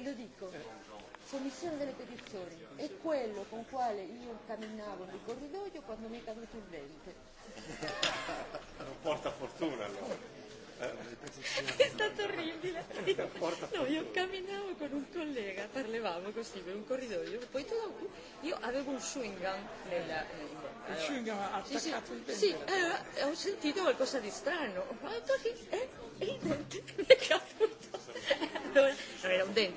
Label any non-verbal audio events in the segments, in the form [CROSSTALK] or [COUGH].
che lo dico, commissione delle petizioni, è quello con quale io camminavo nel corridoio quando mi è caduto il vento. Non porta fortuna allora. [LAUGHS] È stato orribile. No, io camminavo con un collega, parlavamo così per un corridoio, poi tu, io avevo un chewing gum nella, allora, il chewing gum ha attaccato sì, il dente. Sì, eh, allora ho sentito qualcosa di strano, ho fatto lì eh, e il dente [LAUGHS] mi è caduto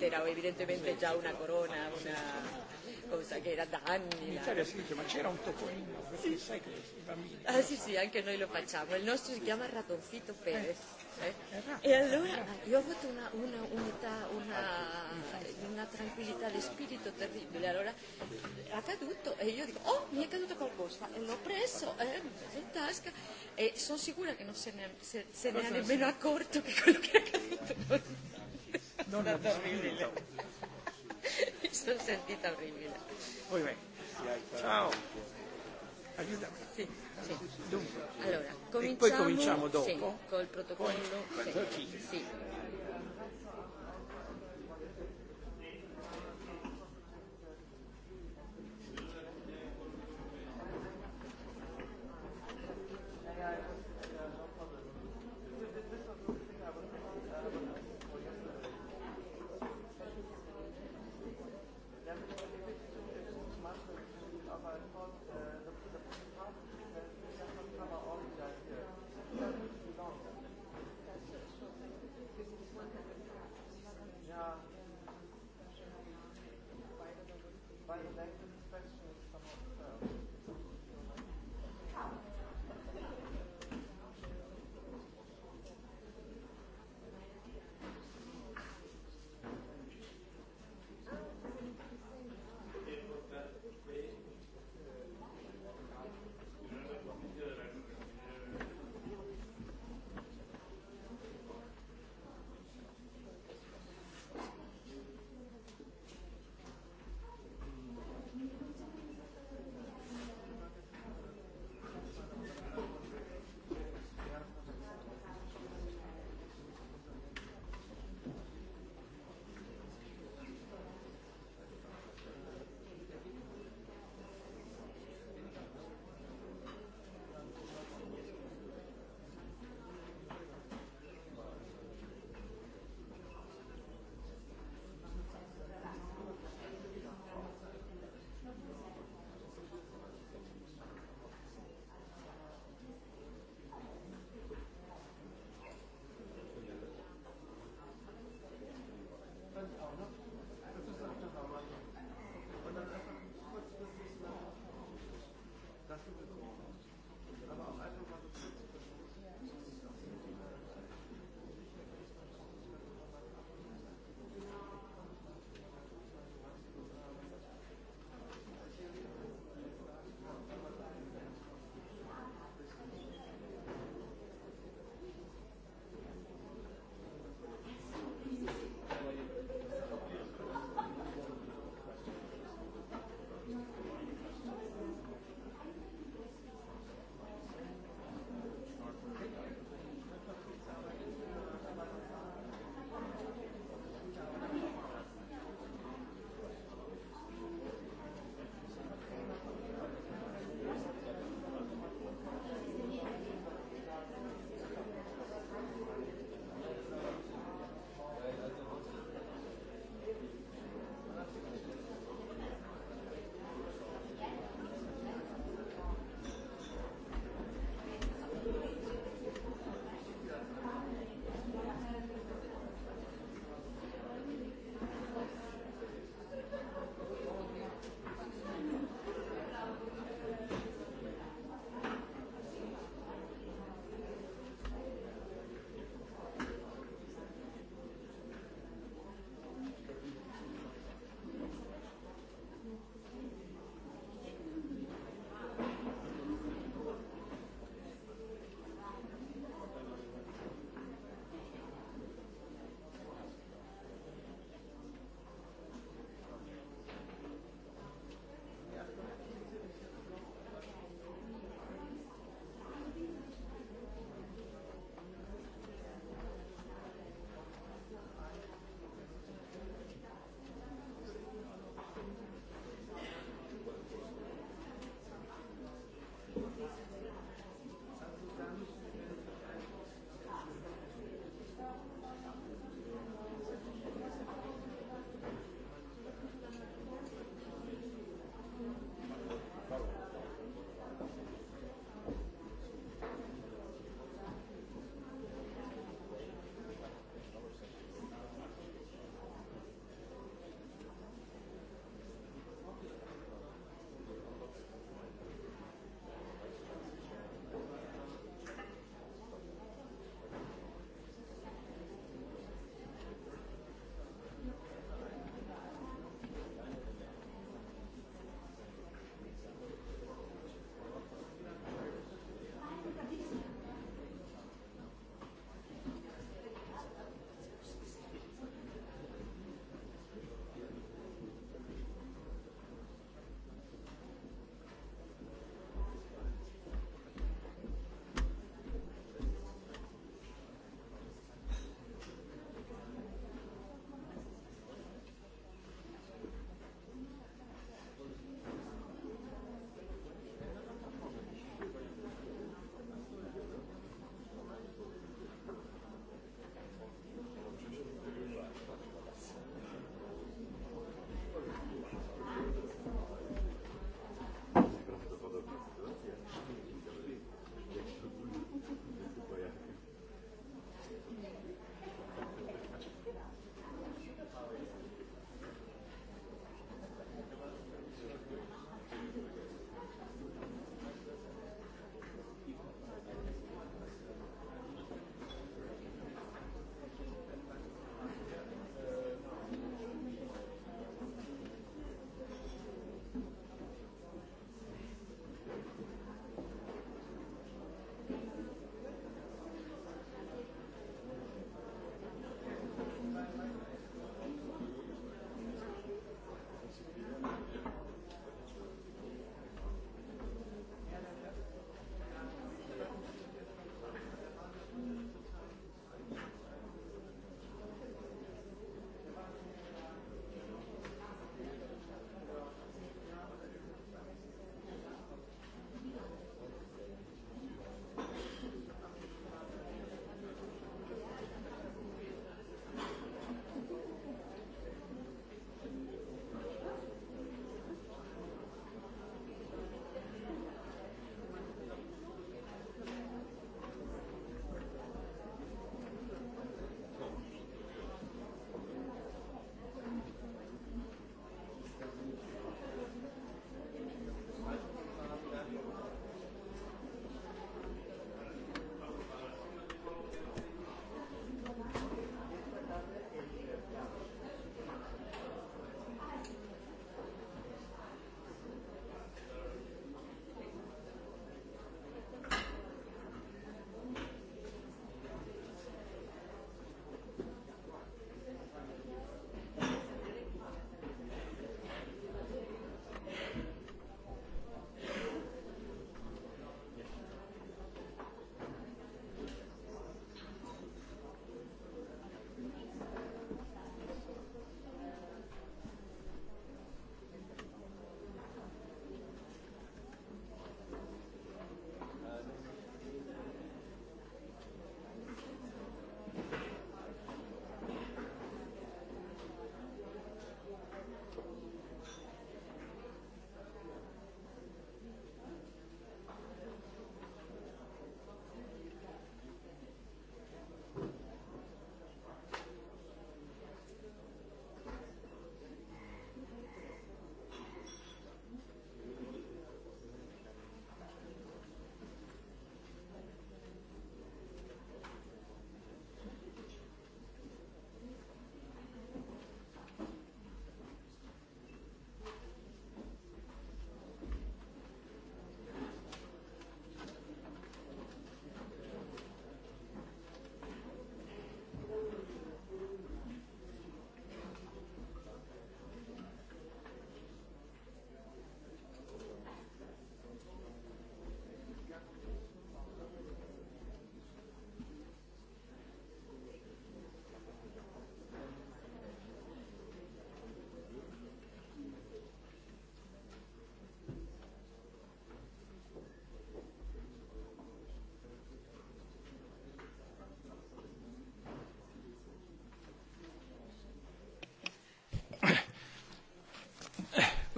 era evidentemente già una corona, una cosa che era da anni. In Italia si dice ma c'era un topolino, perché sai che i bambini. Ah sì sì, anche noi lo facciamo. Il nostro si chiama Ratoncito Perez. Eh? eh. eh e allora io ho avuto una, una unità, una, una tranquillità di spirito terribile. Allora è accaduto e io dico, oh mi è caduto qualcosa, e l'ho preso eh, in tasca e sono sicura che non se ne, se, ne ha nemmeno accorto che quello che è Non... Non no, è no. terribile. [LAUGHS] Mi sono sentita orribile. Poi vai. Ciao. Aiutami. Sì, sì. Dunque. Allora, cominciamo, e poi cominciamo dopo. Sì, col protocollo. Poi, sì. Sì.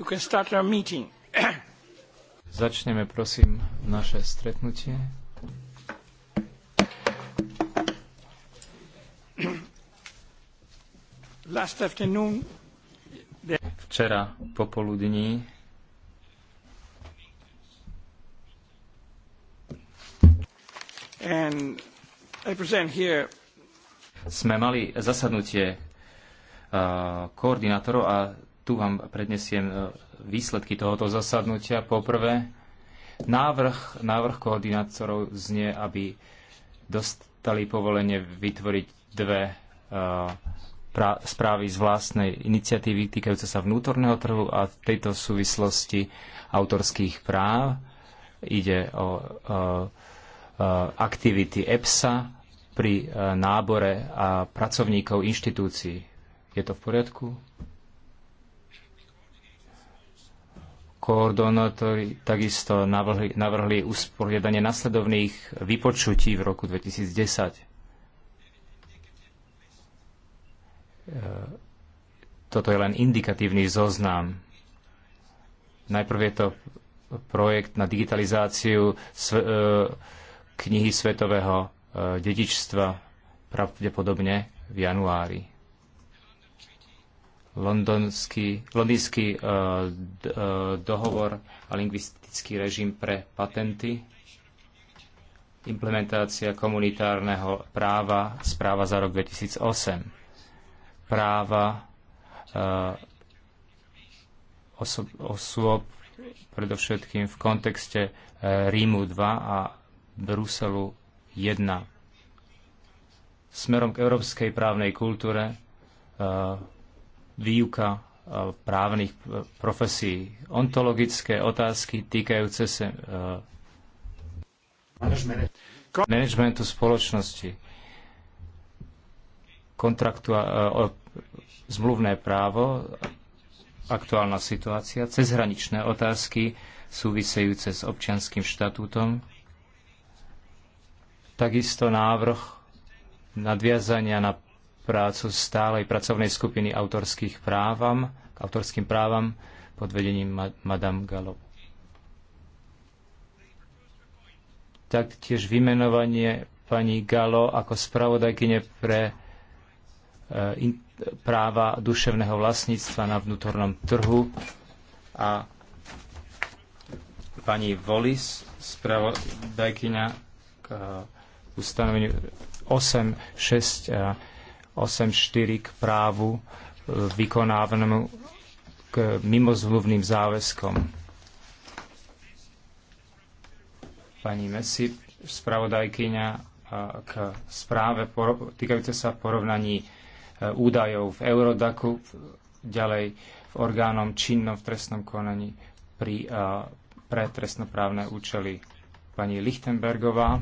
[COUGHS] Začneme prosím naše stretnutie. Včera popoludní sme mali zasadnutie uh, koordinátorov a tu vám prednesiem e, výsledky tohoto zasadnutia. Poprvé, návrh, návrh koordinátorov znie, aby dostali povolenie vytvoriť dve uh, správy z vlastnej iniciatívy týkajúce sa vnútorného trhu a v tejto súvislosti autorských práv. Ide o uh, uh, aktivity EPSA pri nábore a pracovníkov inštitúcií. Je to v poriadku? Koordinátori takisto navrhli, navrhli usporiadanie nasledovných vypočutí v roku 2010. E, toto je len indikatívny zoznam. Najprv je to projekt na digitalizáciu e, knihy svetového e, dedičstva pravdepodobne v januári londonský, londýnsky e, e, dohovor a lingvistický režim pre patenty, implementácia komunitárneho práva, správa za rok 2008, práva e, osob, osôb, predovšetkým v kontexte Rímu 2 a Bruselu 1. Smerom k európskej právnej kultúre výuka e, právnych e, profesí, ontologické otázky týkajúce sa e, managementu spoločnosti, zmluvné právo, aktuálna situácia, cezhraničné otázky súvisejúce s občianským štatútom, takisto návrh nadviazania na prácu stálej pracovnej skupiny autorských právam, k autorským právam pod vedením Madame Gallo. Taktiež vymenovanie pani Galo ako spravodajkyne pre e, práva duševného vlastníctva na vnútornom trhu a pani Volis, spravodajkyňa k e, ustanoveniu 8, 6 a 8.4 k právu e, vykonávanému k mimozmluvným záväzkom. Pani Messi, spravodajkyňa e, k správe týkajúce sa porovnaní e, údajov v Eurodaku, ďalej v orgánom činnom v trestnom konaní pri, pre trestnoprávne účely. Pani Lichtenbergová,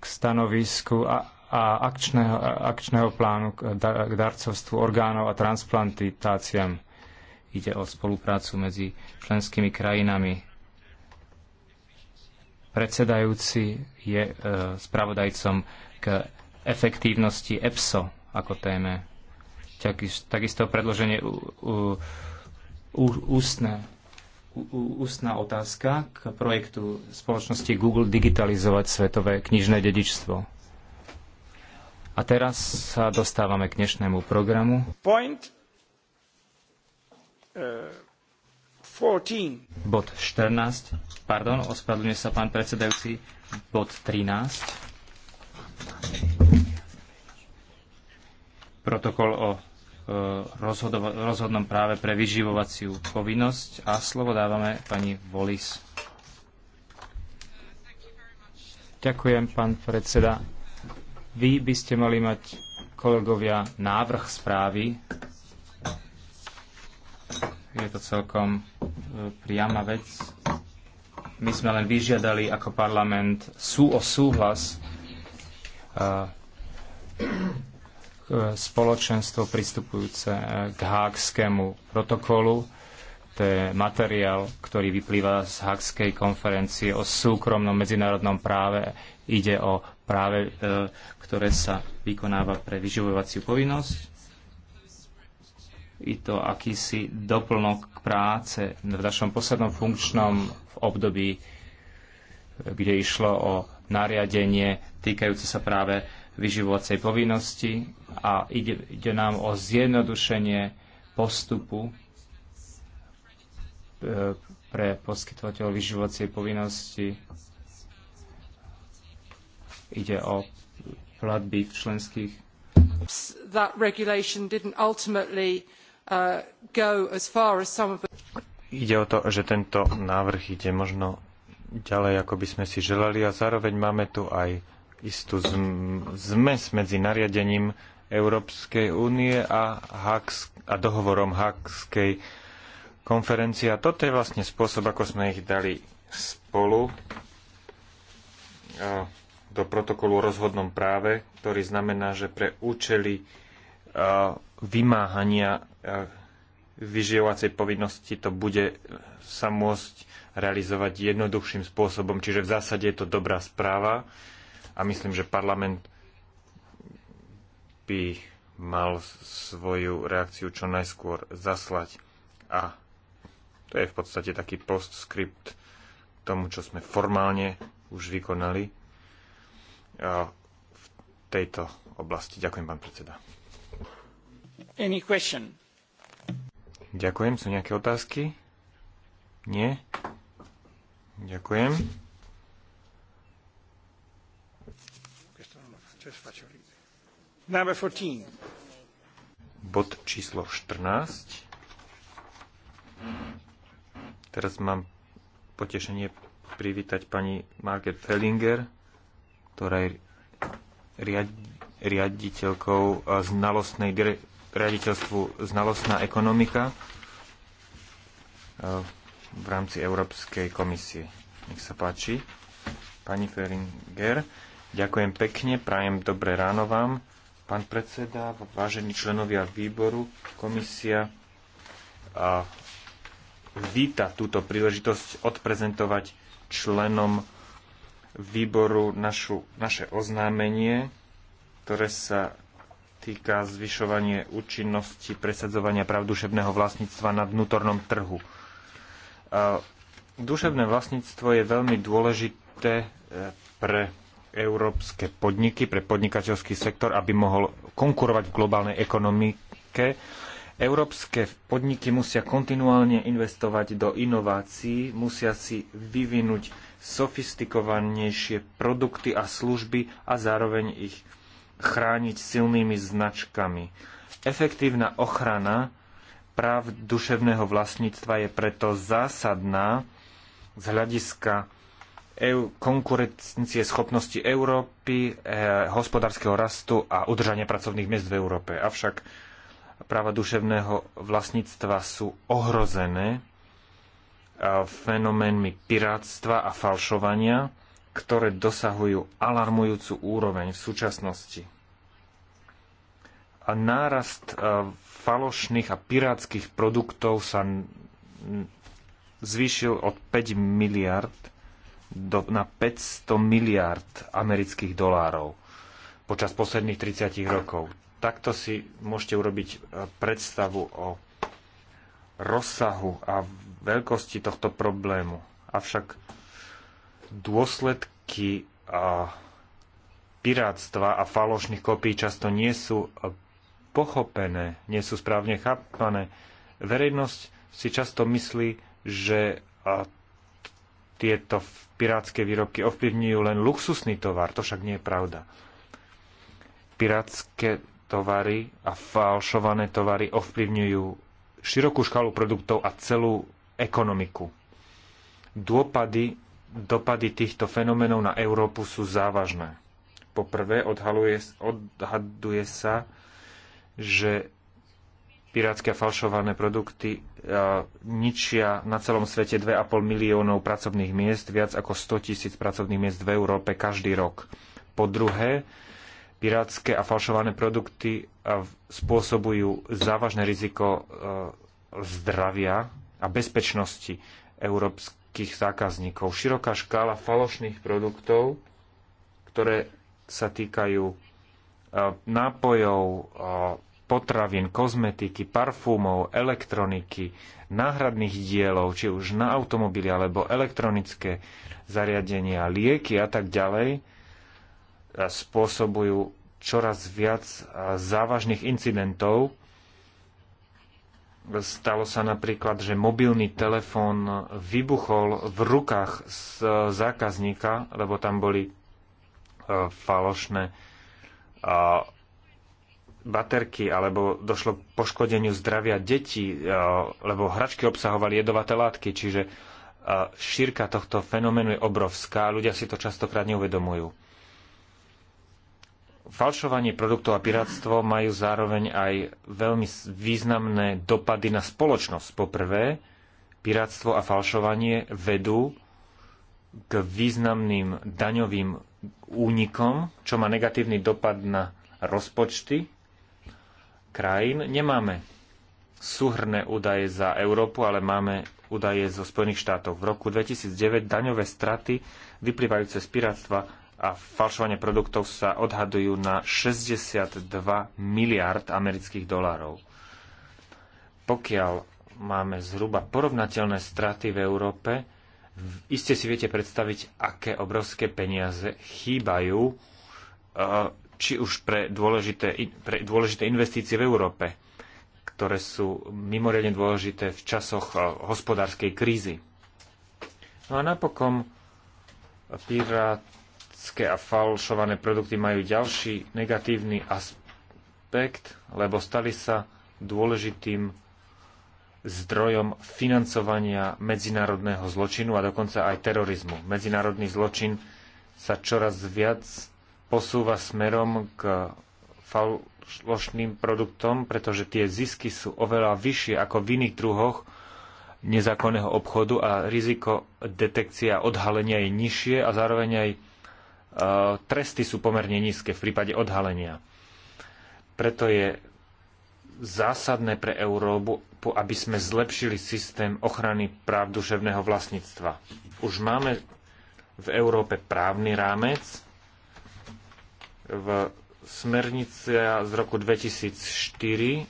k stanovisku a, a akčného, akčného plánu k, darcovstvu orgánov a transplantáciám. Ide o spoluprácu medzi členskými krajinami. Predsedajúci je e, spravodajcom k efektívnosti EPSO ako téme. Takisto predloženie ústne ústna otázka k projektu spoločnosti Google digitalizovať svetové knižné dedičstvo. A teraz sa dostávame k dnešnému programu. Point, uh, eh, 14. Bod 14. Pardon, ospravedlňuje sa pán predsedajúci. Bod 13. Protokol o rozhodnom práve pre vyživovaciu povinnosť a slovo dávame pani Volis. Ďakujem, pán predseda. Vy by ste mali mať, kolegovia, návrh správy. Je to celkom e, priama vec. My sme len vyžiadali ako parlament sú o súhlas e, E, spoločenstvo pristupujúce e, k hákskému protokolu. To je materiál, ktorý vyplýva z hákskej konferencie o súkromnom medzinárodnom práve. Ide o práve, e, ktoré sa vykonáva pre vyživovaciu povinnosť. Je to akýsi doplnok práce v našom poslednom funkčnom období, kde išlo o nariadenie týkajúce sa práve vyživovacej povinnosti a ide, ide nám o zjednodušenie postupu e, pre poskytovateľov vyživovacej povinnosti. Ide o platby v členských. That regulation didn't ultimately uh, go as far as some of the... Ide o to, že tento návrh ide možno ďalej, ako by sme si želali a zároveň máme tu aj istú zmes medzi nariadením Európskej únie a, Hags- a dohovorom Hakskej konferencie. A toto je vlastne spôsob, ako sme ich dali spolu e, do protokolu o rozhodnom práve, ktorý znamená, že pre účely e, vymáhania e, vyživovacej povinnosti to bude sa môcť realizovať jednoduchším spôsobom. Čiže v zásade je to dobrá správa a myslím, že parlament by mal svoju reakciu čo najskôr zaslať a to je v podstate taký postscript k tomu, čo sme formálne už vykonali e, v tejto oblasti. Ďakujem, pán predseda. Any question? Ďakujem. Sú nejaké otázky? Nie? Ďakujem. Number 14. Bod číslo 14. Teraz mám potešenie privítať pani Margaret Fellinger, ktorá je riad, riaditeľkou znalostnej, riaditeľstvu znalostná ekonomika e, v rámci Európskej komisie. Nech sa páči. Pani Feringer, Ďakujem pekne, prajem dobré ráno vám, pán predseda, vážení členovia výboru, komisia a víta túto príležitosť odprezentovať členom výboru našu, naše oznámenie, ktoré sa týka zvyšovanie účinnosti presadzovania práv duševného vlastníctva na vnútornom trhu. Duševné vlastníctvo je veľmi dôležité e, pre európske podniky, pre podnikateľský sektor, aby mohol konkurovať v globálnej ekonomike. Európske podniky musia kontinuálne investovať do inovácií, musia si vyvinúť sofistikovanejšie produkty a služby a zároveň ich chrániť silnými značkami. Efektívna ochrana práv duševného vlastníctva je preto zásadná z hľadiska konkurencie schopnosti Európy, eh, hospodárskeho rastu a udržania pracovných miest v Európe. Avšak práva duševného vlastníctva sú ohrozené eh, fenoménmi pirátstva a falšovania, ktoré dosahujú alarmujúcu úroveň v súčasnosti. A nárast eh, falošných a pirátskych produktov sa zvýšil od 5 miliard do, na 500 miliard amerických dolárov počas posledných 30 rokov. Takto si môžete urobiť e, predstavu o rozsahu a veľkosti tohto problému. Avšak dôsledky a e, pirátstva a falošných kopí často nie sú e, pochopené, nie sú správne chápané. Verejnosť si často myslí, že tieto pirátske výrobky ovplyvňujú len luxusný tovar. To však nie je pravda. Pirátske tovary a falšované tovary ovplyvňujú širokú škálu produktov a celú ekonomiku. Dôpady, dopady týchto fenoménov na Európu sú závažné. Poprvé odhaduje sa, že pirátske a falšované produkty ničia na celom svete 2,5 miliónov pracovných miest, viac ako 100 tisíc pracovných miest v Európe každý rok. Po druhé, pirátske a falšované produkty spôsobujú závažné riziko zdravia a bezpečnosti európskych zákazníkov. Široká škála falošných produktov, ktoré sa týkajú nápojov, potravín, kozmetiky, parfúmov, elektroniky, náhradných dielov, či už na automobily alebo elektronické zariadenia, lieky a tak ďalej, spôsobujú čoraz viac závažných incidentov. Stalo sa napríklad, že mobilný telefón vybuchol v rukách z e, zákazníka, lebo tam boli e, falošné baterky alebo došlo k poškodeniu zdravia detí, e, lebo hračky obsahovali jedovaté látky, čiže e, šírka tohto fenoménu je obrovská, a ľudia si to častokrát neuvedomujú. Falšovanie produktov a piráctvo majú zároveň aj veľmi významné dopady na spoločnosť. Poprvé, piráctvo a falšovanie vedú k významným daňovým únikom, čo má negatívny dopad na rozpočty krajín nemáme súhrné údaje za Európu, ale máme údaje zo Spojených štátov. V roku 2009 daňové straty vyplývajúce z piratstva a falšovanie produktov sa odhadujú na 62 miliard amerických dolárov. Pokiaľ máme zhruba porovnateľné straty v Európe, iste si viete predstaviť, aké obrovské peniaze chýbajú e, či už pre dôležité, pre dôležité investície v Európe, ktoré sú mimoriadne dôležité v časoch eh, hospodárskej krízy. No a napokon pirátske a falšované produkty majú ďalší negatívny aspekt, lebo stali sa dôležitým zdrojom financovania medzinárodného zločinu a dokonca aj terorizmu. Medzinárodný zločin sa čoraz viac posúva smerom k falošným produktom, pretože tie zisky sú oveľa vyššie ako v iných druhoch nezákonného obchodu a riziko detekcia odhalenia je nižšie a zároveň aj e, tresty sú pomerne nízke v prípade odhalenia. Preto je zásadné pre Európu, aby sme zlepšili systém ochrany práv duševného vlastníctva. Už máme v Európe právny rámec, v smernici z roku 2004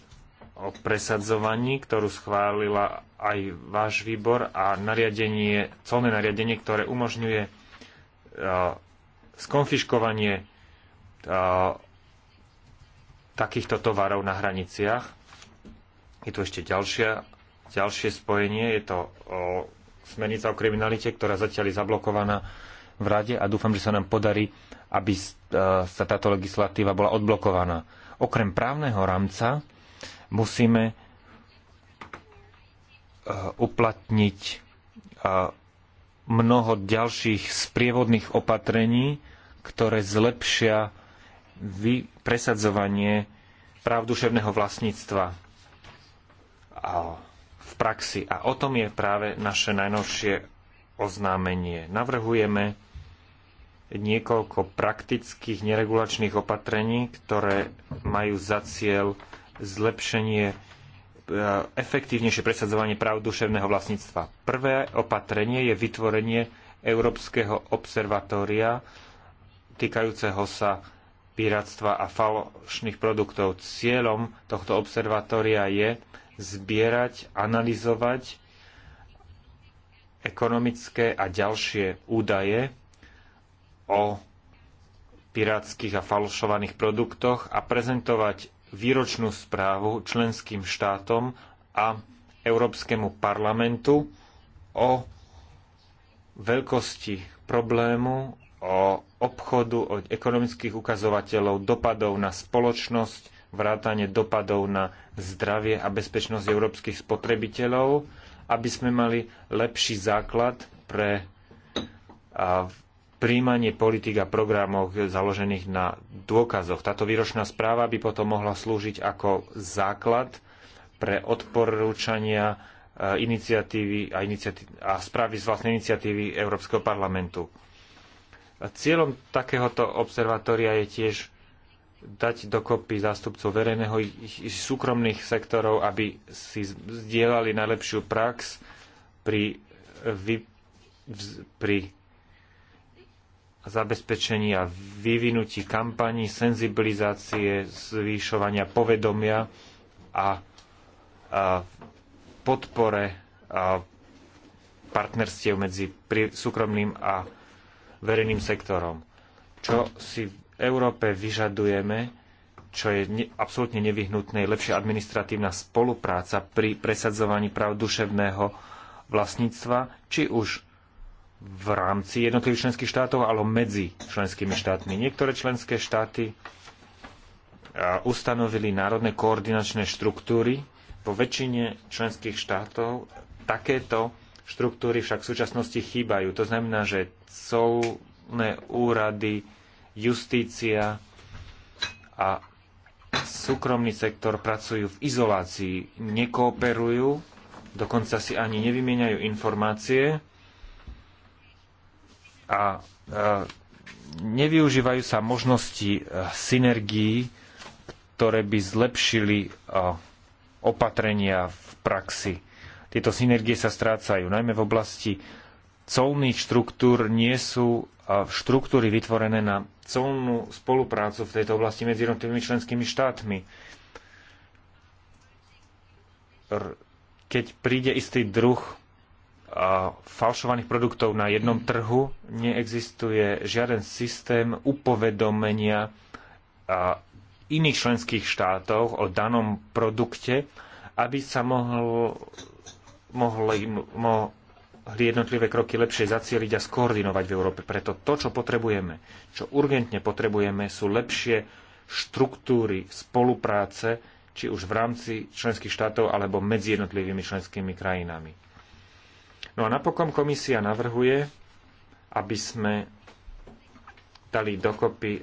o presadzovaní, ktorú schválila aj váš výbor a nariadenie, colné nariadenie, ktoré umožňuje uh, skonfiškovanie uh, takýchto tovarov na hraniciach. Je tu ešte ďalšia, ďalšie spojenie, je to uh, smernica o kriminalite, ktorá zatiaľ je zablokovaná v rade a dúfam, že sa nám podarí, aby e, sa táto legislatíva bola odblokovaná. Okrem právneho rámca musíme e, uplatniť e, mnoho ďalších sprievodných opatrení, ktoré zlepšia presadzovanie práv duševného vlastníctva v praxi. A o tom je práve naše najnovšie oznámenie. Navrhujeme niekoľko praktických neregulačných opatrení, ktoré majú za cieľ zlepšenie e, efektívnejšie presadzovanie práv duševného vlastníctva. Prvé opatrenie je vytvorenie Európskeho observatória týkajúceho sa piráctva a falošných produktov. Cieľom tohto observatória je zbierať, analyzovať ekonomické a ďalšie údaje o pirátskych a falšovaných produktoch a prezentovať výročnú správu členským štátom a Európskemu parlamentu o veľkosti problému, o obchodu, o ekonomických ukazovateľov, dopadov na spoločnosť, vrátanie dopadov na zdravie a bezpečnosť európskych spotrebiteľov, aby sme mali lepší základ pre príjmanie politik a programov založených na dôkazoch. Táto výročná správa by potom mohla slúžiť ako základ pre odporúčania e, iniciatívy a, iniciatívy a správy z vlastnej iniciatívy Európskeho parlamentu. Cieľom takéhoto observatória je tiež dať dokopy zástupcov verejného i súkromných sektorov, aby si zdieľali najlepšiu prax pri, vy, pri zabezpečení a vyvinutí kampaní, senzibilizácie, zvýšovania povedomia a, a podpore a partnerstiev medzi súkromným a verejným sektorom. Čo si v Európe vyžadujeme, čo je ne, absolútne nevyhnutné, je lepšia administratívna spolupráca pri presadzovaní práv duševného vlastníctva, či už v rámci jednotlivých členských štátov, alebo medzi členskými štátmi. Niektoré členské štáty ustanovili národné koordinačné štruktúry. Vo väčšine členských štátov takéto štruktúry však v súčasnosti chýbajú. To znamená, že colné úrady, justícia a súkromný sektor pracujú v izolácii, nekooperujú, dokonca si ani nevymieňajú informácie a nevyužívajú sa možnosti e, synergií, ktoré by zlepšili e, opatrenia v praxi. Tieto synergie sa strácajú, najmä v oblasti colných štruktúr nie sú e, štruktúry vytvorené na colnú spoluprácu v tejto oblasti medzi jednotlivými členskými štátmi. Keď príde istý druh falšovaných produktov na jednom trhu, neexistuje žiaden systém upovedomenia iných členských štátov o danom produkte, aby sa mohol, mohli, mohli jednotlivé kroky lepšie zacieliť a skoordinovať v Európe. Preto to, čo potrebujeme, čo urgentne potrebujeme, sú lepšie štruktúry spolupráce, či už v rámci členských štátov alebo medzi jednotlivými členskými krajinami No a napokon komisia navrhuje, aby sme dali dokopy e,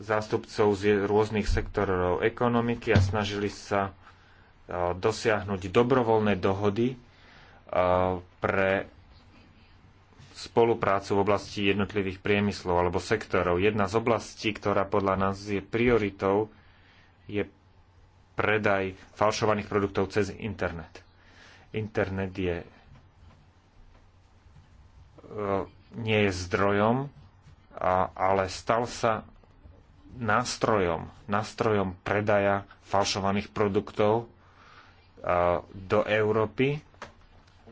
zástupcov z rôznych sektorov ekonomiky a snažili sa e, dosiahnuť dobrovoľné dohody e, pre spoluprácu v oblasti jednotlivých priemyslov alebo sektorov. Jedna z oblastí, ktorá podľa nás je prioritou, je predaj falšovaných produktov cez internet. Internet je E, nie je zdrojom, a, ale stal sa nástrojom, nástrojom predaja falšovaných produktov a, e, do Európy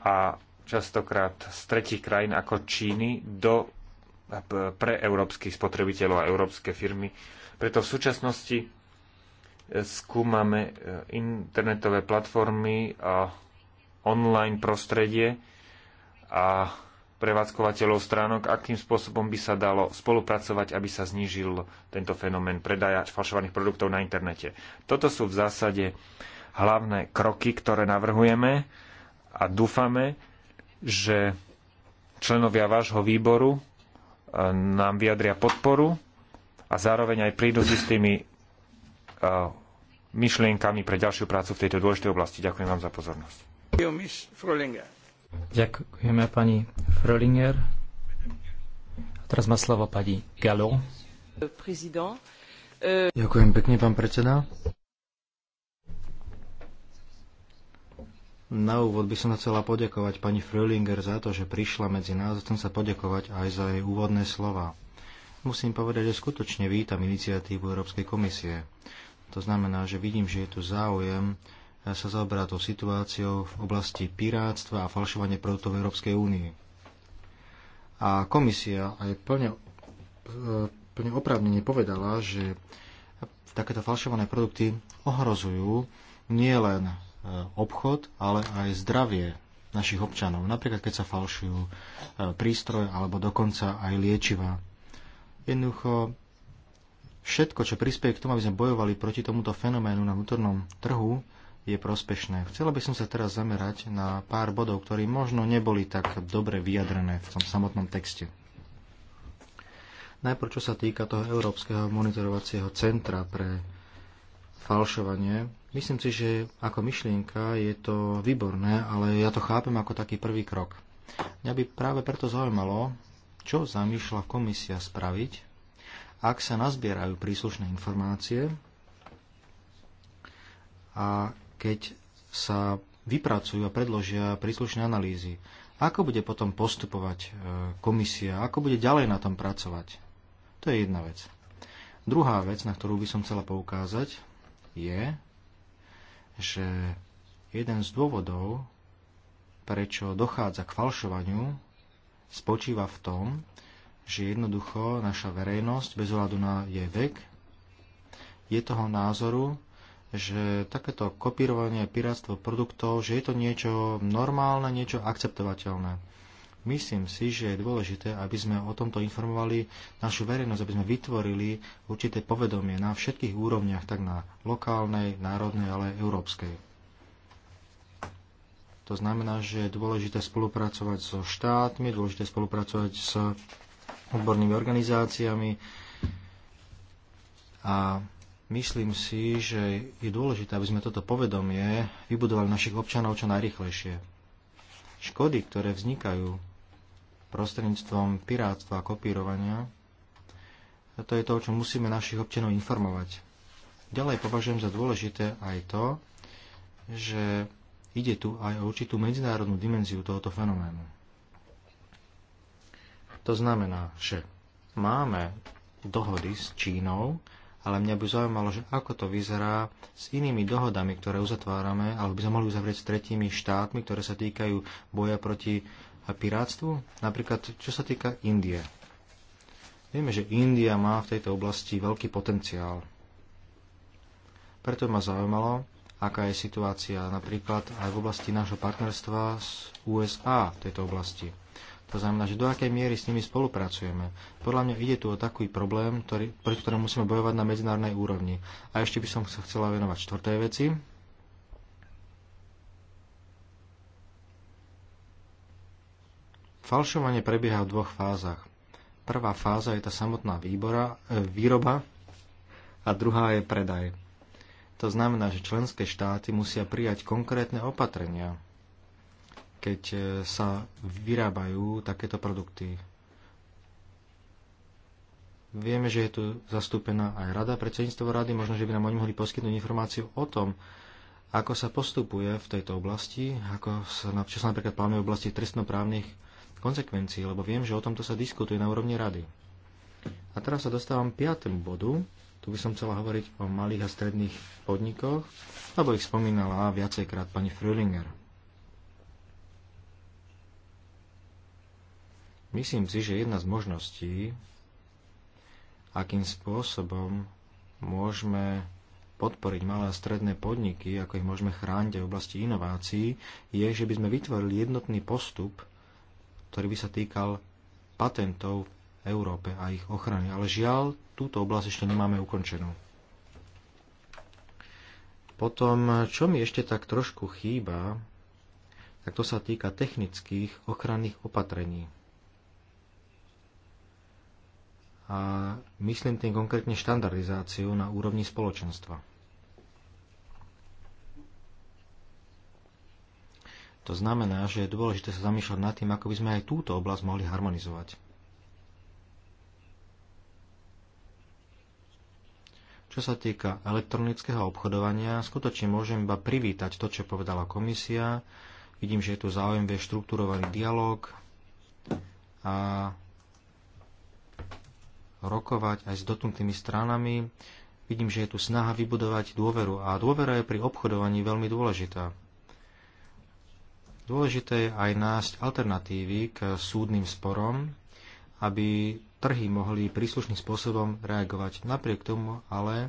a častokrát z tretich krajín ako Číny do e, pre európskych spotrebiteľov a európske firmy. Preto v súčasnosti skúmame internetové platformy a online prostredie a prevádzkovateľov stránok, akým spôsobom by sa dalo spolupracovať, aby sa znížil tento fenomén predaja falšovaných produktov na internete. Toto sú v zásade hlavné kroky, ktoré navrhujeme a dúfame, že členovia vášho výboru e, nám vyjadria podporu a zároveň aj prídu s istými e, myšlienkami pre ďalšiu prácu v tejto dôležitej oblasti. Ďakujem vám za pozornosť. Ďakujeme pani Frölinger. A teraz má slovo pani Galo. Ďakujem pekne, pán predseda. Na úvod by som chcela poďakovať pani Frölinger za to, že prišla medzi nás. Chcem sa poďakovať aj za jej úvodné slova. Musím povedať, že skutočne vítam iniciatívu Európskej komisie. To znamená, že vidím, že je tu záujem sa zaoberá tou situáciou v oblasti pirátstva a falšovania produktov v Európskej únii. A komisia aj plne, e, plne oprávnene povedala, že takéto falšované produkty ohrozujú nielen e, obchod, ale aj zdravie našich občanov. Napríklad, keď sa falšujú e, prístroje alebo dokonca aj liečiva. Jednoducho všetko, čo prispieje k tomu, aby sme bojovali proti tomuto fenoménu na vnútornom trhu, je prospešné. Chcela by som sa teraz zamerať na pár bodov, ktorí možno neboli tak dobre vyjadrené v tom samotnom texte. Najprv, čo sa týka toho Európskeho monitorovacieho centra pre falšovanie, myslím si, že ako myšlienka je to výborné, ale ja to chápem ako taký prvý krok. Mňa by práve preto zaujímalo, čo zamýšľa komisia spraviť, ak sa nazbierajú príslušné informácie, a keď sa vypracujú a predložia príslušné analýzy. Ako bude potom postupovať e, komisia? Ako bude ďalej na tom pracovať? To je jedna vec. Druhá vec, na ktorú by som chcela poukázať, je, že jeden z dôvodov, prečo dochádza k falšovaniu, spočíva v tom, že jednoducho naša verejnosť, bez ohľadu na jej vek, je toho názoru, že takéto kopírovanie, pirátstvo produktov, že je to niečo normálne, niečo akceptovateľné. Myslím si, že je dôležité, aby sme o tomto informovali našu verejnosť, aby sme vytvorili určité povedomie na všetkých úrovniach, tak na lokálnej, národnej, ale aj európskej. To znamená, že je dôležité spolupracovať so štátmi, dôležité spolupracovať s odbornými organizáciami a Myslím si, že je dôležité, aby sme toto povedomie vybudovali našich občanov čo najrychlejšie. Škody, ktoré vznikajú prostredníctvom pirátstva a kopírovania, to je to, o čom musíme našich občanov informovať. Ďalej považujem za dôležité aj to, že ide tu aj o určitú medzinárodnú dimenziu tohoto fenoménu. To znamená, že máme dohody s Čínou, ale mňa by zaujímalo, že ako to vyzerá s inými dohodami, ktoré uzatvárame, alebo by sme mohli uzavrieť s tretími štátmi, ktoré sa týkajú boja proti pirátstvu, napríklad čo sa týka Indie. Vieme, že India má v tejto oblasti veľký potenciál. Preto ma zaujímalo, aká je situácia napríklad aj v oblasti nášho partnerstva s USA v tejto oblasti. To znamená, že do akej miery s nimi spolupracujeme. Podľa mňa ide tu o taký problém, ktorý, proti ktorému musíme bojovať na medzinárodnej úrovni. A ešte by som sa chcela venovať čtvrtej veci. Falšovanie prebieha v dvoch fázach. Prvá fáza je tá samotná výbora, e, výroba a druhá je predaj. To znamená, že členské štáty musia prijať konkrétne opatrenia, keď e, sa vyrábajú takéto produkty. Vieme, že je tu zastúpená aj rada, predsedníctvo rady, možno, že by nám oni mohli poskytnúť informáciu o tom, ako sa postupuje v tejto oblasti, ako sa, čo sa napríklad plánuje v oblasti trestnoprávnych konsekvencií, lebo viem, že o tomto sa diskutuje na úrovni rady. A teraz sa dostávam k piatému bodu. Tu by som chcela hovoriť o malých a stredných podnikoch, lebo ich spomínala viacejkrát pani Frühlinger. Myslím si, že jedna z možností, akým spôsobom môžeme podporiť malé a stredné podniky, ako ich môžeme chrániť aj v oblasti inovácií, je, že by sme vytvorili jednotný postup, ktorý by sa týkal patentov v Európe a ich ochrany. Ale žiaľ, túto oblasť ešte nemáme ukončenú. Potom, čo mi ešte tak trošku chýba, tak to sa týka technických ochranných opatrení. a myslím tým konkrétne štandardizáciu na úrovni spoločenstva. To znamená, že je dôležité sa zamýšľať nad tým, ako by sme aj túto oblasť mohli harmonizovať. Čo sa týka elektronického obchodovania, skutočne môžem iba privítať to, čo povedala komisia. Vidím, že je tu záujem vie štruktúrovaný dialog a rokovať aj s dotknutými stranami. Vidím, že je tu snaha vybudovať dôveru a dôvera je pri obchodovaní veľmi dôležitá. Dôležité je aj nájsť alternatívy k súdnym sporom, aby trhy mohli príslušným spôsobom reagovať. Napriek tomu ale e,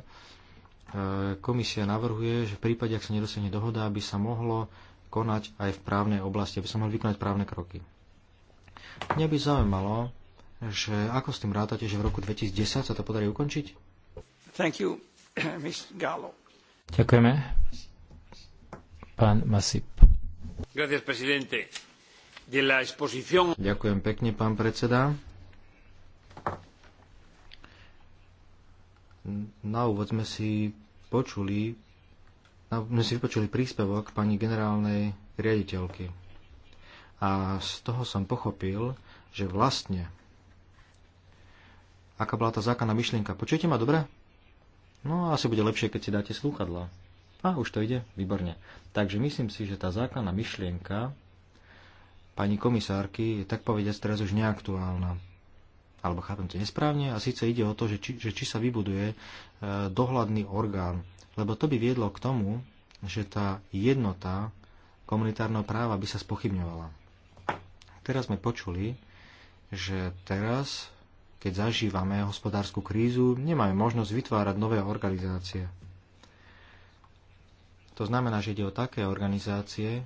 komisia navrhuje, že v prípade, ak sa nedosiahne dohoda, aby sa mohlo konať aj v právnej oblasti, aby sa mohli vykonať právne kroky. Mňa by zaujímalo, že ako s tým rátate, že v roku 2010 sa to podarí ukončiť? Thank you, [CLEARS THROAT] Ms. Gallo. Ďakujeme. Pán Masip. Gracias, presidente. De la exposición... Ďakujem pekne, pán predseda. Na úvod sme si počuli, sme si vypočuli príspevok pani generálnej riaditeľky. A z toho som pochopil, že vlastne aká bola tá základná myšlienka. Počujete ma dobre? No asi bude lepšie, keď si dáte slúchadla. A už to ide? Výborne. Takže myslím si, že tá základná myšlienka pani komisárky je tak povediať teraz už neaktuálna. Alebo chápem to nesprávne. A síce ide o to, že či, že či sa vybuduje e, dohľadný orgán. Lebo to by viedlo k tomu, že tá jednota komunitárneho práva by sa spochybňovala. Teraz sme počuli, že teraz keď zažívame hospodárskú krízu, nemáme možnosť vytvárať nové organizácie. To znamená, že ide o také organizácie,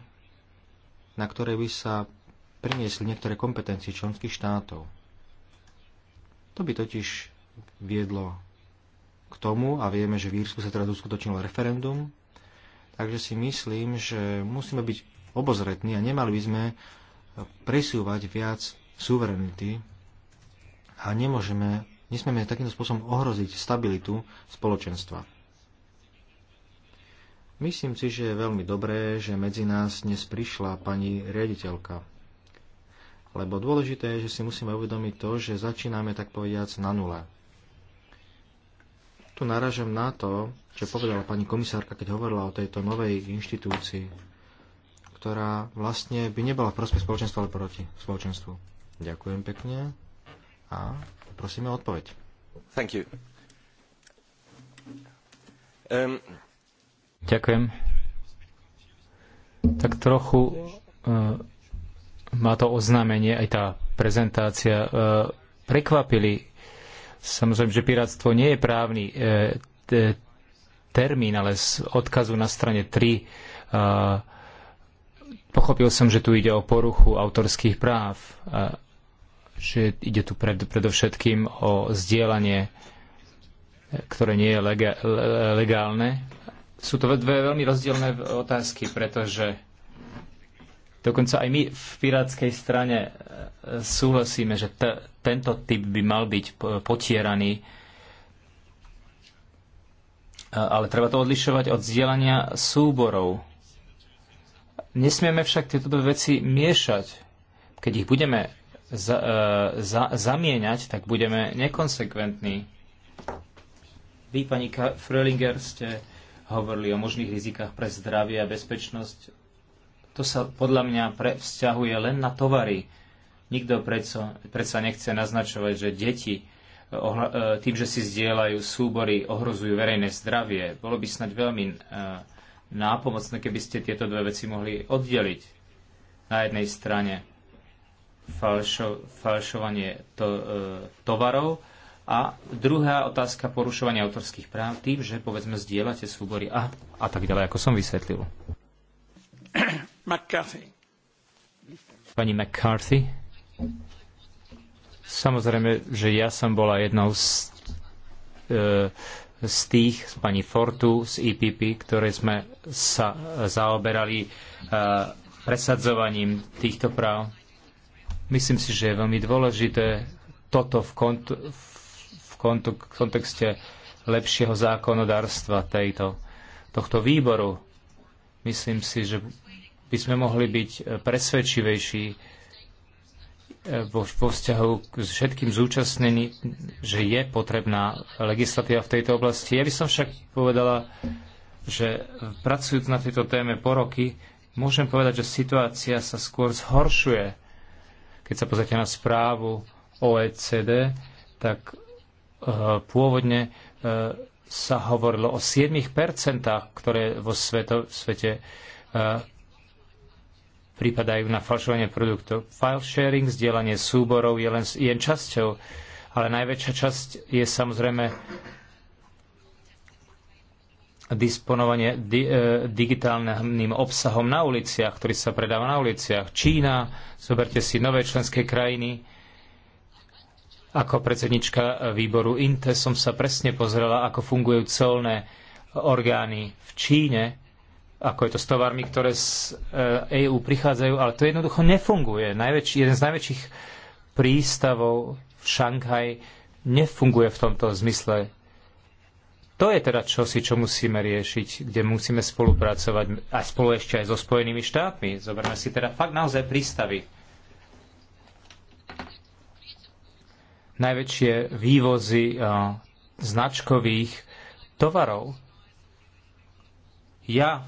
na ktoré by sa priniesli niektoré kompetencie členských štátov. To by totiž viedlo k tomu, a vieme, že v Írsku sa teraz uskutočnilo referendum, takže si myslím, že musíme byť obozretní a nemali by sme presúvať viac suverenity a nemôžeme, nesmieme takýmto spôsobom ohroziť stabilitu spoločenstva. Myslím si, že je veľmi dobré, že medzi nás dnes prišla pani riaditeľka. Lebo dôležité je, že si musíme uvedomiť to, že začíname tak povediac na nule. Tu naražam na to, čo povedala pani komisárka, keď hovorila o tejto novej inštitúcii, ktorá vlastne by nebola v prospech spoločenstva, ale proti spoločenstvu. Ďakujem pekne a prosíme o odpoveď. Thank you. Um... Ďakujem. Tak trochu uh, má to oznámenie, aj tá prezentácia, uh, prekvapili. Samozrejme, že piráctvo nie je právny uh, termín, ale z odkazu na strane 3 uh, pochopil som, že tu ide o poruchu autorských práv. Uh, že ide tu pred, predovšetkým o zdieľanie, ktoré nie je lega, legálne. Sú to dve veľmi rozdielne otázky, pretože dokonca aj my v pirátskej strane e, súhlasíme, že tento typ by mal byť potieraný, e, ale treba to odlišovať od zdieľania súborov. Nesmieme však tieto veci miešať. Keď ich budeme za, e, za, zamieňať, tak budeme nekonsekventní. Vy, pani Frölinger, ste hovorili o možných rizikách pre zdravie a bezpečnosť. To sa podľa mňa pre, vzťahuje len na tovary. Nikto predsa, nechce naznačovať, že deti e, ohla, e, tým, že si zdieľajú súbory, ohrozujú verejné zdravie. Bolo by snať veľmi nápomocné, keby ste tieto dve veci mohli oddeliť. Na jednej strane falšo, falšovanie to, e, tovarov. A druhá otázka porušovania autorských práv tým, že povedzme zdieľate súbory a, a tak ďalej, ako som vysvetlil. [COUGHS] McCarthy. Pani McCarthy. Samozrejme, že ja som bola jednou z, e, z tých, z pani Fortu, z EPP, ktoré sme sa zaoberali e, presadzovaním týchto práv Myslím si, že je veľmi dôležité toto v, kont- v kont- kontexte lepšieho zákonodárstva tejto, tohto výboru. Myslím si, že by sme mohli byť e, presvedčivejší e, vo, vo vzťahu k všetkým zúčastnení, že je potrebná legislatíva v tejto oblasti. Ja by som však povedala, že pracujúc na tejto téme po roky, môžem povedať, že situácia sa skôr zhoršuje keď sa pozrite na správu OECD, tak e, pôvodne e, sa hovorilo o 7%, ktoré vo sveto, svete e, prípadajú na falšovanie produktov. File sharing, zdieľanie súborov je len, je len časťou, ale najväčšia časť je samozrejme disponovanie di, e, digitálnym obsahom na uliciach, ktorý sa predáva na uliciach. Čína, zoberte si nové členské krajiny. Ako predsednička výboru INTE som sa presne pozrela, ako fungujú celné orgány v Číne, ako je to s tovarmi, ktoré z EÚ e prichádzajú, ale to jednoducho nefunguje. Najväčší, jeden z najväčších prístavov v Šanghaj nefunguje v tomto zmysle to je teda čosi, čo musíme riešiť, kde musíme spolupracovať a spolu ešte aj so Spojenými štátmi. Zoberme si teda fakt naozaj prístavy. Najväčšie vývozy uh, značkových tovarov. Ja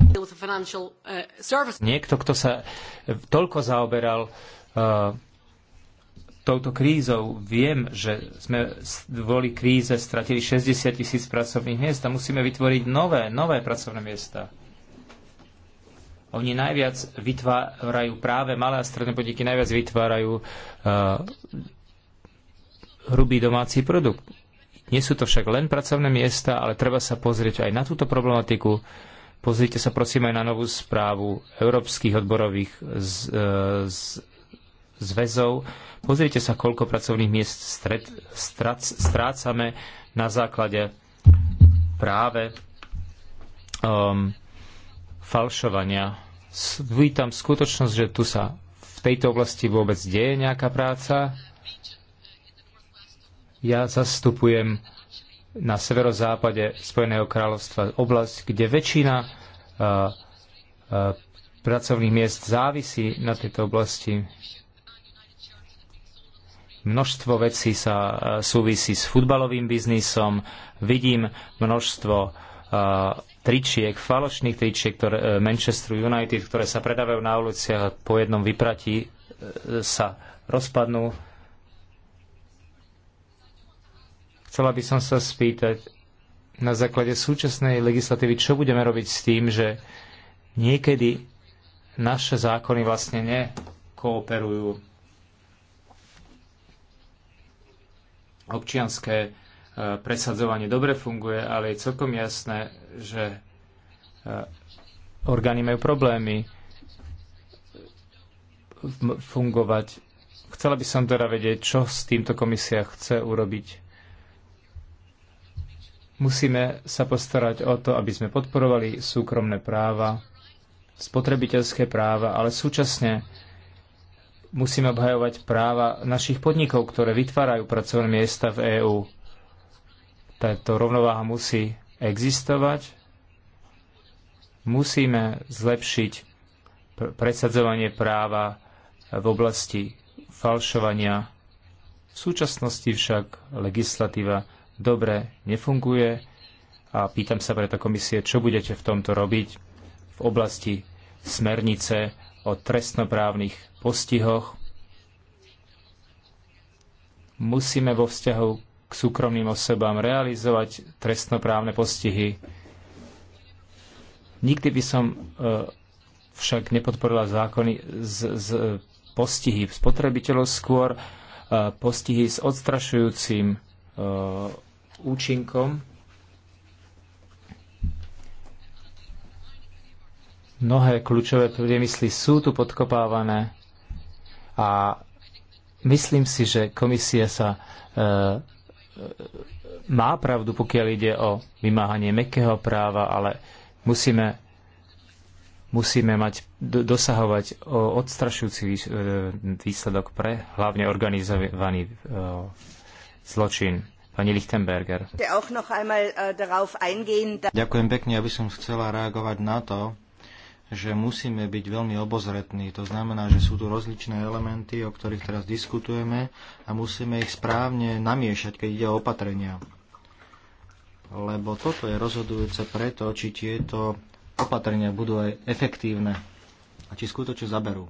uh, Niekto, kto sa toľko zaoberal uh, touto krízou. Viem, že sme kvôli kríze stratili 60 tisíc pracovných miest a musíme vytvoriť nové, nové pracovné miesta. Oni najviac vytvárajú práve malé a stredné podniky, najviac vytvárajú uh, hrubý domáci produkt. Nie sú to však len pracovné miesta, ale treba sa pozrieť aj na túto problematiku. Pozrite sa prosím aj na novú správu európskych odborových z, uh, z, zväzov. Pozrite sa, koľko pracovných miest stret, strac, strácame na základe práve um, falšovania. Vítam skutočnosť, že tu sa v tejto oblasti vôbec deje nejaká práca. Ja zastupujem na severozápade Spojeného kráľovstva oblasť, kde väčšina uh, uh, pracovných miest závisí na tejto oblasti. Množstvo vecí sa e, súvisí s futbalovým biznisom. Vidím množstvo e, tričiek, falošných tričiek ktoré, e, Manchester United, ktoré sa predávajú na uliciach a po jednom vypratí sa rozpadnú. Chcela by som sa spýtať na základe súčasnej legislatívy, čo budeme robiť s tým, že niekedy naše zákony vlastne nekooperujú občianské e, presadzovanie dobre funguje, ale je celkom jasné, že e, orgány majú problémy e, fungovať. Chcela by som teda vedieť, čo s týmto komisia chce urobiť. Musíme sa postarať o to, aby sme podporovali súkromné práva, spotrebiteľské práva, ale súčasne Musíme obhajovať práva našich podnikov, ktoré vytvárajú pracovné miesta v EÚ. Táto rovnováha musí existovať. Musíme zlepšiť presadzovanie práva v oblasti falšovania. V súčasnosti však legislatíva dobre nefunguje a pýtam sa preto komisie, čo budete v tomto robiť v oblasti smernice o trestnoprávnych postihoch. Musíme vo vzťahu k súkromným osobám realizovať trestnoprávne postihy. Nikdy by som e, však nepodporila zákony z, z postihy spotrebiteľov, skôr e, postihy s odstrašujúcim e, účinkom Mnohé kľúčové priemysly sú tu podkopávané a myslím si, že komisia sa e, má pravdu, pokiaľ ide o vymáhanie mekého práva, ale musíme, musíme mať, dosahovať odstrašujúci e, výsledok pre hlavne organizovaný e, zločin. Pani Lichtenberger. Äh, Ďakujem pekne, aby som chcela reagovať na to, že musíme byť veľmi obozretní. To znamená, že sú tu rozličné elementy, o ktorých teraz diskutujeme a musíme ich správne namiešať, keď ide o opatrenia. Lebo toto je rozhodujúce preto, či tieto opatrenia budú aj efektívne a či skutočne zaberú.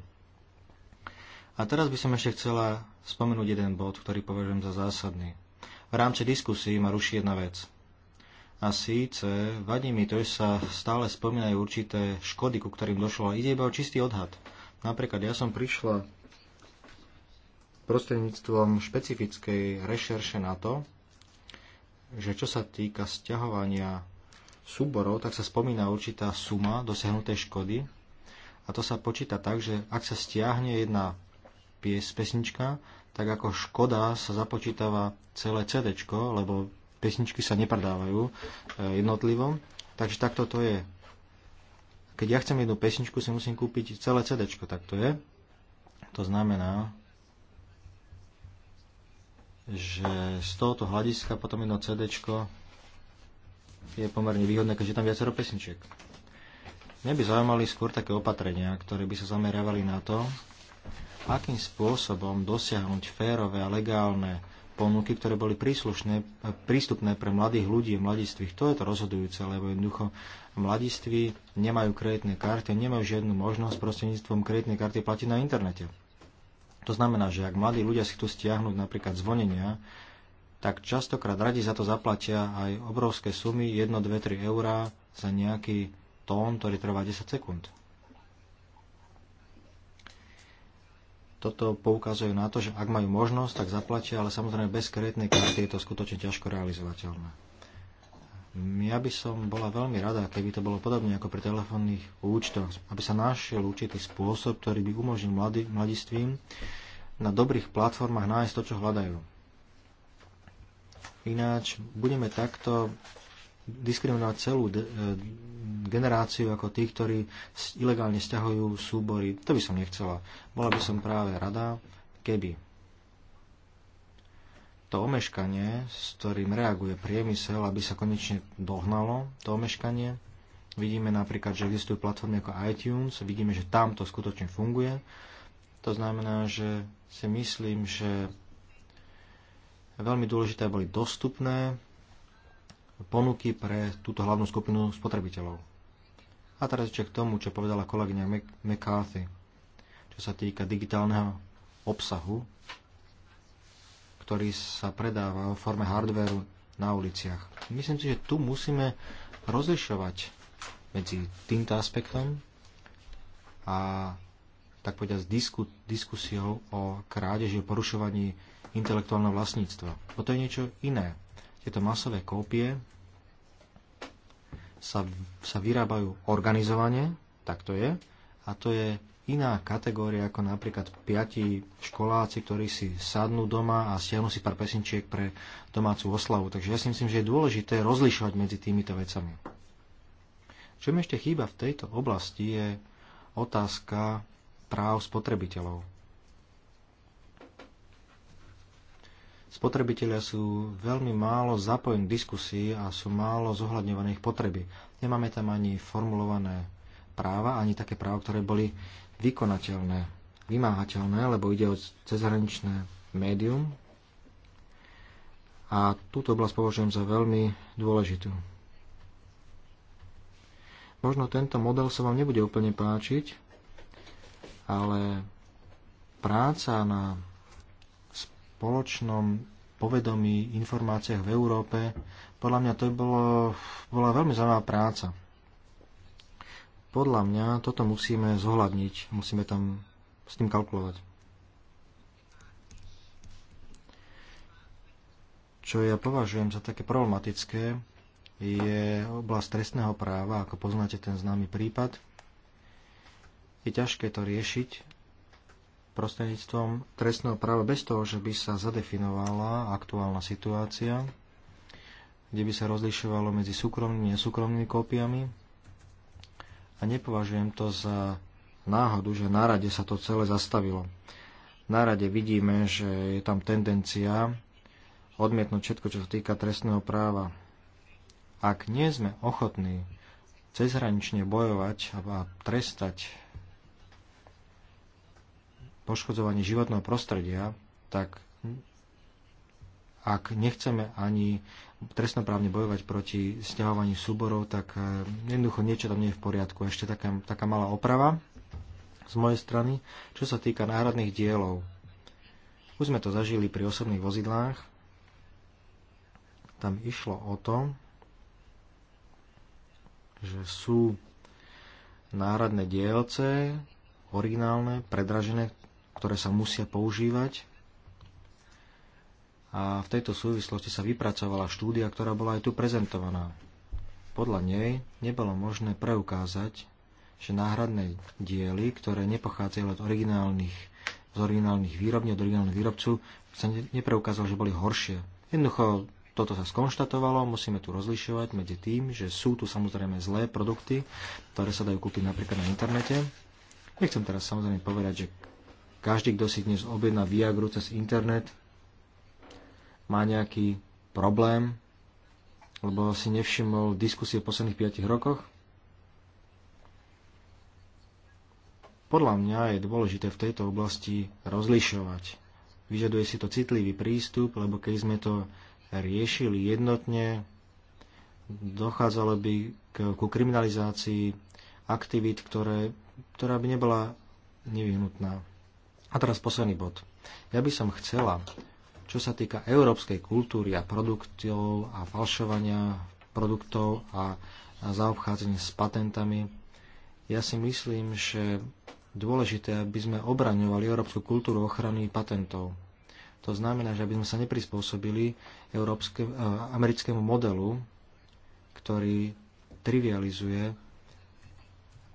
A teraz by som ešte chcela spomenúť jeden bod, ktorý považujem za zásadný. V rámci diskusí ma ruší jedna vec – a síce vadí mi to, že sa stále spomínajú určité škody, ku ktorým došlo. Ide iba o čistý odhad. Napríklad ja som prišla prostredníctvom špecifickej rešerše na to, že čo sa týka sťahovania súborov, tak sa spomína určitá suma dosiahnutej škody a to sa počíta tak, že ak sa stiahne jedna pies, pesnička, tak ako škoda sa započítava celé CD, lebo pesničky sa nepredávajú e, jednotlivo. Takže takto to je. Keď ja chcem jednu pesničku, si musím kúpiť celé CD, tak to je. To znamená, že z tohoto hľadiska potom jedno CD je pomerne výhodné, keďže tam viacero pesničiek. Mňa by zaujímali skôr také opatrenia, ktoré by sa zameriavali na to, akým spôsobom dosiahnuť férové a legálne ponuky, ktoré boli príslušné, e, prístupné pre mladých ľudí, mladistvých. To je to rozhodujúce, lebo jednoducho mladiství nemajú kreditné karty, nemajú žiadnu možnosť prostredníctvom kreditnej karty platiť na internete. To znamená, že ak mladí ľudia si chcú stiahnuť napríklad zvonenia, tak častokrát radi za to zaplatia aj obrovské sumy, 1, 2, 3 eurá za nejaký tón, ktorý trvá 10 sekúnd. toto poukazuje na to, že ak majú možnosť, tak zaplatia, ale samozrejme bez kreditnej karty je to skutočne ťažko realizovateľné. Ja by som bola veľmi rada, keby to bolo podobne ako pri telefónnych účtoch, aby sa našiel určitý spôsob, ktorý by umožnil mladý, mladistvím na dobrých platformách nájsť to, čo hľadajú. Ináč budeme takto diskriminovať celú e, generáciu ako tých, ktorí ilegálne stiahujú súbory. To by som nechcela. Bola by som práve rada, keby to omeškanie, s ktorým reaguje priemysel, aby sa konečne dohnalo to omeškanie. Vidíme napríklad, že existujú platformy ako iTunes, vidíme, že tam to skutočne funguje. To znamená, že si myslím, že veľmi dôležité boli dostupné ponuky pre túto hlavnú skupinu spotrebiteľov. A teraz ešte k tomu, čo povedala kolegyňa McCarthy, čo sa týka digitálneho obsahu, ktorý sa predáva v forme hardvéru na uliciach. Myslím si, že tu musíme rozlišovať medzi týmto aspektom a tak povedať s disku, diskusiou o krádeži, o porušovaní intelektuálneho vlastníctva. Bo to je niečo iné. Tieto masové kópie sa, sa vyrábajú organizovane, tak to je, a to je iná kategória ako napríklad piati školáci, ktorí si sadnú doma a stiahnu si pár pesinčiek pre domácu oslavu. Takže ja si myslím, že je dôležité rozlišovať medzi týmito vecami. Čo mi ešte chýba v tejto oblasti je otázka práv spotrebiteľov. spotrebitelia sú veľmi málo zapojení v diskusii a sú málo zohľadňovaných potreby. Nemáme tam ani formulované práva, ani také práva, ktoré boli vykonateľné, vymáhateľné, lebo ide o cezhraničné médium. A túto oblasť považujem za veľmi dôležitú. Možno tento model sa vám nebude úplne páčiť, ale práca na spoločnom povedomí, informáciách v Európe. Podľa mňa to bolo, bola veľmi zaujímavá práca. Podľa mňa toto musíme zohľadniť, musíme tam s tým kalkulovať. Čo ja považujem za také problematické, je oblasť trestného práva, ako poznáte ten známy prípad. Je ťažké to riešiť, prostredníctvom trestného práva bez toho, že by sa zadefinovala aktuálna situácia, kde by sa rozlišovalo medzi súkromnými a nesúkromnými kópiami. A nepovažujem to za náhodu, že na rade sa to celé zastavilo. Na rade vidíme, že je tam tendencia odmietnúť všetko, čo sa týka trestného práva. Ak nie sme ochotní cezhranične bojovať a trestať poškodzovanie životného prostredia, tak ak nechceme ani trestnoprávne bojovať proti stiahovaniu súborov, tak eh, jednoducho niečo tam nie je v poriadku. Ešte taká, taká malá oprava z mojej strany, čo sa týka náhradných dielov. Už sme to zažili pri osobných vozidlách. Tam išlo o to, že sú náhradné dielce, originálne, predražené, ktoré sa musia používať. A v tejto súvislosti sa vypracovala štúdia, ktorá bola aj tu prezentovaná. Podľa nej nebolo možné preukázať, že náhradné diely, ktoré nepochádzajú od originálnych, z originálnych výrobní, od originálnych výrobcu, sa nepreukázalo, že boli horšie. Jednoducho toto sa skonštatovalo, musíme tu rozlišovať medzi tým, že sú tu samozrejme zlé produkty, ktoré sa dajú kúpiť napríklad na internete. Nechcem teraz samozrejme povedať, že každý, kto si dnes objedná Viagru cez internet, má nejaký problém, lebo si nevšimol diskusie v posledných 5 rokoch. Podľa mňa je dôležité v tejto oblasti rozlišovať. Vyžaduje si to citlivý prístup, lebo keď sme to riešili jednotne, dochádzalo by k, ku kriminalizácii aktivít, ktoré, ktorá by nebola nevyhnutná. A teraz posledný bod. Ja by som chcela, čo sa týka európskej kultúry a produktov a falšovania produktov a zaobchádzania s patentami, ja si myslím, že dôležité, aby sme obraňovali európsku kultúru ochrany patentov. To znamená, že aby sme sa neprispôsobili európske, eh, americkému modelu, ktorý trivializuje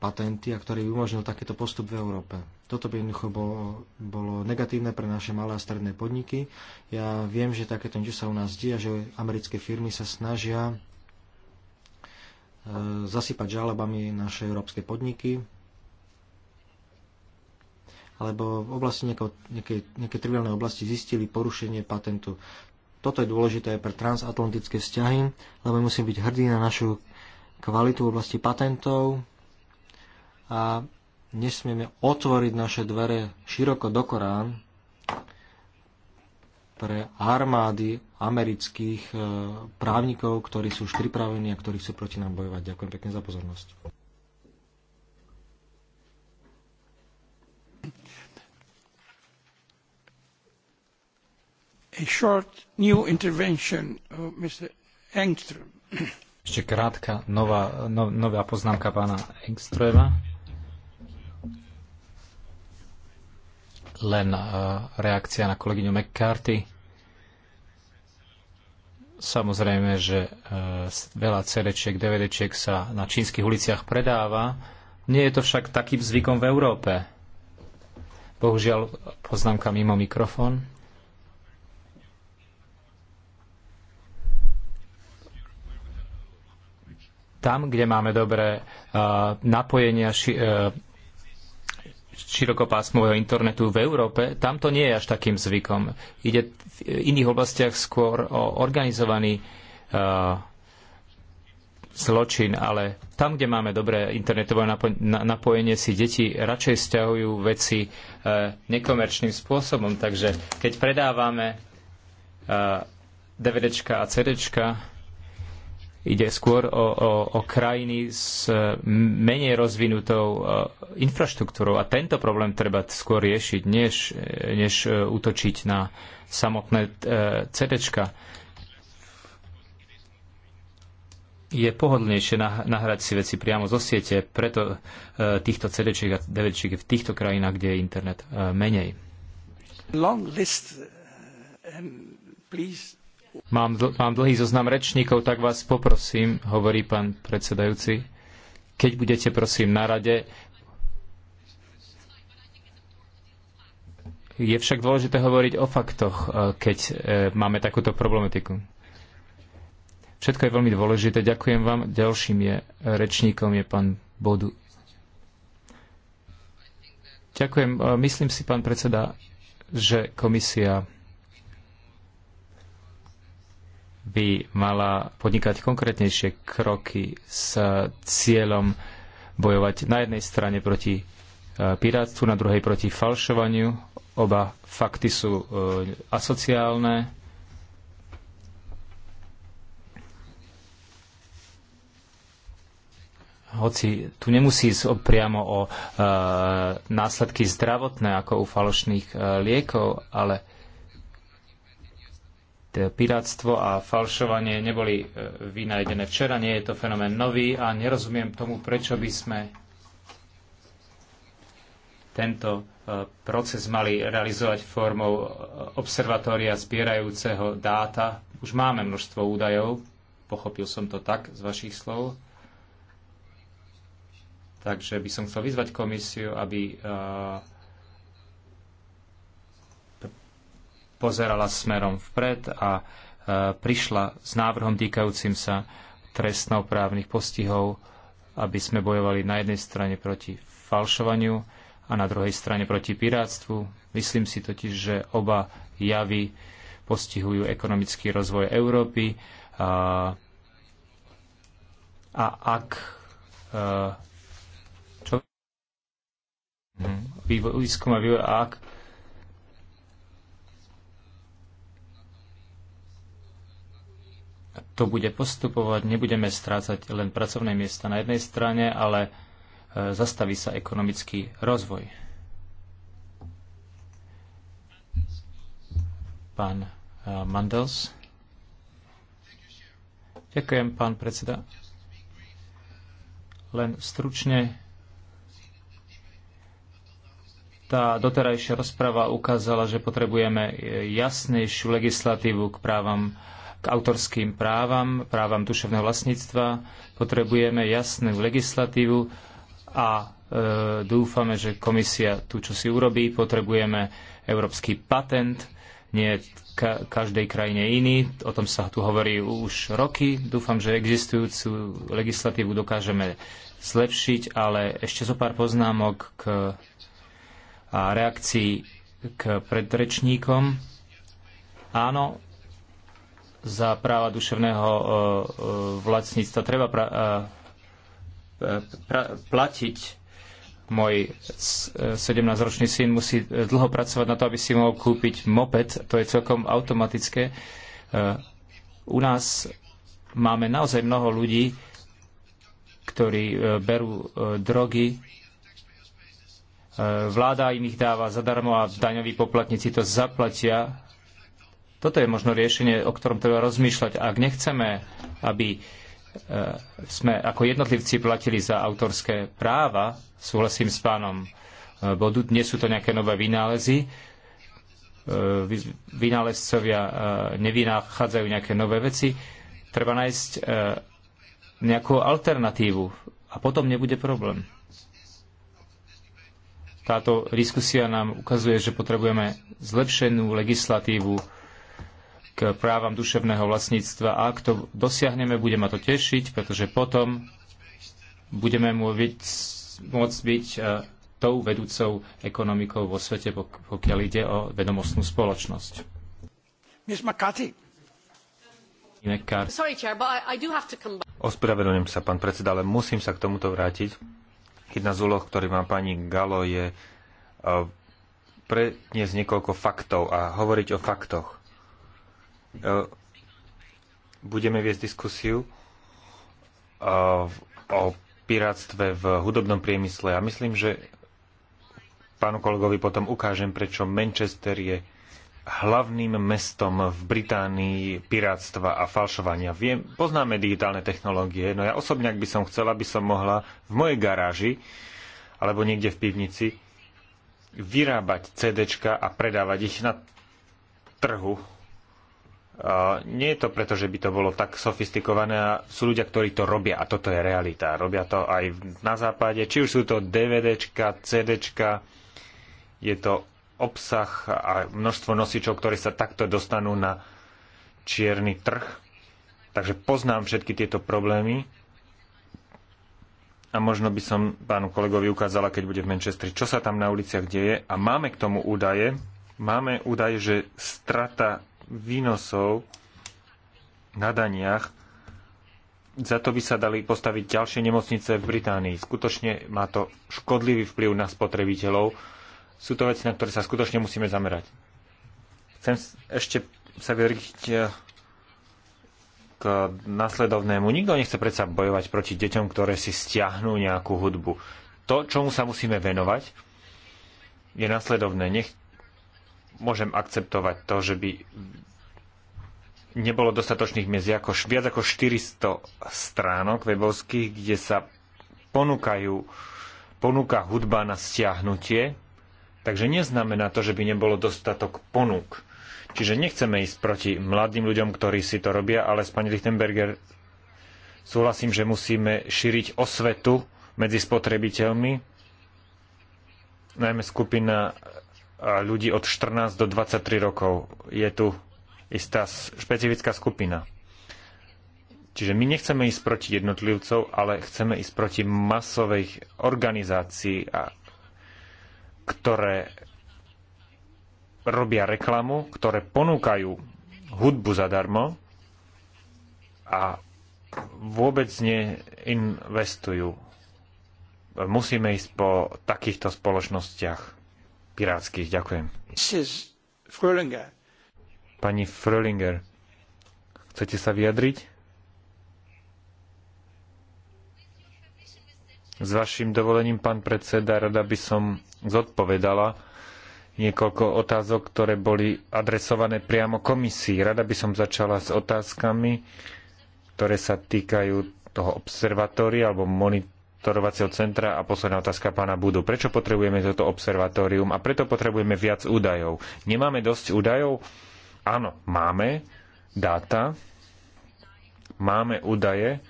patenty a ktorý by umožnil takýto postup v Európe. Toto by jednoducho bolo, bolo negatívne pre naše malé a stredné podniky. Ja viem, že takéto niečo sa u nás die a že americké firmy sa snažia e, zasypať žalobami naše európske podniky, alebo v oblasti nejakého, nejakej, nejakej triviálnej oblasti zistili porušenie patentu. Toto je dôležité aj pre transatlantické vzťahy, lebo musíme byť hrdí na našu kvalitu v oblasti patentov a nesmieme otvoriť naše dvere široko do Korán pre armády amerických e, právnikov, ktorí sú už pripravení a ktorí chcú proti nám bojovať. Ďakujem pekne za pozornosť. Uh, Ešte krátka nová, no, nová poznámka pána Engströma. len e, reakcia na kolegyňu McCarthy. Samozrejme, že e, veľa CD-čiek, dvd sa na čínskych uliciach predáva. Nie je to však takým zvykom v Európe. Bohužiaľ, poznámka mimo mikrofón. Tam, kde máme dobré uh, napojenia ši, uh, širokopásmového internetu v Európe, tam to nie je až takým zvykom. Ide v iných oblastiach skôr o organizovaný uh, zločin, ale tam, kde máme dobré internetové napojenie, si deti radšej stiahujú veci e, nekomerčným spôsobom. Takže keď predávame e, DVDčka a CDčka, Ide skôr o, o, o krajiny s menej rozvinutou e, infraštruktúrou a tento problém treba skôr riešiť, než, e, než e, útočiť na samotné CDčka. Je pohodlnejšie nahrať si veci priamo zo siete, preto týchto CD a DVD je v týchto krajinách, kde je internet menej. Long list, um, please Mám, dl- mám dlhý zoznam rečníkov, tak vás poprosím, hovorí pán predsedajúci, keď budete prosím na rade, Je však dôležité hovoriť o faktoch, e, keď e, máme takúto problematiku. Všetko je veľmi dôležité. Ďakujem vám. Ďalším je, rečníkom je pán Bodu. Ďakujem. E, myslím si, pán predseda, že komisia by mala podnikať konkrétnejšie kroky s cieľom bojovať na jednej strane proti e, pirátstvu, na druhej proti falšovaniu. Oba fakty sú e, asociálne. Hoci tu nemusí ísť priamo o e, následky zdravotné, ako u falošných liekov, ale Piráctvo a falšovanie neboli e, vynájdené včera, nie je to fenomén nový a nerozumiem tomu, prečo by sme tento e, proces mali realizovať formou e, observatória zbierajúceho dáta. Už máme množstvo údajov, pochopil som to tak z vašich slov. Takže by som chcel vyzvať komisiu, aby uh, pozerala smerom vpred a e, prišla s návrhom týkajúcim sa trestnoprávnych postihov, aby sme bojovali na jednej strane proti falšovaniu a na druhej strane proti pirátstvu. Myslím si totiž, že oba javy postihujú ekonomický rozvoj Európy a, a ak a, e, čo, výskum a vývoj, a ak to bude postupovať, nebudeme strácať len pracovné miesta na jednej strane, ale e, zastaví sa ekonomický rozvoj. Pán e, Mandels. Ďakujem, pán predseda. Len stručne tá doterajšia rozprava ukázala, že potrebujeme e, jasnejšiu legislatívu k právam k autorským právam, právam duševného vlastníctva. Potrebujeme jasnú legislatívu a e, dúfame, že komisia tu čo si urobí. Potrebujeme európsky patent, nie ka- každej krajine iný. O tom sa tu hovorí už roky. Dúfam, že existujúcu legislatívu dokážeme zlepšiť, ale ešte zo pár poznámok k a reakcií k predrečníkom. Áno, za práva duševného e, e, vlastníctva treba pra, e, pra, platiť. Môj 17-ročný syn musí dlho pracovať na to, aby si mohol kúpiť moped. To je celkom automatické. U nás máme naozaj mnoho ľudí, ktorí berú drogy. Vláda im ich dáva zadarmo a daňoví poplatníci to zaplatia toto je možno riešenie, o ktorom treba rozmýšľať. Ak nechceme, aby e, sme ako jednotlivci platili za autorské práva, súhlasím s pánom e, Bodu, dnes sú to nejaké nové vynálezy, e, vynálezcovia nevynachádzajú nejaké nové veci, treba nájsť nejakú alternatívu a potom nebude problém. Táto diskusia nám ukazuje, že potrebujeme zlepšenú legislatívu, k právam duševného vlastníctva. A ak to dosiahneme, bude ma to tešiť, pretože potom budeme môcť, môcť byť e, tou vedúcou ekonomikou vo svete, pokiaľ ide o vedomostnú spoločnosť. Ospravedlňujem sa, pán predseda, ale musím sa k tomuto vrátiť. Jedna z úloh, ktorý má pani Galo, je e, predniesť niekoľko faktov a hovoriť o faktoch. E, budeme viesť diskusiu e, o piráctve v hudobnom priemysle a myslím, že pánu kolegovi potom ukážem, prečo Manchester je hlavným mestom v Británii piráctva a falšovania. Viem, poznáme digitálne technológie, no ja osobne, ak by som chcela, by som mohla v mojej garáži alebo niekde v pivnici vyrábať CDčka a predávať ich na trhu nie je to preto, že by to bolo tak sofistikované. a Sú ľudia, ktorí to robia a toto je realita. Robia to aj na západe, či už sú to DVDčka, CDčka. Je to obsah a množstvo nosičov, ktorí sa takto dostanú na čierny trh. Takže poznám všetky tieto problémy. A možno by som pánu kolegovi ukázala, keď bude v Manchestri, čo sa tam na uliciach deje. A máme k tomu údaje. Máme údaje, že strata výnosov na daniach, za to by sa dali postaviť ďalšie nemocnice v Británii. Skutočne má to škodlivý vplyv na spotrebiteľov. Sú to veci, na ktoré sa skutočne musíme zamerať. Chcem ešte sa vyjadriť eh, k následovnému. Nikto nechce predsa bojovať proti deťom, ktoré si stiahnu nejakú hudbu. To, čomu sa musíme venovať, je nasledovné. Nech môžem akceptovať to, že by nebolo dostatočných miest ako, viac ako 400 stránok webovských, kde sa ponúkajú, ponúka hudba na stiahnutie, takže neznamená to, že by nebolo dostatok ponúk. Čiže nechceme ísť proti mladým ľuďom, ktorí si to robia, ale s pani Lichtenberger súhlasím, že musíme šíriť osvetu medzi spotrebiteľmi, najmä skupina ľudí od 14 do 23 rokov. Je tu istá špecifická skupina. Čiže my nechceme ísť proti jednotlivcov, ale chceme ísť proti masových organizácií, ktoré robia reklamu, ktoré ponúkajú hudbu zadarmo a vôbec neinvestujú. Musíme ísť po takýchto spoločnostiach pirátskych. Ďakujem. Pani Frölinger, chcete sa vyjadriť? S vašim dovolením, pán predseda, rada by som zodpovedala niekoľko otázok, ktoré boli adresované priamo komisii. Rada by som začala s otázkami, ktoré sa týkajú toho observatória alebo monitoringu monitorovacieho centra a posledná otázka pána Budu. Prečo potrebujeme toto observatórium a preto potrebujeme viac údajov? Nemáme dosť údajov? Áno, máme dáta, máme údaje,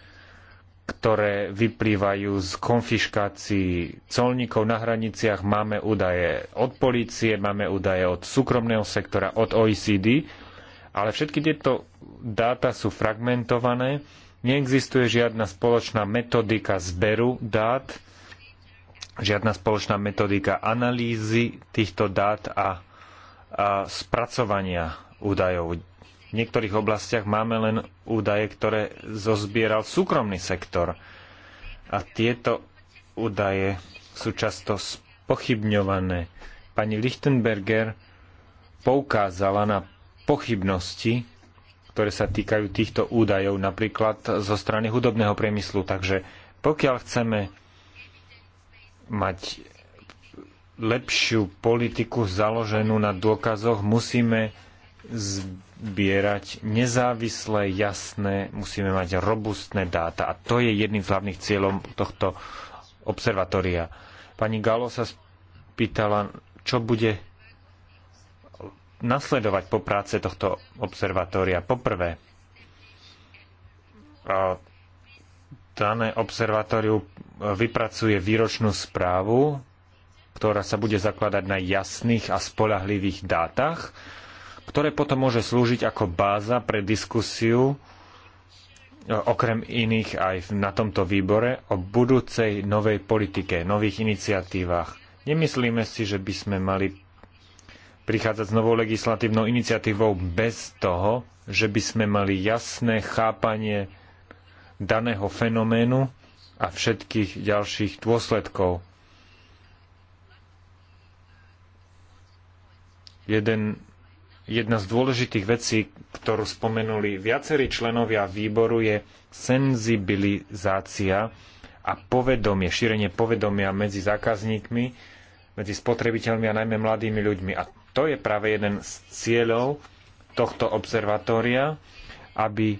ktoré vyplývajú z konfiškácií colníkov na hraniciach, máme údaje od polície, máme údaje od súkromného sektora, od OECD, ale všetky tieto dáta sú fragmentované Neexistuje žiadna spoločná metodika zberu dát, žiadna spoločná metodika analýzy týchto dát a, a spracovania údajov. V niektorých oblastiach máme len údaje, ktoré zozbieral súkromný sektor. A tieto údaje sú často spochybňované. Pani Lichtenberger poukázala na pochybnosti ktoré sa týkajú týchto údajov, napríklad zo strany hudobného priemyslu. Takže pokiaľ chceme mať lepšiu politiku založenú na dôkazoch, musíme zbierať nezávislé, jasné, musíme mať robustné dáta. A to je jedným z hlavných cieľom tohto observatória. Pani Galo sa spýtala, čo bude nasledovať po práce tohto observatória. Poprvé, dané observatóriu vypracuje výročnú správu, ktorá sa bude zakladať na jasných a spolahlivých dátach, ktoré potom môže slúžiť ako báza pre diskusiu e, okrem iných aj na tomto výbore o budúcej novej politike, nových iniciatívach. Nemyslíme si, že by sme mali prichádzať s novou legislatívnou iniciatívou bez toho, že by sme mali jasné chápanie daného fenoménu a všetkých ďalších dôsledkov. Jeden, jedna z dôležitých vecí, ktorú spomenuli viacerí členovia výboru, je senzibilizácia a povedomie, šírenie povedomia medzi zákazníkmi, medzi spotrebiteľmi a najmä mladými ľuďmi. A to je práve jeden z cieľov tohto observatória, aby e,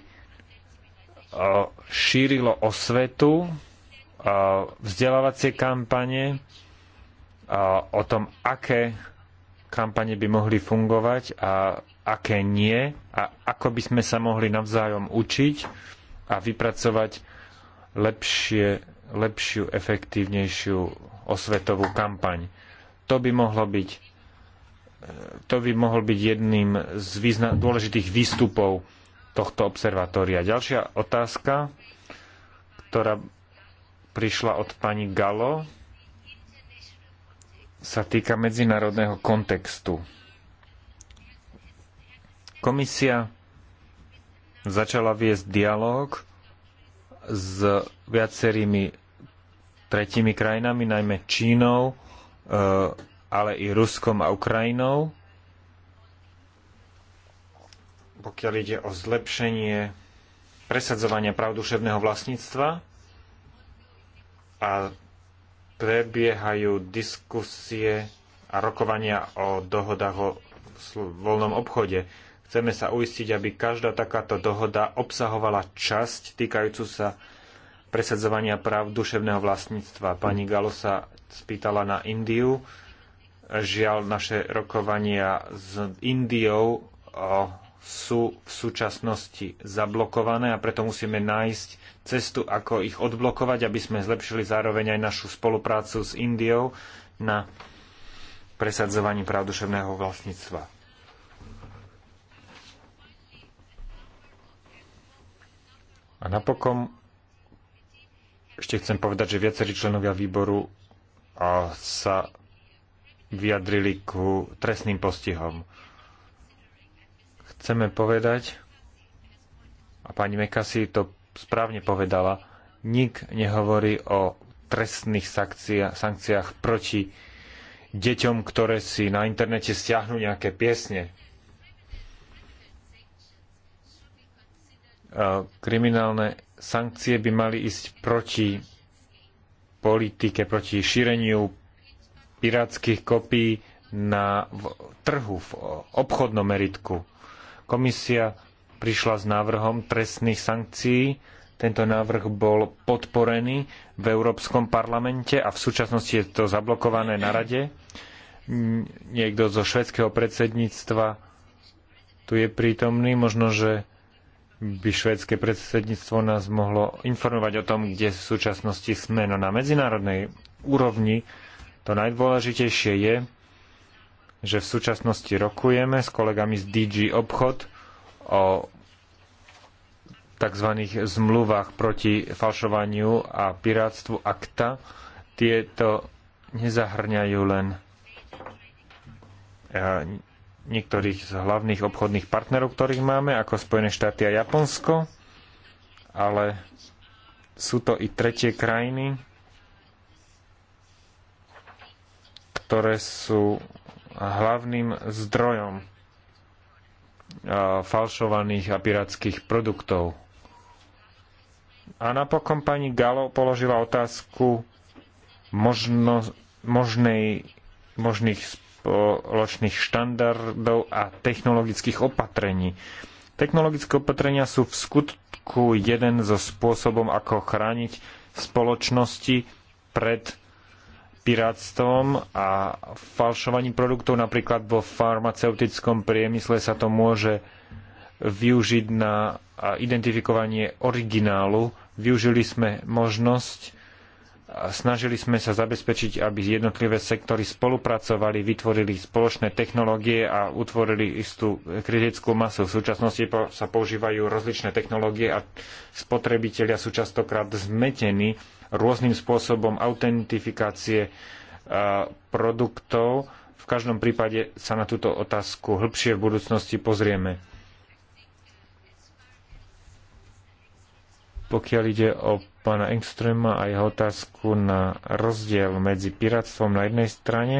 šírilo osvetu, e, vzdelávacie kampane e, o tom, aké kampane by mohli fungovať a aké nie a ako by sme sa mohli navzájom učiť a vypracovať lepšie, lepšiu, efektívnejšiu osvetovú kampaň. To by mohlo byť to by mohol byť jedným z význa- dôležitých výstupov tohto observatória. Ďalšia otázka, ktorá prišla od pani Galo, sa týka medzinárodného kontextu. Komisia začala viesť dialog s viacerými tretími krajinami, najmä Čínou, e, ale i Ruskom a Ukrajinou, pokiaľ ide o zlepšenie presadzovania práv duševného vlastníctva a prebiehajú diskusie a rokovania o dohodách o voľnom obchode. Chceme sa uistiť, aby každá takáto dohoda obsahovala časť týkajúcu sa presadzovania práv duševného vlastníctva. Pani Galo sa spýtala na Indiu. Žiaľ, naše rokovania s Indiou sú v súčasnosti zablokované a preto musíme nájsť cestu, ako ich odblokovať, aby sme zlepšili zároveň aj našu spoluprácu s Indiou na presadzovaní práv duševného vlastníctva. A napokon ešte chcem povedať, že viacerí členovia výboru sa vyjadrili ku trestným postihom. Chceme povedať, a pani Mekasi to správne povedala, nik nehovorí o trestných sankciách proti deťom, ktoré si na internete stiahnu nejaké piesne. Kriminálne sankcie by mali ísť proti politike, proti šíreniu pirátskych kopií na v trhu, v obchodnom meritku. Komisia prišla s návrhom trestných sankcií. Tento návrh bol podporený v Európskom parlamente a v súčasnosti je to zablokované na rade. Niekto zo švedského predsedníctva tu je prítomný. Možno, že by švédske predsedníctvo nás mohlo informovať o tom, kde v súčasnosti sme. No na medzinárodnej úrovni to najdôležitejšie je, že v súčasnosti rokujeme s kolegami z DG Obchod o tzv. zmluvách proti falšovaniu a pirátstvu akta. Tieto nezahrňajú len eh, niektorých z hlavných obchodných partnerov, ktorých máme, ako Spojené štáty a Japonsko, ale sú to i tretie krajiny, ktoré sú hlavným zdrojom e, falšovaných a pirátskych produktov. A napokon pani Galo položila otázku možno, možnej, možných spoločných štandardov a technologických opatrení. Technologické opatrenia sú v skutku jeden zo spôsobom, ako chrániť spoločnosti pred pirátstvom a falšovaním produktov. Napríklad vo farmaceutickom priemysle sa to môže využiť na identifikovanie originálu. Využili sme možnosť Snažili sme sa zabezpečiť, aby jednotlivé sektory spolupracovali, vytvorili spoločné technológie a utvorili istú kritickú masu. V súčasnosti sa používajú rozličné technológie a spotrebitelia sú častokrát zmetení rôznym spôsobom autentifikácie produktov. V každom prípade sa na túto otázku hĺbšie v budúcnosti pozrieme. Pokiaľ ide o pána Engströma a jeho otázku na rozdiel medzi piratstvom na jednej strane,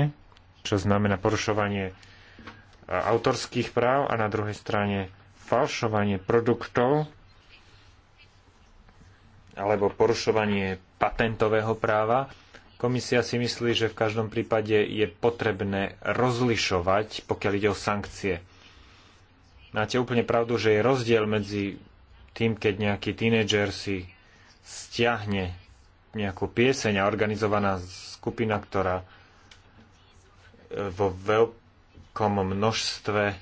čo znamená porušovanie e, autorských práv a na druhej strane falšovanie produktov alebo porušovanie patentového práva. Komisia si myslí, že v každom prípade je potrebné rozlišovať, pokiaľ ide o sankcie. Máte úplne pravdu, že je rozdiel medzi tým, keď nejaký tínedžer si stiahne nejakú pieseň a organizovaná skupina, ktorá e, vo veľkom množstve e,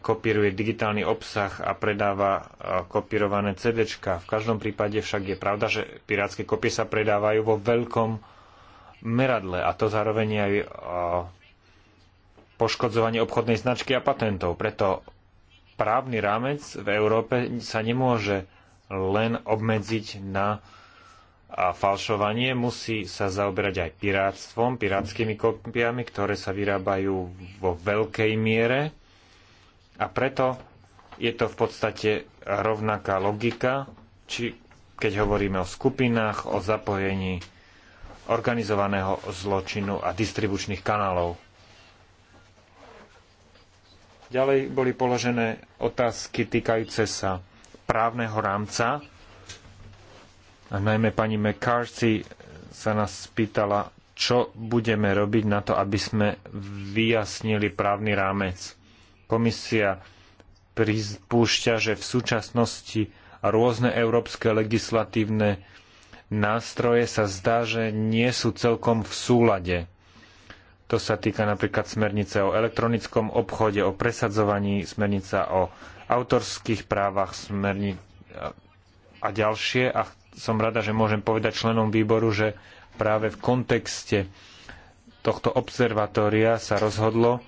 kopíruje digitálny obsah a predáva e, kopírované CD. V každom prípade však je pravda, že pirátske kopie sa predávajú vo veľkom meradle a to zároveň aj poškodzovanie obchodnej značky a patentov. Preto právny rámec v Európe sa nemôže len obmedziť na a falšovanie, musí sa zaoberať aj pirátstvom, pirátskymi kopiami, ktoré sa vyrábajú vo veľkej miere. A preto je to v podstate rovnaká logika, či keď hovoríme o skupinách, o zapojení organizovaného zločinu a distribučných kanálov. Ďalej boli položené otázky týkajúce sa právneho rámca. A najmä pani McCarthy sa nás spýtala, čo budeme robiť na to, aby sme vyjasnili právny rámec. Komisia pripúšťa, že v súčasnosti rôzne európske legislatívne nástroje sa zdá, že nie sú celkom v súlade. To sa týka napríklad smernice o elektronickom obchode, o presadzovaní smernica o autorských právach smerní a ďalšie. A som rada, že môžem povedať členom výboru, že práve v kontexte tohto observatória sa rozhodlo,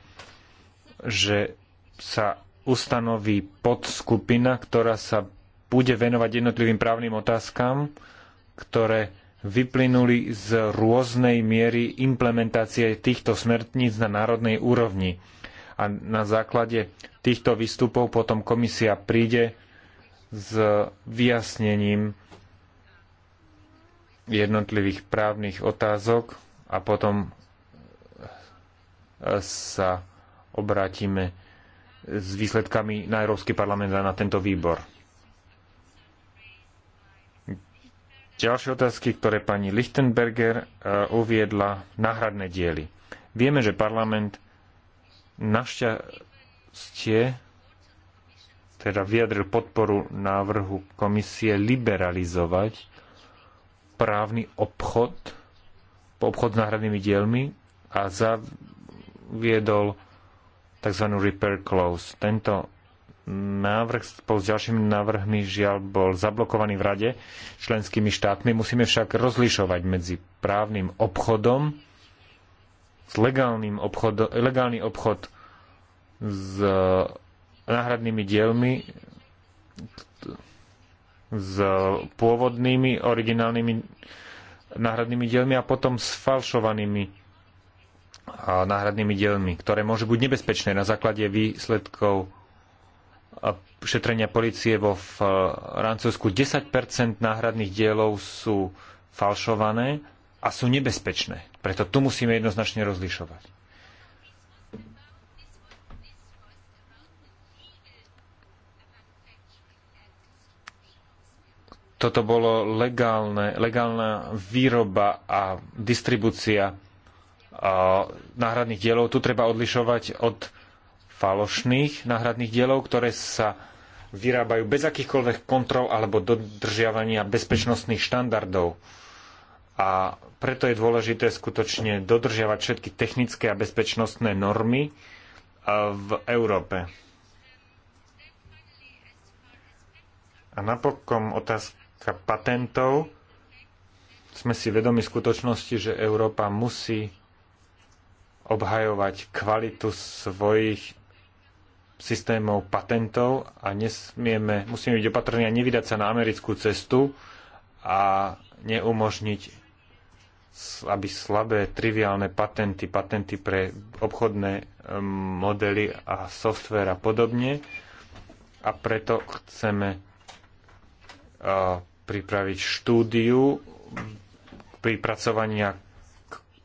že sa ustanoví podskupina, ktorá sa bude venovať jednotlivým právnym otázkam, ktoré vyplynuli z rôznej miery implementácie týchto smerníc na národnej úrovni a na základe týchto výstupov potom komisia príde s vyjasnením jednotlivých právnych otázok a potom e, sa obrátime s výsledkami na Európsky parlament a na tento výbor. Ďalšie otázky, ktoré pani Lichtenberger e, uviedla, náhradné diely. Vieme, že parlament našťastie teda vyjadril podporu návrhu komisie liberalizovať právny obchod, obchod s náhradnými dielmi a zaviedol tzv. repair clause. Tento návrh spolu s ďalšími návrhmi žiaľ bol zablokovaný v rade členskými štátmi. Musíme však rozlišovať medzi právnym obchodom s legálnym obchod, legálny obchod s e, náhradnými dielmi, s pôvodnými, originálnymi náhradnými dielmi a potom s falšovanými náhradnými dielmi, ktoré môžu byť nebezpečné na základe výsledkov šetrenia policie vo e, Francúzsku. 10 náhradných dielov sú falšované a sú nebezpečné. Preto tu musíme jednoznačne rozlišovať. Toto bolo legálne, legálna výroba a distribúcia náhradných dielov. Tu treba odlišovať od falošných náhradných dielov, ktoré sa vyrábajú bez akýchkoľvek kontrol alebo dodržiavania bezpečnostných štandardov. A preto je dôležité skutočne dodržiavať všetky technické a bezpečnostné normy e, v Európe. A napokon otázka patentov. Sme si vedomi skutočnosti, že Európa musí obhajovať kvalitu svojich systémov patentov a nesmieme, musíme byť opatrní a nevydať sa na americkú cestu a neumožniť aby slabé, triviálne patenty, patenty pre obchodné modely a software a podobne. A preto chceme e, pripraviť štúdiu pripracovania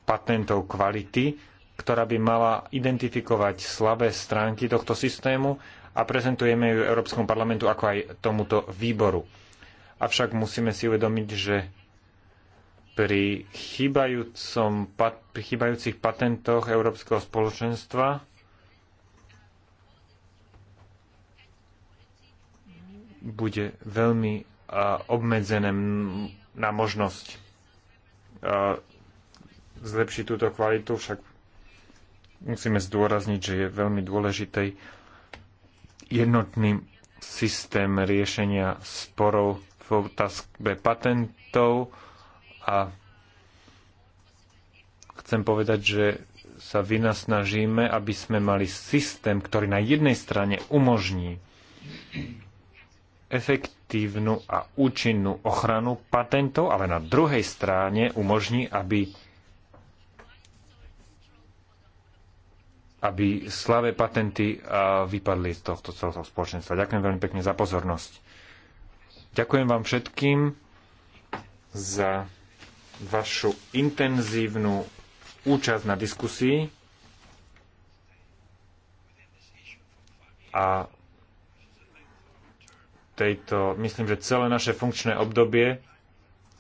patentov kvality, ktorá by mala identifikovať slabé stránky tohto systému a prezentujeme ju Európskom parlamentu ako aj tomuto výboru. Avšak musíme si uvedomiť, že pri chýbajúcom, pri chýbajúcich patentoch Európskeho spoločenstva bude veľmi obmedzené na možnosť zlepšiť túto kvalitu, však musíme zdôrazniť, že je veľmi dôležitý jednotný systém riešenia sporov v otázke patentov a chcem povedať, že sa vynasnažíme, aby sme mali systém, ktorý na jednej strane umožní efektívnu a účinnú ochranu patentov, ale na druhej strane umožní, aby aby slavé patenty vypadli z tohto celého spoločenstva. Ďakujem veľmi pekne za pozornosť. Ďakujem vám všetkým za vašu intenzívnu účasť na diskusii a tejto, myslím, že celé naše funkčné obdobie,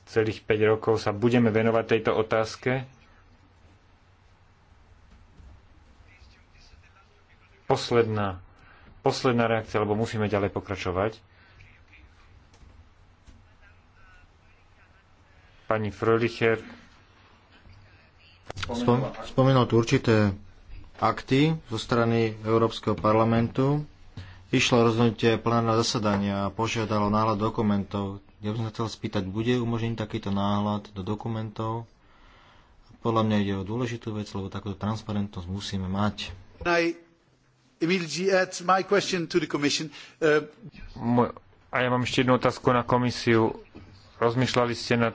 celých 5 rokov sa budeme venovať tejto otázke. Posledná, posledná reakcia, lebo musíme ďalej pokračovať. Pani spomenul tu určité akty zo strany Európskeho parlamentu. Išlo rozhodnutie plenárneho zasadania a požiadalo náhľad dokumentov. Ja by som chcel spýtať, bude umožnený takýto náhľad do dokumentov? Podľa mňa ide o dôležitú vec, lebo takúto transparentnosť musíme mať. Uh, a ja mám ešte jednu otázku na komisiu. Rozmýšľali ste nad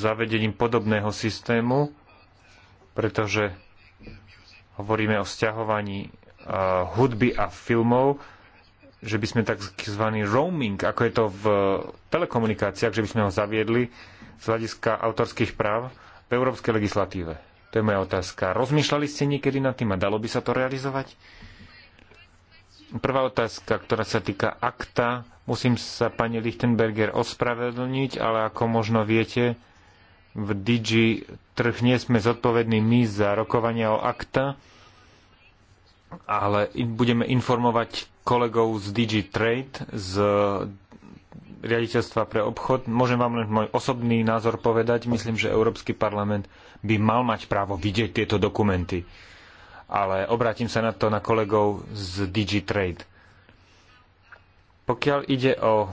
zavedením podobného systému, pretože hovoríme o stiahovaní e, hudby a filmov, že by sme tzv. roaming, ako je to v telekomunikáciách, že by sme ho zaviedli z hľadiska autorských práv v európskej legislatíve. To je moja otázka. Rozmýšľali ste niekedy nad tým a dalo by sa to realizovať? Prvá otázka, ktorá sa týka akta. Musím sa pani Lichtenberger ospravedlniť, ale ako možno viete, v Digi trh nie sme zodpovední my za rokovania o akta, ale budeme informovať kolegov z Digi Trade, z riaditeľstva pre obchod. Môžem vám len môj osobný názor povedať. Myslím, že Európsky parlament by mal mať právo vidieť tieto dokumenty ale obrátim sa na to na kolegov z DigiTrade. Pokiaľ ide o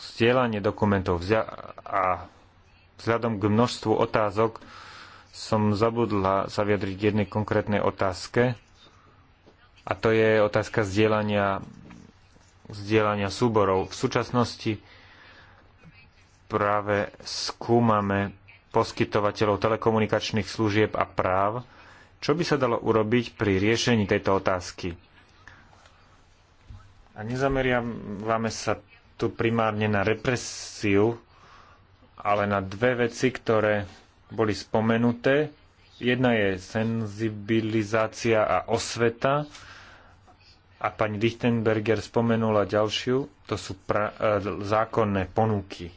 stielanie dokumentov a vzhľadom k množstvu otázok som zabudla sa vyjadriť jednej konkrétnej otázke a to je otázka zdieľania, zdieľania súborov. V súčasnosti práve skúmame poskytovateľov telekomunikačných služieb a práv, čo by sa dalo urobiť pri riešení tejto otázky? A nezameriavame sa tu primárne na represiu, ale na dve veci, ktoré boli spomenuté. Jedna je senzibilizácia a osveta. A pani Lichtenberger spomenula ďalšiu, to sú pra- e, zákonné ponuky.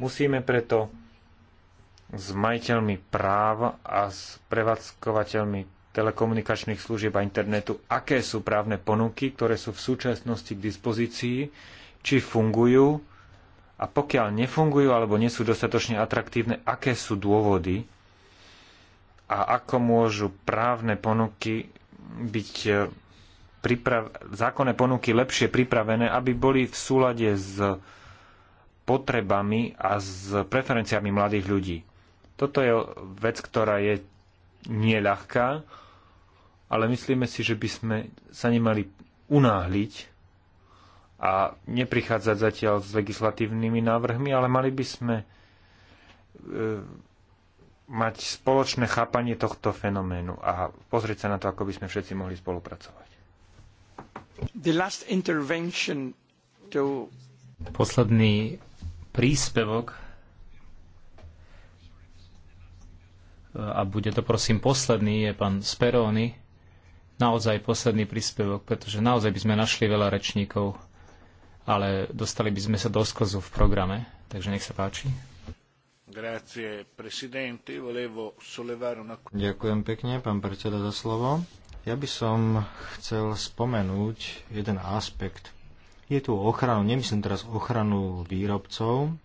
Musíme preto s majiteľmi práv a s prevádzkovateľmi telekomunikačných služieb a internetu, aké sú právne ponuky, ktoré sú v súčasnosti k dispozícii, či fungujú a pokiaľ nefungujú alebo nie sú dostatočne atraktívne, aké sú dôvody a ako môžu právne ponuky byť e, priprav- zákonné ponuky lepšie pripravené, aby boli v súlade s potrebami a s preferenciami mladých ľudí toto je vec, ktorá je nieľahká, ale myslíme si, že by sme sa nemali unáhliť a neprichádzať zatiaľ s legislatívnymi návrhmi, ale mali by sme e, mať spoločné chápanie tohto fenoménu a pozrieť sa na to, ako by sme všetci mohli spolupracovať. The last intervention to... Posledný príspevok a bude to prosím posledný, je pán Speroni, naozaj posledný príspevok, pretože naozaj by sme našli veľa rečníkov, ale dostali by sme sa do skozu v programe, takže nech sa páči. Ďakujem pekne, pán predseda, za slovo. Ja by som chcel spomenúť jeden aspekt. Je tu ochranu, nemyslím teraz ochranu výrobcov,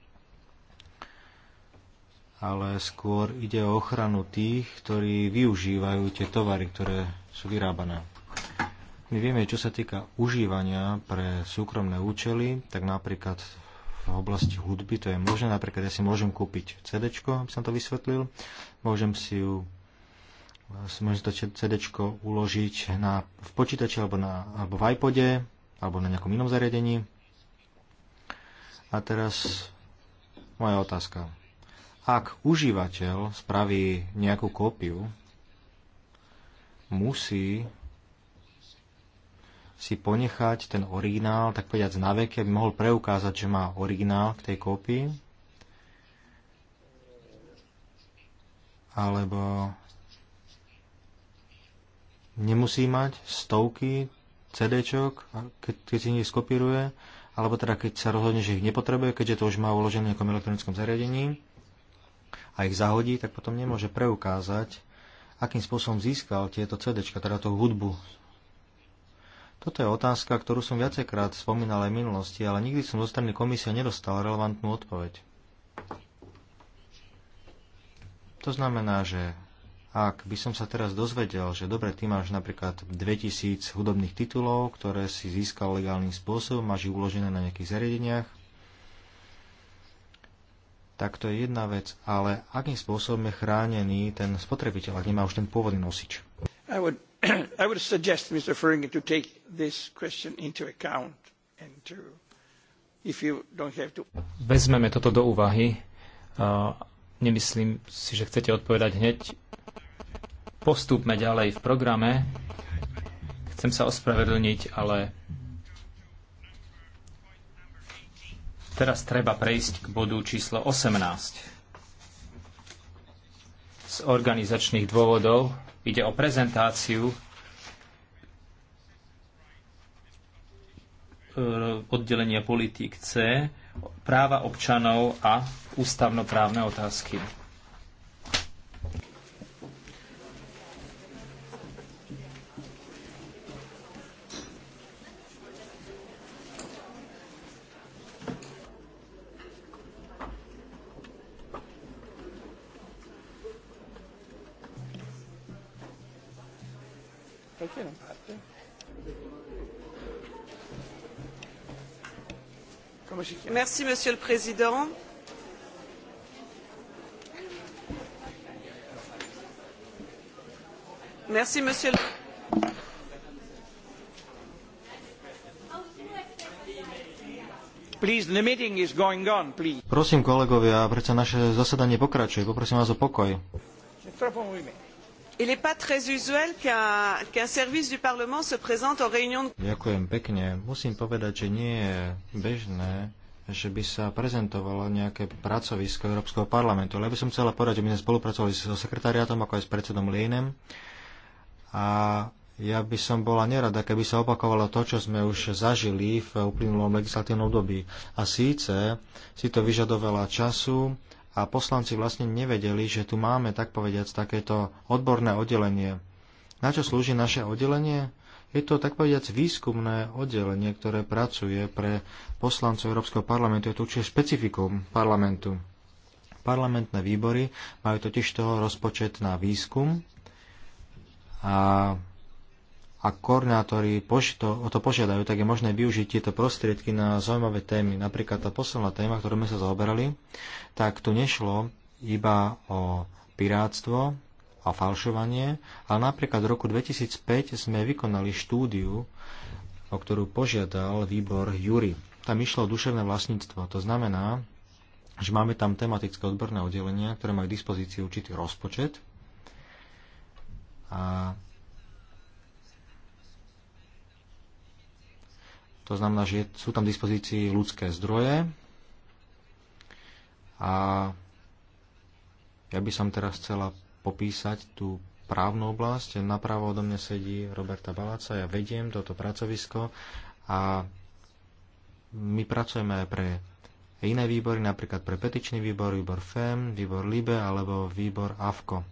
ale skôr ide o ochranu tých, ktorí využívajú tie tovary, ktoré sú vyrábané. My vieme, čo sa týka užívania pre súkromné účely, tak napríklad v oblasti hudby to je možné. Napríklad ja si môžem kúpiť CD, aby som to vysvetlil. Môžem si ju môžem to CD uložiť na, v počítači alebo, na, alebo v iPode alebo na nejakom inom zariadení. A teraz moja otázka. Ak užívateľ spraví nejakú kópiu, musí si ponechať ten originál, tak povedať na veke, aby mohol preukázať, že má originál k tej kópii. Alebo nemusí mať stovky CDčok, keď, keď si ich skopíruje, alebo teda keď sa rozhodne, že ich nepotrebuje, keďže to už má uložené v nejakom elektronickom zariadení a ich zahodí, tak potom nemôže preukázať, akým spôsobom získal tieto CD, teda tú hudbu. Toto je otázka, ktorú som viacejkrát spomínal aj v minulosti, ale nikdy som zo strany komisie nedostal relevantnú odpoveď. To znamená, že ak by som sa teraz dozvedel, že dobre, ty máš napríklad 2000 hudobných titulov, ktoré si získal legálnym spôsobom, máš ich uložené na nejakých zariadeniach, tak to je jedna vec, ale akým spôsobom je chránený ten spotrebiteľ, ak nemá už ten pôvodný nosič? I would, [CLEARS THROAT] I would suggest, Mr. to take this question into account and to, if you don't have to... Vezmeme toto do úvahy. Uh, nemyslím si, že chcete odpovedať hneď. Postúpme ďalej v programe. Chcem sa ospravedlniť, ale Teraz treba prejsť k bodu číslo 18. Z organizačných dôvodov ide o prezentáciu e, oddelenia politík C, práva občanov a ústavnoprávne otázky. Merci, Monsieur le Président. Merci, Monsieur le Please, the meeting is going on, please. Prosím kolegovia, naše zasadanie pokračuje. Poprosím vás o pokoj. Il n'est pas très usuel qu'un qu service du Parlement se présente aux réunions. Ďakujem pekne. Musím povedať, že nie je bežné, že by sa prezentovalo nejaké pracovisko Európskeho parlamentu. Ale ja by som chcela povedať, že my sme spolupracovali so sekretariátom, ako aj s predsedom Línem. A ja by som bola nerada, keby sa opakovalo to, čo sme už zažili v uplynulom legislatívnom období. A síce si to vyžadovala času a poslanci vlastne nevedeli, že tu máme, tak povediať, takéto odborné oddelenie. Na čo slúži naše oddelenie? Je to tak povediac výskumné oddelenie, ktoré pracuje pre poslancov Európskeho parlamentu. Je to určite špecifikum parlamentu. Parlamentné výbory majú totiž toho rozpočet na výskum a a koordinátori to, o to požiadajú, tak je možné využiť tieto prostriedky na zaujímavé témy. Napríklad tá posledná téma, ktorú sme sa zaoberali, tak tu nešlo iba o piráctvo a falšovanie, ale napríklad v roku 2005 sme vykonali štúdiu, o ktorú požiadal výbor Jury. Tam išlo o duševné vlastníctvo. To znamená, že máme tam tematické odborné oddelenia, ktoré majú k dispozícii určitý rozpočet. A To znamená, že sú tam v dispozícii ľudské zdroje a ja by som teraz chcela popísať tú právnu oblasť. Napravo odo mňa sedí Roberta Baláca, ja vediem toto pracovisko a my pracujeme aj pre iné výbory, napríklad pre petičný výbor, výbor FEM, výbor LIBE alebo výbor AFKO.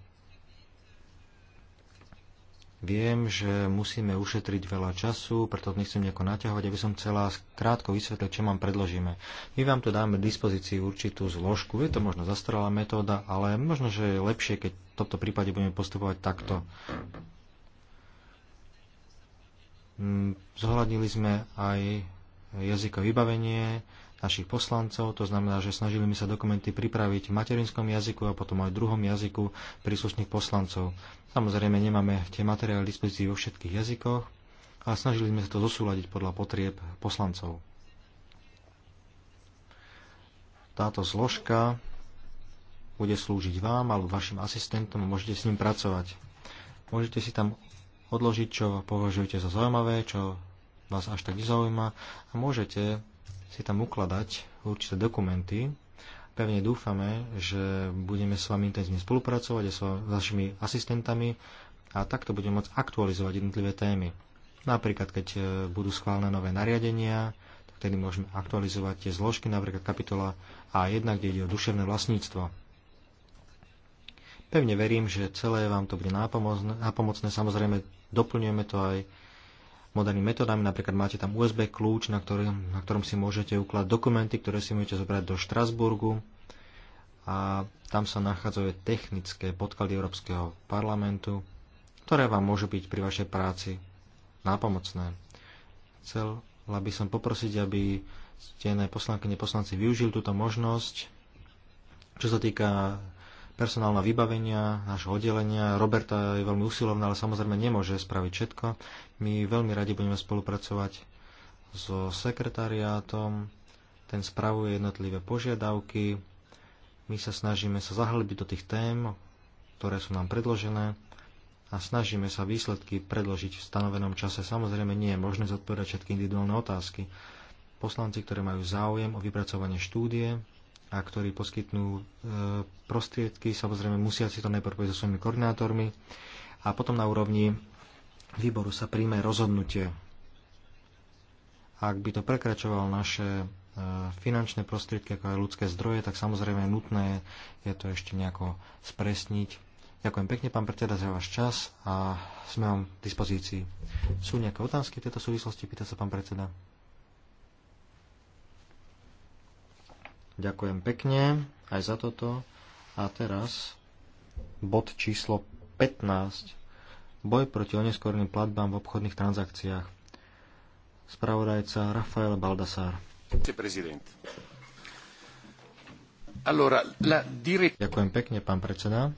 Viem, že musíme ušetriť veľa času, preto nechcem nejako naťahovať, aby som chcela krátko vysvetliť, čo vám predložíme. My vám tu dáme dispozícii určitú zložku, je to možno zastaralá metóda, ale možno, že je lepšie, keď v tomto prípade budeme postupovať takto. Mm, zohľadnili sme aj jazykové vybavenie, našich poslancov, to znamená, že snažili sme sa dokumenty pripraviť v materinskom jazyku a potom aj v druhom jazyku príslušných poslancov. Samozrejme, nemáme tie materiály dispozícii vo všetkých jazykoch a snažili sme sa to zosúľadiť podľa potrieb poslancov. Táto zložka bude slúžiť vám alebo vašim asistentom a môžete s ním pracovať. Môžete si tam odložiť, čo považujete za zaujímavé, čo vás až tak nezaujíma a môžete si tam ukladať určité dokumenty. Pevne dúfame, že budeme s vami intenzívne spolupracovať a s vašimi asistentami a takto budeme môcť aktualizovať jednotlivé témy. Napríklad, keď e, budú schválené nové nariadenia, tak tedy môžeme aktualizovať tie zložky, napríklad kapitola A1, kde ide o duševné vlastníctvo. Pevne verím, že celé vám to bude nápomocné. Samozrejme, doplňujeme to aj modernými metodami. Napríklad máte tam USB kľúč, na ktorom, na ktorom si môžete ukladať dokumenty, ktoré si môžete zobrať do Štrasburgu. A tam sa nachádzajú technické podklady Európskeho parlamentu, ktoré vám môžu byť pri vašej práci nápomocné. Chcela by som poprosiť, aby ste poslanky, poslanci využili túto možnosť. Čo sa týka personálna vybavenia, nášho oddelenia. Roberta je veľmi usilovná, ale samozrejme nemôže spraviť všetko. My veľmi radi budeme spolupracovať so sekretariátom, ten spravuje jednotlivé požiadavky, my sa snažíme sa zahlbiť do tých tém, ktoré sú nám predložené a snažíme sa výsledky predložiť v stanovenom čase. Samozrejme nie je možné zodpovedať všetky individuálne otázky. Poslanci, ktoré majú záujem o vypracovanie štúdie, a ktorí poskytnú e, prostriedky. Samozrejme, musia si to najprv povedať so svojimi koordinátormi a potom na úrovni výboru sa príjme rozhodnutie. Ak by to prekračovalo naše e, finančné prostriedky, ako aj ľudské zdroje, tak samozrejme je nutné je to ešte nejako spresniť. Ďakujem pekne, pán predseda, za váš čas a sme vám k dispozícii. Sú nejaké otázky v tejto súvislosti? Pýta sa pán predseda. Ďakujem pekne aj za toto. A teraz bod číslo 15. Boj proti oneskorným platbám v obchodných transakciách. Spravodajca Rafael Baldassar. Ďakujem pekne, pán predseda.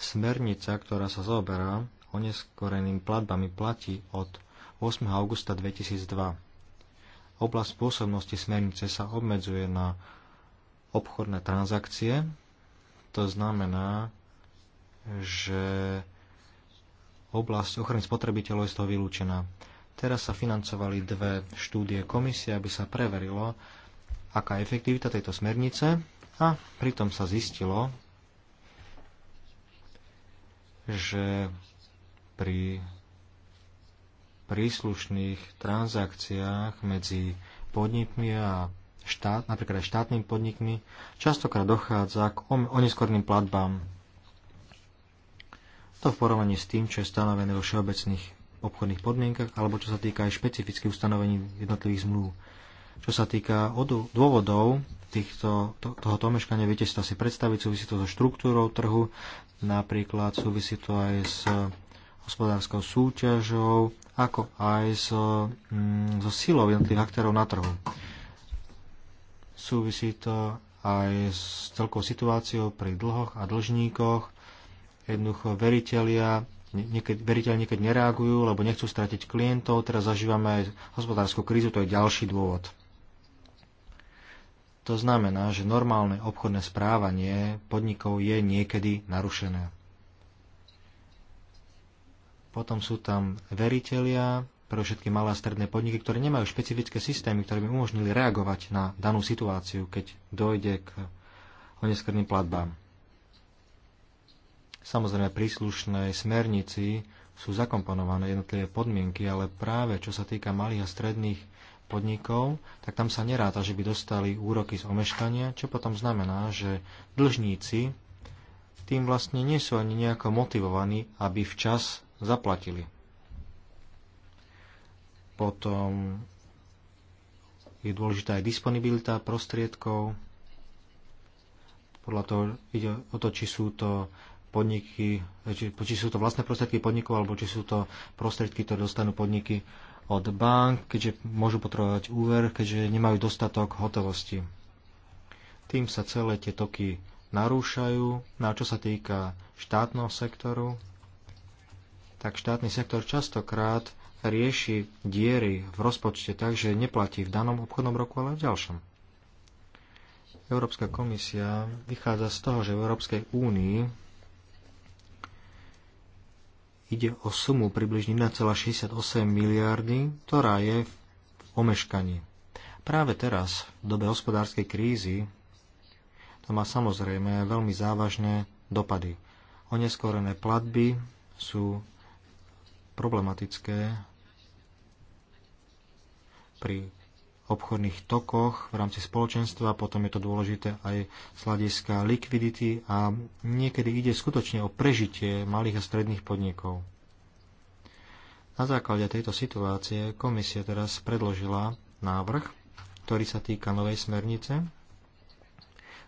Smernica, ktorá sa zaoberá oneskoreným platbami, platí od 8. augusta 2002. Oblasť pôsobnosti smernice sa obmedzuje na obchodné transakcie. To znamená, že oblasť ochrany spotrebiteľov je z toho vylúčená. Teraz sa financovali dve štúdie komisie, aby sa preverilo, aká je efektivita tejto smernice a pritom sa zistilo, že pri príslušných transakciách medzi podnikmi a štát, napríklad aj štátnymi podnikmi, častokrát dochádza k oneskorným platbám. To v porovnaní s tým, čo je stanovené vo všeobecných obchodných podmienkach, alebo čo sa týka aj špecifických ustanovení jednotlivých zmluv. Čo sa týka dôvodov týchto, to, tohoto omeškania, viete si to asi predstaviť, súvisí to so štruktúrou trhu, napríklad súvisí to aj s hospodárskou súťažou, ako aj so, mm, so silou jednotlivých aktérov na trhu. Súvisí to aj s celkou situáciou pri dlhoch a dlžníkoch. Jednoducho veriteľia niekedy, veriteľ niekedy nereagujú, lebo nechcú stratiť klientov. Teraz zažívame aj hospodárskú krízu, to je ďalší dôvod. To znamená, že normálne obchodné správanie podnikov je niekedy narušené. Potom sú tam veritelia, pre všetky malé a stredné podniky, ktoré nemajú špecifické systémy, ktoré by umožnili reagovať na danú situáciu, keď dojde k oneskrným platbám. Samozrejme, príslušnej smernici sú zakomponované jednotlivé podmienky, ale práve čo sa týka malých a stredných podnikov, tak tam sa neráta, že by dostali úroky z omeškania, čo potom znamená, že dlžníci tým vlastne nie sú ani nejako motivovaní, aby včas zaplatili. Potom je dôležitá aj disponibilita prostriedkov. Podľa toho ide o to, či sú to podniky, či, či sú to vlastné prostriedky podnikov, alebo či sú to prostriedky, ktoré dostanú podniky od bank, keďže môžu potrebovať úver, keďže nemajú dostatok hotovosti. Tým sa celé tie toky narúšajú. na no čo sa týka štátneho sektoru, tak štátny sektor častokrát rieši diery v rozpočte tak, že neplatí v danom obchodnom roku, ale v ďalšom. Európska komisia vychádza z toho, že v Európskej únii ide o sumu približne 1,68 miliardy, ktorá je v omeškaní. Práve teraz, v dobe hospodárskej krízy, to má samozrejme veľmi závažné dopady. Oneskorené platby sú problematické pri obchodných tokoch v rámci spoločenstva, potom je to dôležité aj z hľadiska likvidity a niekedy ide skutočne o prežitie malých a stredných podnikov. Na základe tejto situácie komisia teraz predložila návrh, ktorý sa týka novej smernice,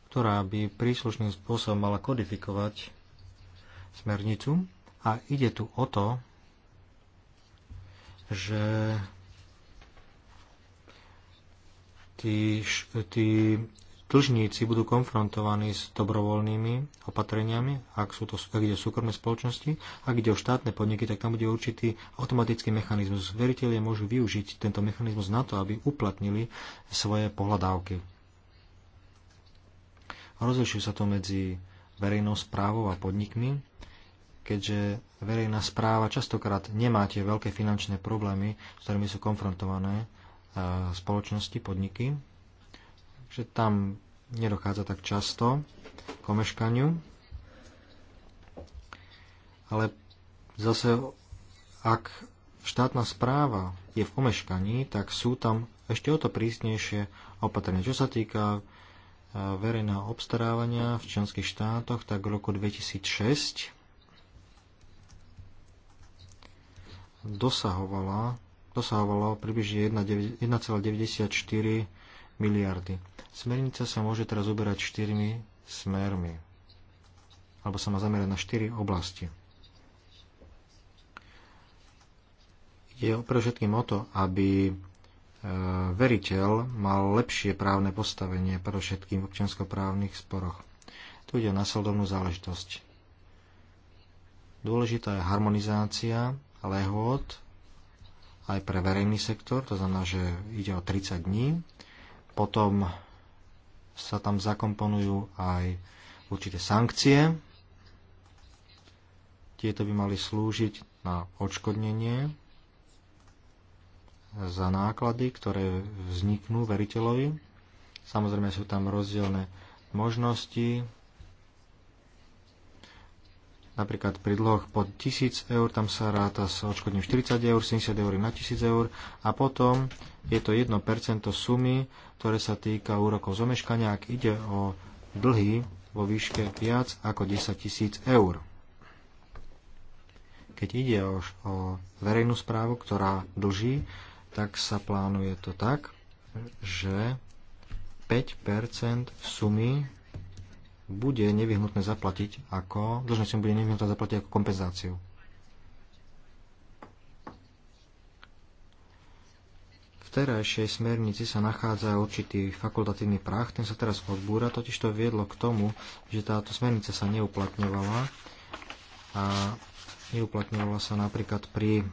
ktorá by príslušným spôsobom mala kodifikovať smernicu a ide tu o to, že tí, tí dlžníci budú konfrontovaní s dobrovoľnými opatreniami, ak, sú to, ak ide o súkromné spoločnosti, ak ide o štátne podniky, tak tam bude určitý automatický mechanizmus. Veriteľie môžu využiť tento mechanizmus na to, aby uplatnili svoje pohľadávky. Rozlišuje sa to medzi verejnou správou a podnikmi keďže verejná správa častokrát nemá tie veľké finančné problémy, s ktorými sú konfrontované e, spoločnosti, podniky. Takže tam nedochádza tak často k omeškaniu. Ale zase, ak štátna správa je v omeškaní, tak sú tam ešte o to prísnejšie opatrenia. Čo sa týka e, verejného obstarávania v členských štátoch, tak v roku 2006 dosahovala, dosahovalo približne 1,94 miliardy. Smernica sa môže teraz uberať štyrmi smermi, alebo sa má zamerať na štyri oblasti. Je predovšetkým o to, aby e, veriteľ mal lepšie právne postavenie všetkým v občianskoprávnych sporoch. Tu ide o nasledovnú záležitosť. Dôležitá je harmonizácia lehôd aj pre verejný sektor, to znamená, že ide o 30 dní. Potom sa tam zakomponujú aj určité sankcie. Tieto by mali slúžiť na odškodnenie za náklady, ktoré vzniknú veriteľovi. Samozrejme sú tam rozdielne možnosti, napríklad pri dlhoch pod 1000 eur, tam sa ráta s odškodným 40 eur, 70 eur na 1000 eur a potom je to 1% sumy, ktoré sa týka úrokov zomeškania, ak ide o dlhy vo výške viac ako 10 tisíc eur. Keď ide o, o verejnú správu, ktorá dlží, tak sa plánuje to tak, že 5% sumy bude nevyhnutné zaplatiť ako, dlžnosťom bude nevyhnutné zaplatiť ako kompenzáciu. V terajšej smernici sa nachádza určitý fakultatívny prach, ten sa teraz odbúra, totiž to viedlo k tomu, že táto smernica sa neuplatňovala a neuplatňovala sa napríklad pri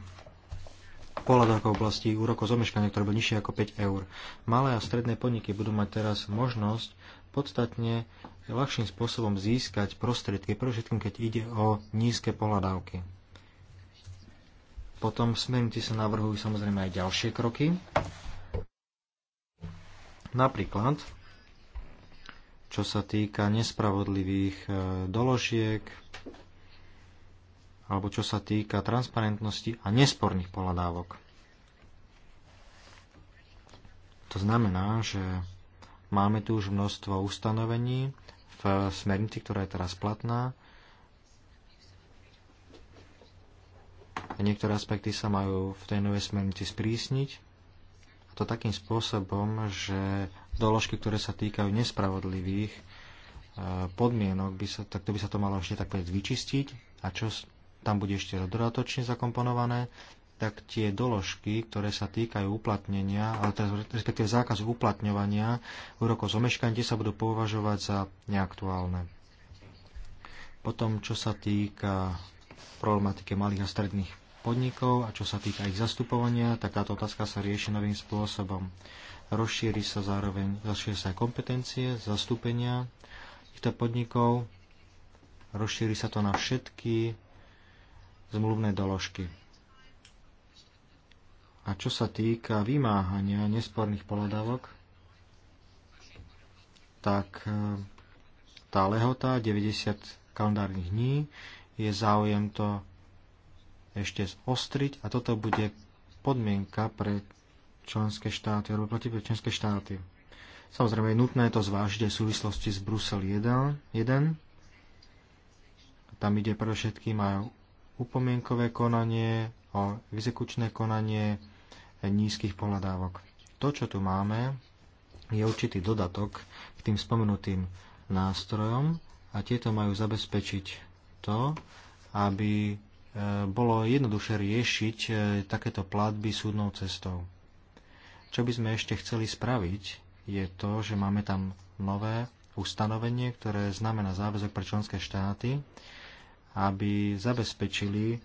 pohľadoch oblasti úrokov zomeškania, ktoré boli nižšie ako 5 eur. Malé a stredné podniky budú mať teraz možnosť podstatne ľahším spôsobom získať prostriedky, pre všetkým, keď ide o nízke pohľadávky. Potom v smernici sa navrhujú samozrejme aj ďalšie kroky. Napríklad, čo sa týka nespravodlivých e, doložiek, alebo čo sa týka transparentnosti a nesporných pohľadávok. To znamená, že máme tu už množstvo ustanovení, v smernici, ktorá je teraz platná. Niektoré aspekty sa majú v tej novej smernici sprísniť. A to takým spôsobom, že doložky, ktoré sa týkajú nespravodlivých e, podmienok, by sa, tak to by sa to malo ešte tak vyčistiť. A čo tam bude ešte dodatočne zakomponované, tak tie doložky, ktoré sa týkajú uplatnenia, ale teraz respektíve zákazu uplatňovania úrokov z omeškania, sa budú považovať za neaktuálne. Potom, čo sa týka problematike malých a stredných podnikov a čo sa týka ich zastupovania, tak táto otázka sa rieši novým spôsobom. Rozšíri sa zároveň rozšíri sa aj kompetencie, zastúpenia týchto podnikov, rozšíri sa to na všetky zmluvné doložky. A čo sa týka vymáhania nesporných pohľadávok, tak e, tá lehota 90 kalendárnych dní je záujem to ešte zostriť a toto bude podmienka pre členské štáty, alebo platí pre členské štáty. Samozrejme je nutné to zvážiť aj v súvislosti s Brusel 1. 1. Tam ide všetkým aj upomienkové konanie, o exekučné konanie, nízkych pohľadávok. To, čo tu máme, je určitý dodatok k tým spomenutým nástrojom a tieto majú zabezpečiť to, aby e, bolo jednoduše riešiť e, takéto platby súdnou cestou. Čo by sme ešte chceli spraviť, je to, že máme tam nové ustanovenie, ktoré znamená záväzok pre členské štáty, aby zabezpečili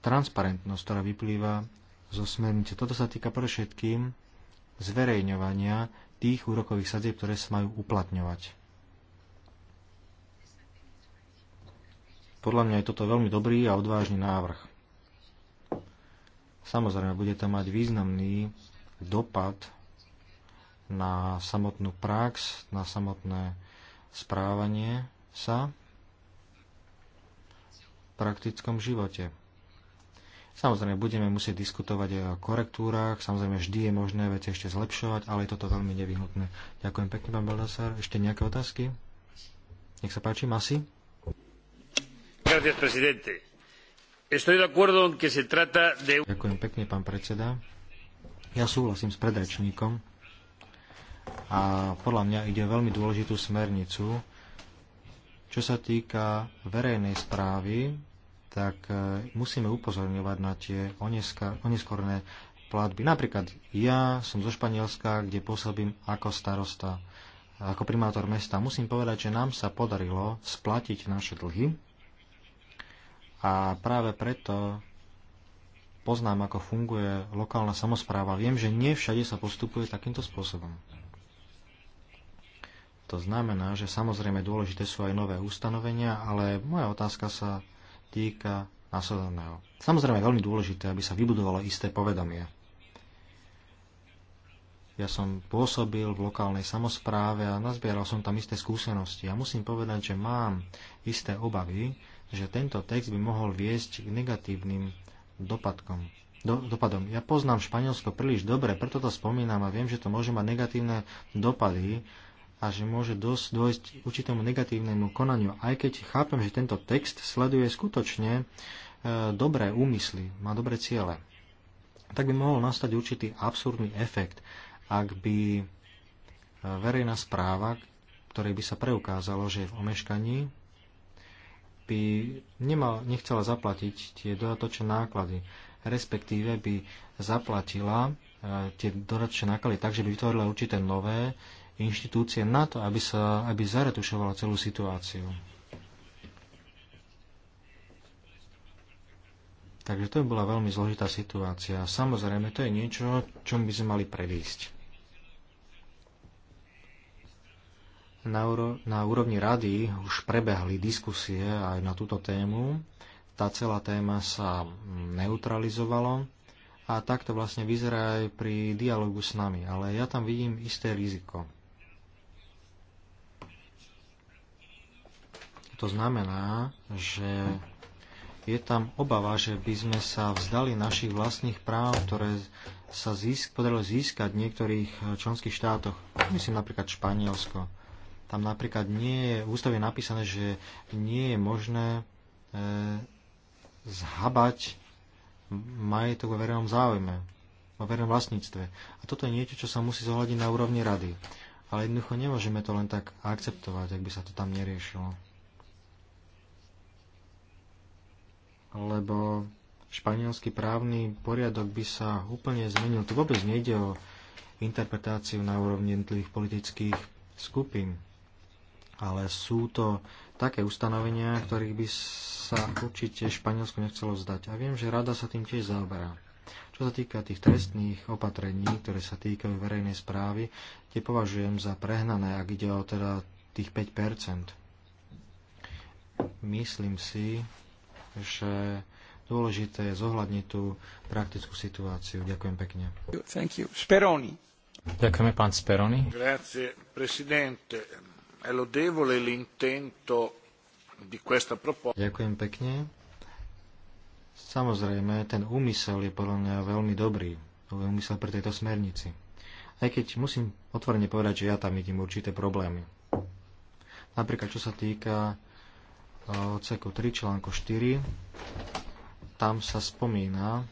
transparentnosť, ktorá vyplýva zo smernice. Toto sa týka všetkým zverejňovania tých úrokových sadzieb, ktoré sa majú uplatňovať. Podľa mňa je toto veľmi dobrý a odvážny návrh. Samozrejme, bude to mať významný dopad na samotnú prax, na samotné správanie sa v praktickom živote. Samozrejme, budeme musieť diskutovať aj o korektúrach, samozrejme, vždy je možné veci ešte zlepšovať, ale je toto veľmi nevyhnutné. Ďakujem pekne, pán Baldasar. Ešte nejaké otázky? Nech sa páči, Masi. Ďakujem pekne, pán predseda. Ja súhlasím s predračníkom a podľa mňa ide o veľmi dôležitú smernicu, čo sa týka verejnej správy tak e, musíme upozorňovať na tie oneskorné platby. Napríklad ja som zo Španielska, kde pôsobím ako starosta, ako primátor mesta. Musím povedať, že nám sa podarilo splatiť naše dlhy a práve preto poznám, ako funguje lokálna samozpráva. Viem, že nie všade sa postupuje takýmto spôsobom. To znamená, že samozrejme dôležité sú aj nové ustanovenia, ale moja otázka sa týka nasledovného. Samozrejme je veľmi dôležité, aby sa vybudovalo isté povedomie. Ja som pôsobil v lokálnej samozpráve a nazbieral som tam isté skúsenosti. A musím povedať, že mám isté obavy, že tento text by mohol viesť k negatívnym dopadkom. Do, dopadom. Ja poznám Španielsko príliš dobre, preto to spomínam a viem, že to môže mať negatívne dopady a že môže dosť dôjsť určitému negatívnemu konaniu, aj keď chápem, že tento text sleduje skutočne e, dobré úmysly, má dobré ciele. Tak by mohol nastať určitý absurdný efekt, ak by e, verejná správa, ktorej by sa preukázalo, že je v omeškaní, by nemal, nechcela zaplatiť tie dodatočné náklady, respektíve by zaplatila e, tie dodatočné náklady tak, že by vytvorila určité nové inštitúcie na to, aby, sa, aby zaretušovala celú situáciu. Takže to bola veľmi zložitá situácia. Samozrejme, to je niečo, čom by sme mali predísť. Na, úro, na úrovni rady už prebehli diskusie aj na túto tému. Tá celá téma sa neutralizovala a takto vlastne vyzerá aj pri dialogu s nami. Ale ja tam vidím isté riziko. To znamená, že je tam obava, že by sme sa vzdali našich vlastných práv, ktoré sa získ, podarilo získať v niektorých eh, členských štátoch. Myslím napríklad Španielsko. Tam napríklad nie je, v ústave je napísané, že nie je možné e, zhabať majetok vo verejnom záujme, vo verejnom vlastníctve. A toto je niečo, čo sa musí zohľadiť na úrovni rady. Ale jednoducho nemôžeme to len tak akceptovať, ak by sa to tam neriešilo. lebo španielský právny poriadok by sa úplne zmenil. Tu vôbec nejde o interpretáciu na úrovni jednotlivých politických skupín, ale sú to také ustanovenia, ktorých by sa určite Španielsko nechcelo vzdať. A viem, že rada sa tým tiež zaoberá. Čo sa týka tých trestných opatrení, ktoré sa týkajú verejnej správy, tie považujem za prehnané, ak ide o teda tých 5 Myslím si, že dôležité je zohľadniť tú praktickú situáciu. Ďakujem pekne. Thank you. Speroni. Ďakujeme, pán Speroni. Grazie, presidente. È lodevole l'intento di questa proposta. Ďakujem pekne. Samozrejme, ten úmysel je podľa mňa veľmi dobrý. Úmysel pre tejto smernici. Aj keď musím otvorene povedať, že ja tam vidím určité problémy. Napríklad, čo sa týka E, odseku 3 článku 4. Tam sa spomína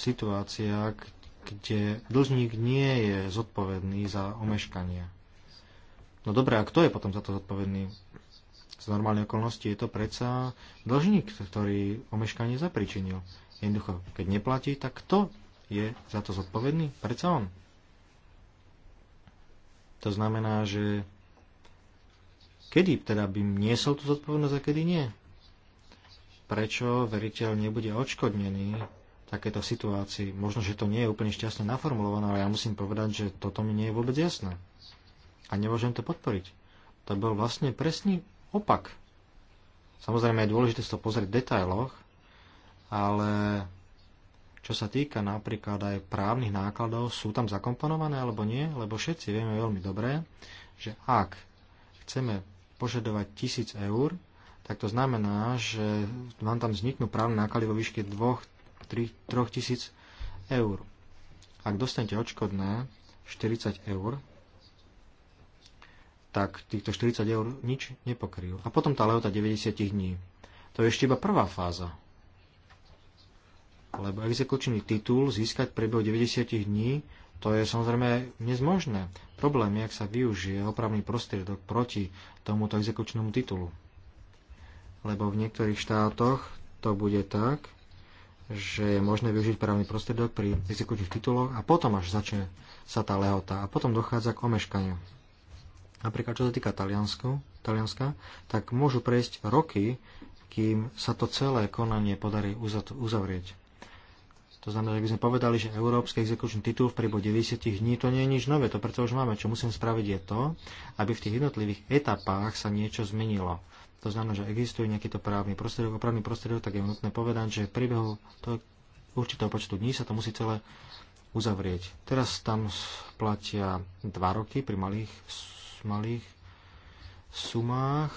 situácia, kde dlžník nie je zodpovedný za omeškanie. No dobré, a kto je potom za to zodpovedný? Z normálnej okolnosti je to predsa dlžník, ktorý omeškanie zapričinil. Jednoducho, keď neplatí, tak kto je za to zodpovedný? Predsa on. To znamená, že Kedy teda by niesol tú zodpovednosť a kedy nie? Prečo veriteľ nebude odškodnený v takéto situácii? Možno, že to nie je úplne šťastne naformulované, ale ja musím povedať, že toto mi nie je vôbec jasné. A nemôžem to podporiť. To bol vlastne presný opak. Samozrejme je dôležité si to pozrieť v detailoch, ale čo sa týka napríklad aj právnych nákladov, sú tam zakomponované alebo nie? Lebo všetci vieme veľmi dobre, že ak chceme požadovať 1000 eur, tak to znamená, že vám tam vzniknú právne náklady vo výške 2-3 tisíc eur. Ak dostanete odškodné 40 eur, tak týchto 40 eur nič nepokryjú. A potom tá lehota 90 dní. To je ešte iba prvá fáza. Lebo exekučný titul získať priebehu 90 dní to je samozrejme nezmožné. možné. Problém je, ak sa využije opravný prostriedok proti tomuto exekučnému titulu. Lebo v niektorých štátoch to bude tak, že je možné využiť právny prostriedok pri exekučných tituloch a potom až začne sa tá lehota a potom dochádza k omeškaniu. Napríklad čo sa týka Talianska, tak môžu prejsť roky, kým sa to celé konanie podarí uzavrieť. To znamená, že by sme povedali, že európsky exekučný titul v priebehu 90 dní to nie je nič nové, to preto už máme. Čo musím spraviť je to, aby v tých jednotlivých etapách sa niečo zmenilo. To znamená, že existuje nejakýto právny prostriedok, opravný prostriedok, tak je nutné povedať, že v priebehu určitého počtu dní sa to musí celé uzavrieť. Teraz tam platia 2 roky pri malých, malých sumách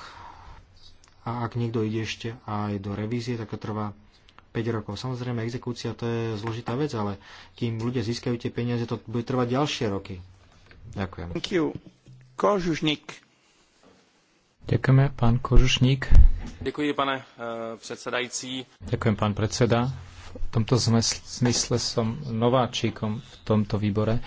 a ak niekto ide ešte aj do revízie, tak to trvá 5 rokov. Samozrejme, exekúcia to je zložitá vec, ale kým ľudia získajú tie peniaze, to bude trvať ďalšie roky. Ďakujem. Thank you. Kožušník. Ďakujeme, pán Kožušník. Ďakujem, pane e, eh, predsedajúci. Ďakujem, pán predseda. V tomto smysle som nováčikom v tomto výbore.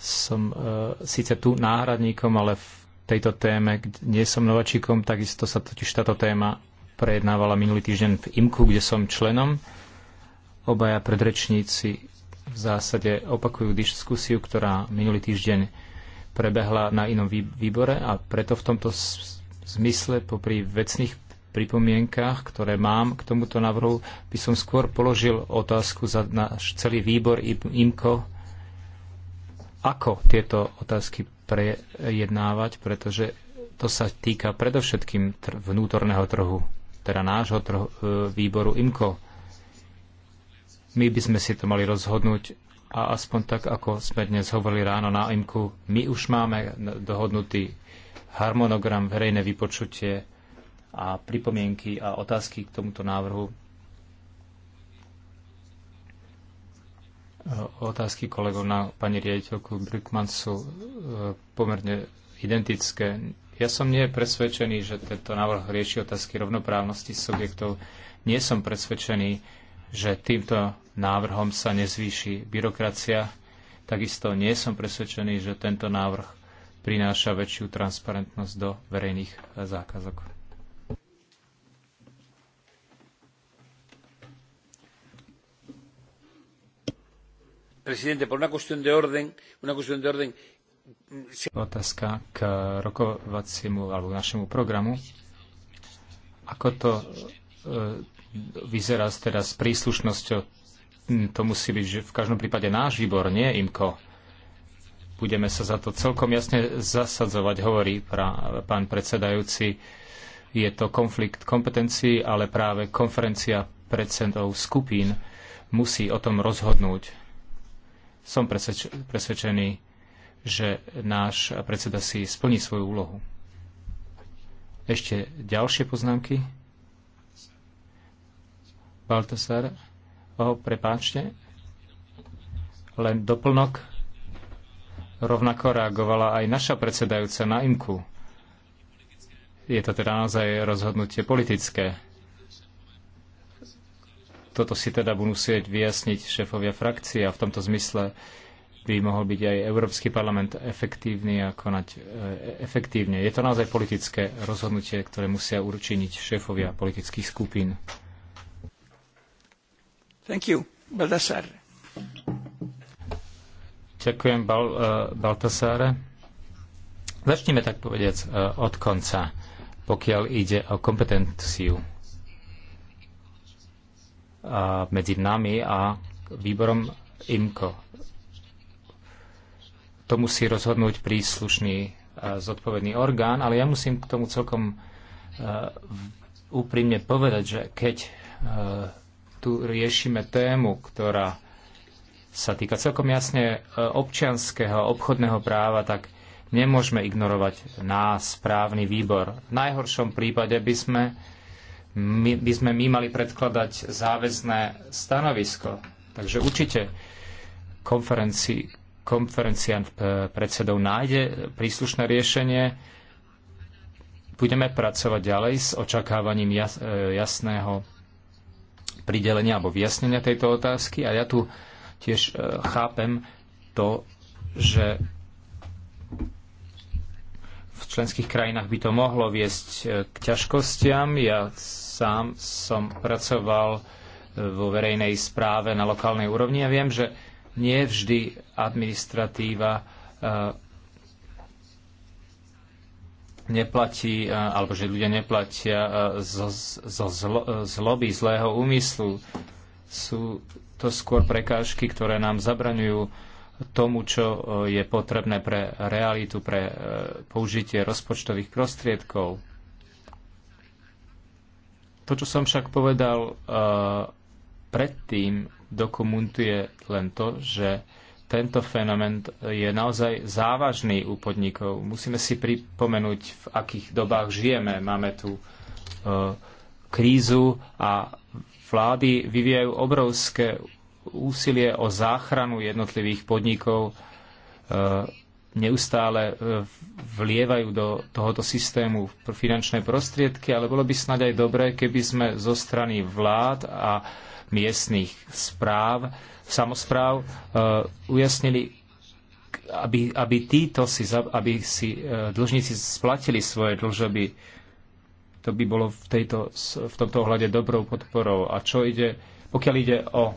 Som uh, síce tu náhradníkom, ale v tejto téme nie som nováčikom, takisto sa totiž táto téma prejednávala minulý týždeň v IMKU, kde som členom. Obaja predrečníci v zásade opakujú diskusiu, ktorá minulý týždeň prebehla na inom výbore a preto v tomto zmysle popri vecných pripomienkach, ktoré mám k tomuto návrhu, by som skôr položil otázku za náš celý výbor IMKO, ako tieto otázky prejednávať, pretože to sa týka predovšetkým vnútorného trhu teda nášho trhu, e, výboru IMCO. My by sme si to mali rozhodnúť a aspoň tak, ako sme dnes hovorili ráno na IMCO, my už máme dohodnutý harmonogram, verejné vypočutie a pripomienky a otázky k tomuto návrhu. E, otázky kolegov na pani riaditeľku Brückman sú e, pomerne identické. Ja som nie presvedčený, že tento návrh rieši otázky rovnoprávnosti subjektov. Nie som presvedčený, že týmto návrhom sa nezvýši byrokracia. Takisto nie som presvedčený, že tento návrh prináša väčšiu transparentnosť do verejných zákazok. Presidente, por una cuestión de orden, una cuestión de orden, Otázka k rokovaciemu alebo našemu programu. Ako to e, vyzerá teda s príslušnosťou? Hm, to musí byť že v každom prípade náš výbor, nie IMKO. Budeme sa za to celkom jasne zasadzovať, hovorí pra, pán predsedajúci. Je to konflikt kompetencií, ale práve konferencia predsedov skupín musí o tom rozhodnúť. Som presvedčený, že náš predseda si splní svoju úlohu. Ešte ďalšie poznámky? Baltasar, o, prepáčte, len doplnok. Rovnako reagovala aj naša predsedajúca na IMKU. Je to teda naozaj rozhodnutie politické. Toto si teda budú musieť vyjasniť šéfovia frakcie a v tomto zmysle by mohol byť aj Európsky parlament efektívny a konať e, efektívne. Je to naozaj politické rozhodnutie, ktoré musia určiniť šéfovia politických skupín. Thank you. Ďakujem, Bal, uh, Začneme tak povediac uh, e, od konca, pokiaľ ide o kompetenciu uh, medzi nami a výborom IMCO to musí rozhodnúť príslušný e, zodpovedný orgán, ale ja musím k tomu celkom e, úprimne povedať, že keď e, tu riešime tému, ktorá sa týka celkom jasne občianského obchodného práva, tak nemôžeme ignorovať nás, právny výbor. V najhoršom prípade by sme my, by sme my mali predkladať záväzné stanovisko. Takže určite konferencii konferencia eh, predsedov nájde príslušné riešenie. Budeme pracovať ďalej s očakávaním eh, jasného pridelenia alebo vyjasnenia tejto otázky a ja tu tiež eh, chápem to, že v členských krajinách by to mohlo viesť k ťažkostiam. Ja sám som pracoval vo verejnej správe na lokálnej úrovni a viem, že nie vždy administratíva eh, neplatí, eh, alebo že ľudia neplatia eh, zo, zo zlo, zloby, zlého úmyslu. Sú to skôr prekážky, ktoré nám zabraňujú tomu, čo je potrebné pre realitu, pre použitie rozpočtových prostriedkov. To, čo som však povedal, predtým dokumentuje len to, že tento fenomén je naozaj závažný u podnikov. Musíme si pripomenúť, v akých dobách žijeme. Máme tu e, krízu a vlády vyvíjajú obrovské úsilie o záchranu jednotlivých podnikov. E, neustále e, vlievajú do tohoto systému finančné prostriedky, ale bolo by snáď aj dobré, keby sme zo strany vlád a miestných správ, samozpráv, e, ujasnili, aby, aby títo si, aby si e, dlžníci splatili svoje dlžoby. To by bolo v, tejto, v tomto ohľade dobrou podporou. A čo ide, pokiaľ ide o uh,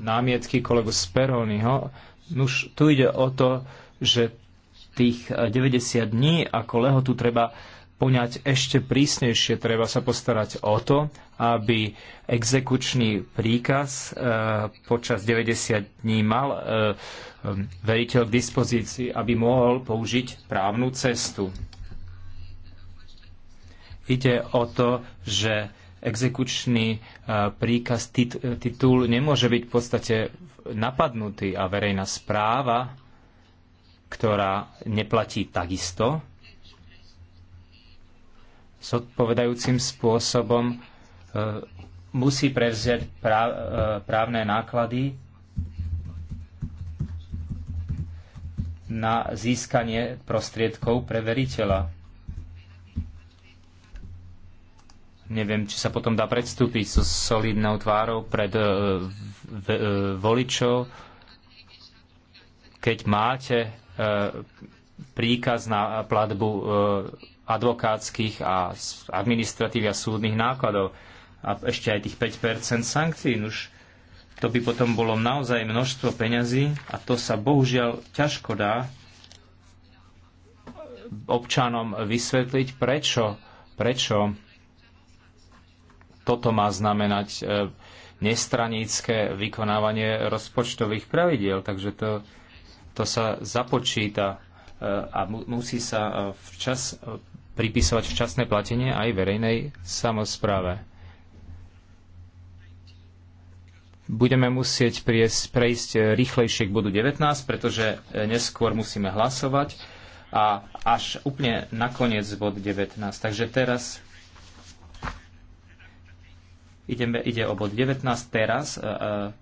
námietky kolegu Speroniho, už tu ide o to, že tých 90 dní ako lehotu treba poňať ešte prísnejšie. Treba sa postarať o to, aby exekučný príkaz e, počas 90 dní mal e, e, veriteľ k dispozícii, aby mohol použiť právnu cestu. Ide o to, že exekučný príkaz, titul nemôže byť v podstate napadnutý a verejná správa, ktorá neplatí takisto, zodpovedajúcim spôsobom e, musí prevziať e, právne náklady na získanie prostriedkov pre veriteľa. Neviem, či sa potom dá predstúpiť so solidnou tvárou pred e, voličov, keď máte príkaz na platbu advokátskych a administratívy a súdnych nákladov a ešte aj tých 5% sankcií. Už to by potom bolo naozaj množstvo peňazí a to sa bohužiaľ ťažko dá občanom vysvetliť, prečo, prečo toto má znamenať e, nestranické vykonávanie rozpočtových pravidiel. Takže to, to sa započíta e, a musí sa e, včas pripisovať včasné platenie aj verejnej samozpráve. Budeme musieť prejsť rýchlejšie k bodu 19, pretože eh, neskôr musíme hlasovať a až úplne nakoniec bod 19. Takže teraz ideme, ide o bod 19 teraz. uh,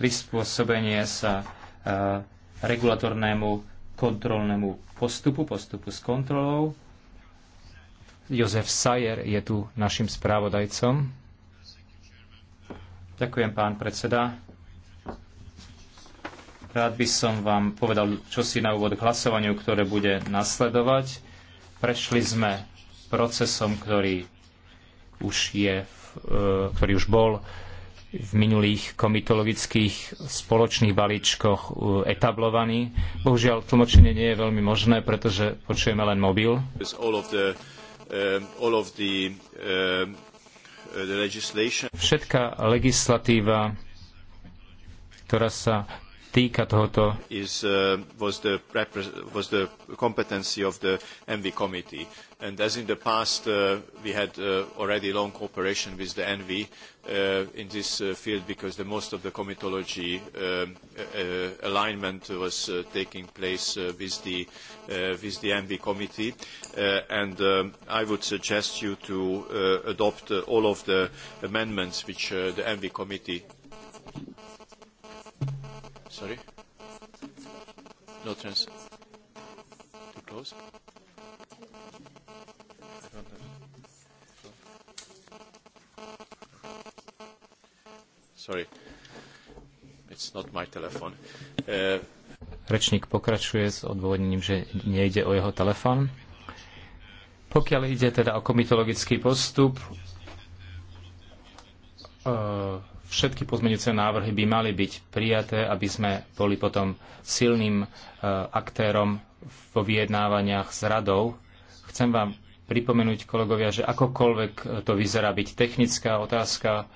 prispôsobenie sa uh, regulatornému kontrolnému postupu, postupu s kontrolou. Jozef Sajer je tu našim správodajcom. Ďakujem, pán predseda. Rád by som vám povedal čosi na úvod k hlasovaniu, ktoré bude nasledovať. Prešli sme procesom, ktorý už je, e, ktorý už bol v minulých komitologických spoločných balíčkoch uh, etablovaný. Bohužiaľ, tlmočenie nie je veľmi možné, pretože počujeme len mobil. Um, um, uh, Všetká legislatíva, ktorá sa týka tohoto... Is, uh, was, the was the competency of the ENVI committee. And as in the past, uh, we had uh, already long cooperation with the ENVI uh, in this uh, field because the most of the comitology uh, uh, alignment was uh, taking place uh, with, the, uh, with the ENVI committee. Uh, and um, I would suggest you to uh, adopt uh, all of the amendments which uh, the ENVI committee Sorry? No trans. Too close? Sorry. It's not my telephone. Uh, Rečník pokračuje s odôvodnením, že nejde o jeho telefón. Pokiaľ ide teda o komitologický postup, uh, všetky pozmeňujúce návrhy by mali byť prijaté, aby sme boli potom silným e, aktérom vo vyjednávaniach s radou. Chcem vám pripomenúť, kolegovia, že akokoľvek e, to vyzerá byť technická otázka,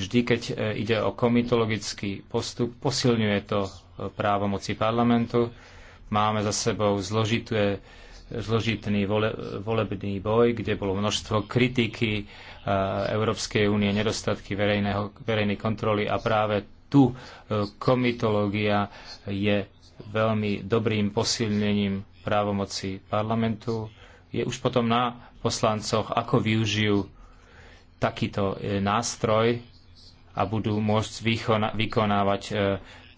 vždy, keď e, ide o komitologický postup, posilňuje to právomoci parlamentu. Máme za sebou zložité zložitný vole, volebný boj, kde bolo množstvo kritiky Európskej únie, nedostatky verejného, verejnej kontroly a práve tu e, komitológia je veľmi dobrým posilnením právomoci parlamentu. Je už potom na poslancoch, ako využijú takýto e, nástroj a budú môcť vykonávať e,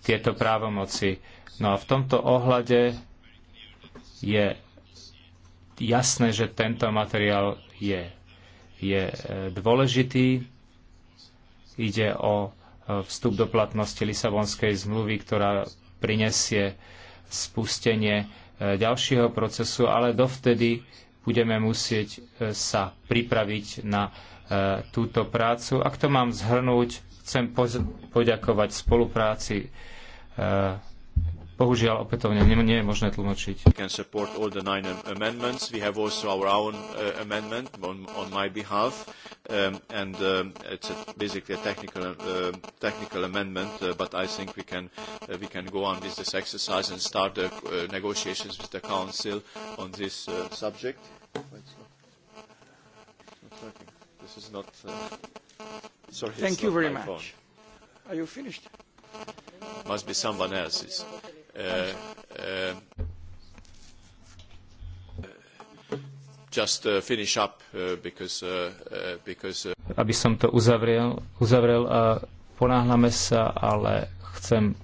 tieto právomoci. No a v tomto ohľade je jasné, že tento materiál je, je e, dôležitý. Ide o e, vstup do platnosti Lisabonskej zmluvy, ktorá prinesie spustenie e, ďalšieho procesu, ale dovtedy budeme musieť sa pripraviť na túto prácu. Ak to mám zhrnúť, chcem poďakovať spolupráci Bohužiaľ, opätovne nie, nie je možné tlmočiť. Uh, um, and um, it's a, basically a technical, uh, technical amendment, uh, but I think we can, uh, we can go on with this exercise and start the uh, negotiations with the Council on this uh, subject. Wait, it's not working. This is not... Uh, sorry, Thank you very much. Phone. Are you finished? Must be someone else's just uh, finish up uh, because, uh, because aby som to uzavrel, uzavrel a ponáhlame sa, ale chcem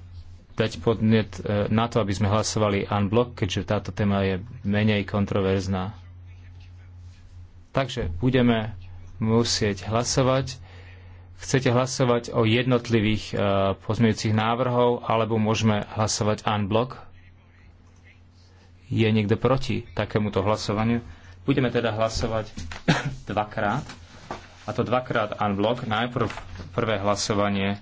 dať podnet e, na to, aby sme hlasovali unblock, keďže táto téma je menej kontroverzná. Takže budeme musieť hlasovať Chcete hlasovať o jednotlivých e, pozmeňujúcich návrhov, alebo môžeme hlasovať unblock? Je niekto proti takémuto hlasovaniu? Budeme teda hlasovať [COUGHS] dvakrát. A to dvakrát unblock. Najprv prvé hlasovanie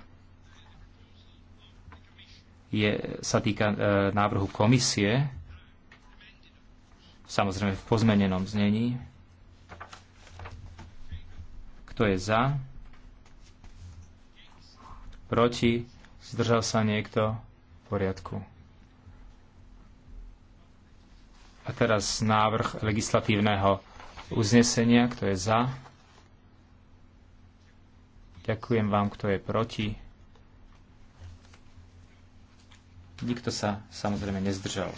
je, sa týka e, návrhu komisie, samozrejme v pozmenenom znení. Kto je za? Proti? Zdržal sa niekto? V poriadku. A teraz návrh legislatívneho uznesenia, kto je za. Ďakujem vám, kto je proti. Nikto sa samozrejme nezdržal.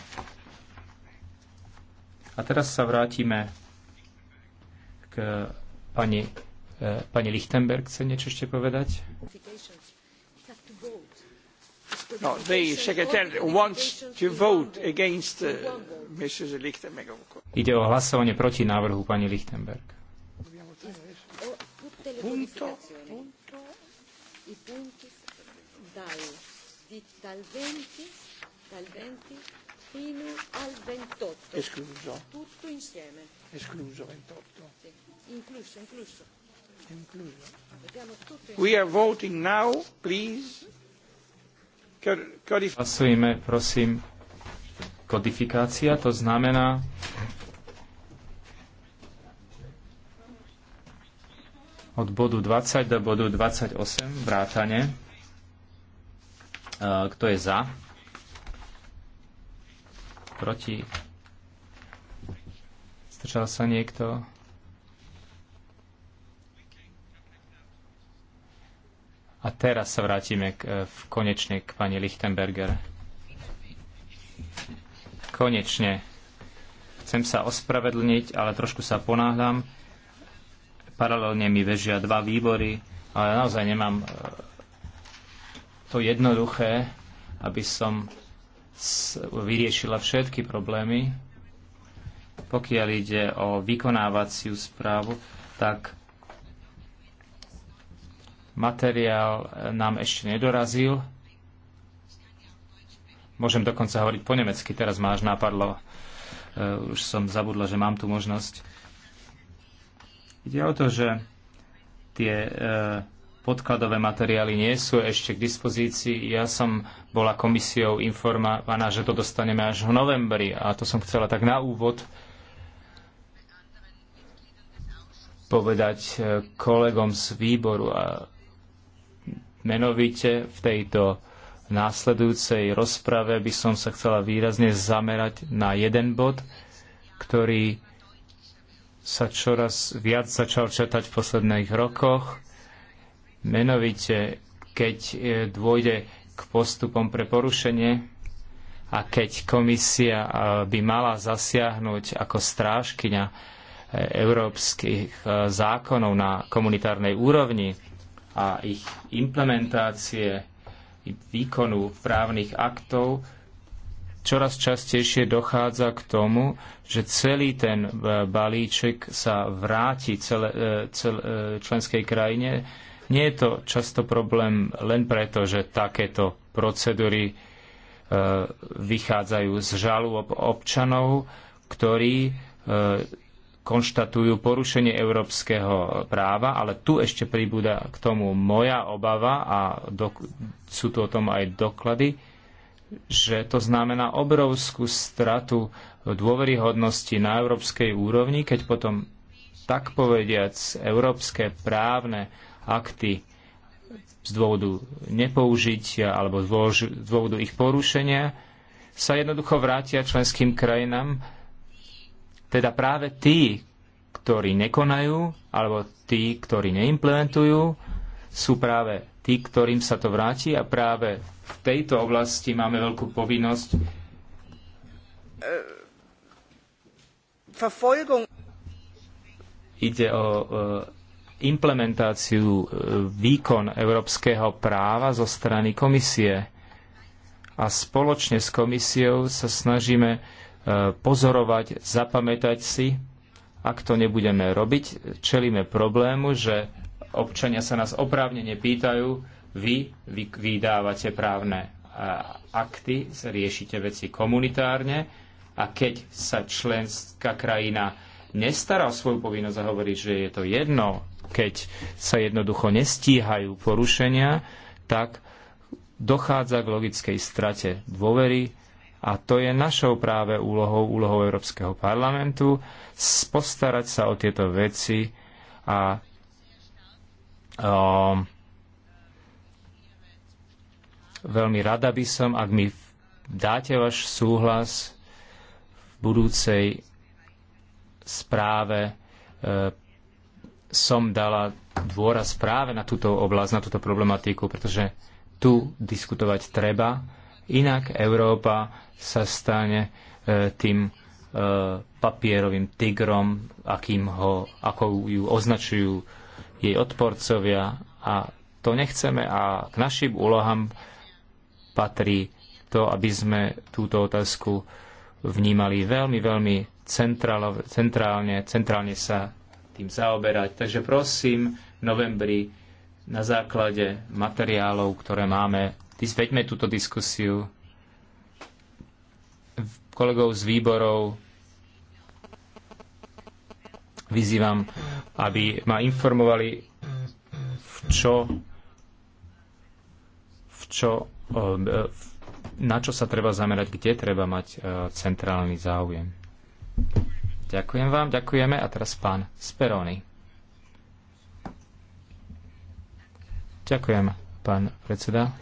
A teraz sa vrátime k pani, eh, pani Lichtenberg. Chce niečo ešte povedať? No, the secretary wants to vote against uh, Mrs. Lichtenberg. Ide o hlasovanie proti návrhu pani Lichtenberg. Punto, fino al 28. Escluso. Tutto insieme. Escluso 28. Sì. Incluso, incluso. Incluso. We are voting now, please Hlasujeme, prosím, kodifikácia, to znamená od bodu 20 do bodu 28 vrátane. E, kto je za? Proti? Strčal sa niekto? A teraz sa vrátime k, e, v, konečne k pani Lichtenberger. Konečne. Chcem sa ospravedlniť, ale trošku sa ponáhľam. Paralelne mi vežia dva výbory, ale naozaj nemám e, to jednoduché, aby som vyriešila všetky problémy. Pokiaľ ide o vykonávaciu správu, tak Materiál eh, nám ešte nedorazil. Môžem dokonca hovoriť po nemecky, teraz máš nápadlo. Eh, už som zabudla, že mám tu možnosť. Ide o to, že tie eh, podkladové materiály nie sú ešte k dispozícii. Ja som bola komisiou informovaná, že to dostaneme až v novembri a to som chcela tak na úvod povedať kolegom z výboru a Menovite v tejto následujúcej rozprave by som sa chcela výrazne zamerať na jeden bod, ktorý sa čoraz viac začal četať v posledných rokoch. Menovite, keď e, dôjde k postupom pre porušenie a keď komisia e, by mala zasiahnuť ako strážkyňa e, európskych zákonov na komunitárnej úrovni, a ich implementácie výkonu právnych aktov čoraz častejšie dochádza k tomu, že celý ten e, balíček sa vráti celé, e, celé, e, členskej krajine. Nie je to často problém len preto, že takéto procedúry vychádzajú z žalú občanov, ktorí konštatujú porušenie európskeho práva, ale tu ešte pribúda k tomu moja obava a sú tu o tom aj doklady, že to znamená obrovskú stratu dôveryhodnosti na európskej úrovni, keď potom tak povediac európske právne akty z dôvodu nepoužitia alebo z dôvodu ich porušenia sa jednoducho vrátia členským krajinám teda práve tí, ktorí nekonajú, alebo tí, ktorí neimplementujú, sú práve tí, ktorým sa to vráti a práve v tejto oblasti máme veľkú povinnosť Ide o e, implementáciu e, výkon európskeho práva zo strany komisie. A spoločne s komisiou sa snažíme pozorovať, zapamätať si. Ak to nebudeme robiť, čelíme problému, že občania sa nás oprávnene pýtajú, vy, vy vydávate právne akty, riešite veci komunitárne a keď sa členská krajina nestará o svoju povinnosť a hovorí, že je to jedno, keď sa jednoducho nestíhajú porušenia, tak dochádza k logickej strate dôvery a to je našou práve úlohou, úlohou Európskeho parlamentu, postarať sa o tieto veci a um, veľmi rada by som, ak mi dáte váš súhlas v budúcej správe, e, som dala dôraz práve na túto oblasť, na túto problematiku, pretože tu diskutovať treba Inak Európa sa stane e, tým e, papierovým tigrom, akým ho, ako ju označujú jej odporcovia a to nechceme a k našim úlohám patrí to, aby sme túto otázku vnímali veľmi, veľmi centrálne, centrálne sa tým zaoberať. Takže prosím, v novembri na základe materiálov, ktoré máme zveďme túto diskusiu kolegov z výborov vyzývam, aby ma informovali, v čo, v čo, e, na čo sa treba zamerať, kde treba mať e, centrálny záujem. Ďakujem vám, ďakujeme a teraz pán Speroni. Ďakujem, pán predseda.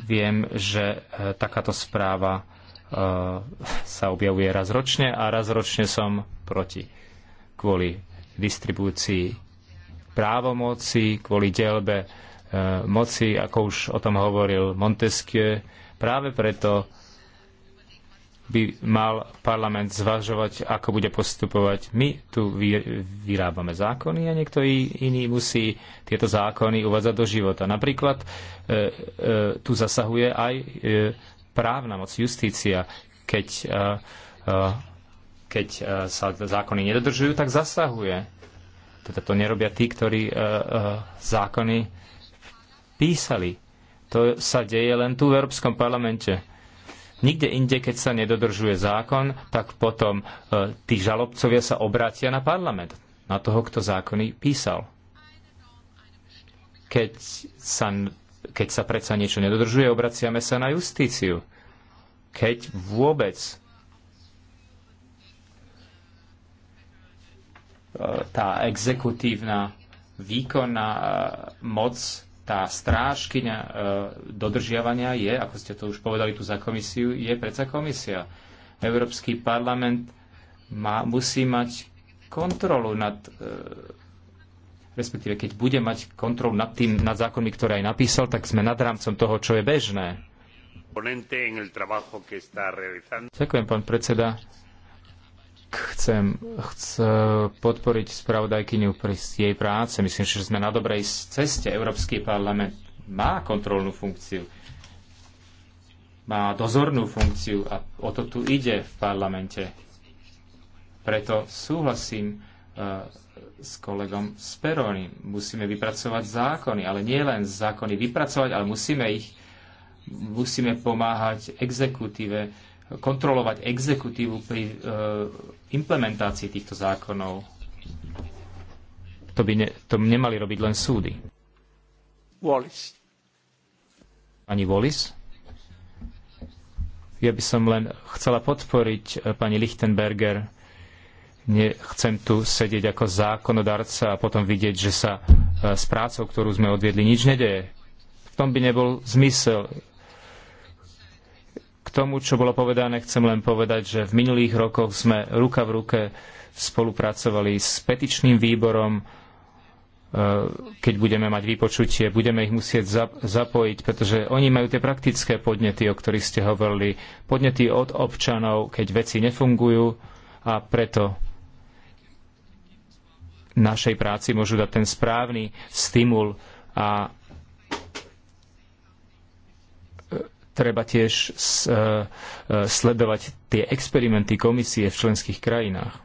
Viem, že e, takáto správa e, sa objavuje raz ročne a raz ročne som proti kvôli distribúcii právomoci, kvôli delbe e, moci, ako už o tom hovoril Montesquieu. Práve preto by mal parlament zvažovať, ako bude postupovať. My tu vyrábame zákony a niekto iný musí tieto zákony uvádzať do života. Napríklad e, e, tu zasahuje aj e, právna moc, justícia. Keď, keď sa zákony nedodržujú, tak zasahuje. Teda to nerobia tí, ktorí zákony písali. To sa deje len tu v Európskom parlamente Nikde inde, keď sa nedodržuje zákon, tak potom e, tí žalobcovia sa obrátia na parlament, na toho, kto zákony písal. Keď sa, keď sa predsa niečo nedodržuje, obraciame sa na justíciu. Keď vôbec e, tá exekutívna výkonná e, moc tá strážkyňa e, dodržiavania je, ako ste to už povedali tu za komisiu, je predsa komisia. Európsky parlament má, musí mať kontrolu nad e, respektíve keď bude mať kontrolu nad tým, nad zákonmi, ktoré aj napísal, tak sme nad rámcom toho, čo je bežné. Ďakujem, pán predseda chcem, chcem podporiť spravodajkyňu pri jej práce. Myslím, že sme na dobrej ceste. Európsky parlament má kontrolnú funkciu, má dozornú funkciu a o to tu ide v parlamente. Preto súhlasím e, s kolegom Speroni. Musíme vypracovať zákony, ale nie len zákony vypracovať, ale musíme ich musíme pomáhať exekutíve, kontrolovať exekutívu pri uh, implementácii týchto zákonov. To by ne, to nemali robiť len súdy. Wallis. Pani Wallis? Ja by som len chcela podporiť e, pani Lichtenberger. Nechcem tu sedieť ako zákonodarca a potom vidieť, že sa e, s prácou, ktorú sme odviedli, nič nedeje. V tom by nebol zmysel tomu, čo bolo povedané, chcem len povedať, že v minulých rokoch sme ruka v ruke spolupracovali s petičným výborom. E, keď budeme mať vypočutie, budeme ich musieť zapojiť, pretože oni majú tie praktické podnety, o ktorých ste hovorili. Podnety od občanov, keď veci nefungujú a preto našej práci môžu dať ten správny stimul a treba tiež e, e, sledovať tie experimenty komisie v členských krajinách.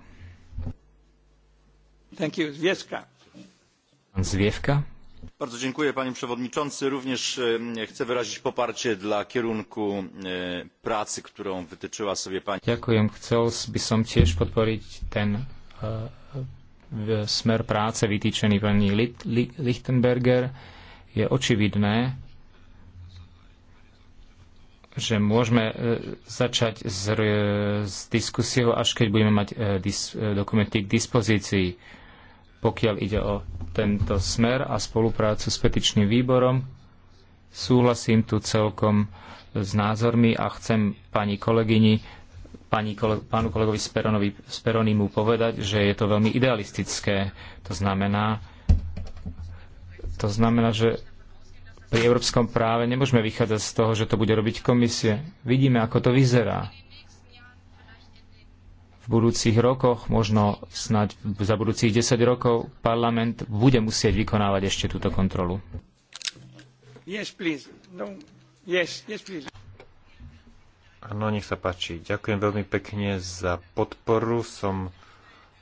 Thank you. Zvievka. Pán Zvievka. Bardzo dziękuję panie przewodniczący. Również e, chcę wyrazić poparcie dla kierunku pracy, którą wytyczyła sobie pani. Ďakujem. Chcel by som tiež podporiť ten smer práce vytýčený pani Lichtenberger. Je očividné, že môžeme e, začať s, s diskusiou, až keď budeme mať e, dis, e, dokumenty k dispozícii, pokiaľ ide o tento smer a spoluprácu s petičným výborom. Súhlasím tu celkom s názormi a chcem pani kolegyni, pani kole, pánu kolegovi Speronovi, Speronimu povedať, že je to veľmi idealistické. To znamená, to znamená, že pri európskom práve nemôžeme vychádzať z toho, že to bude robiť komisie. Vidíme, ako to vyzerá. V budúcich rokoch, možno snáď za budúcich 10 rokov, parlament bude musieť vykonávať ešte túto kontrolu. Yes, please. No. Yes, yes, please. Áno, nech sa páči. Ďakujem veľmi pekne za podporu. Som...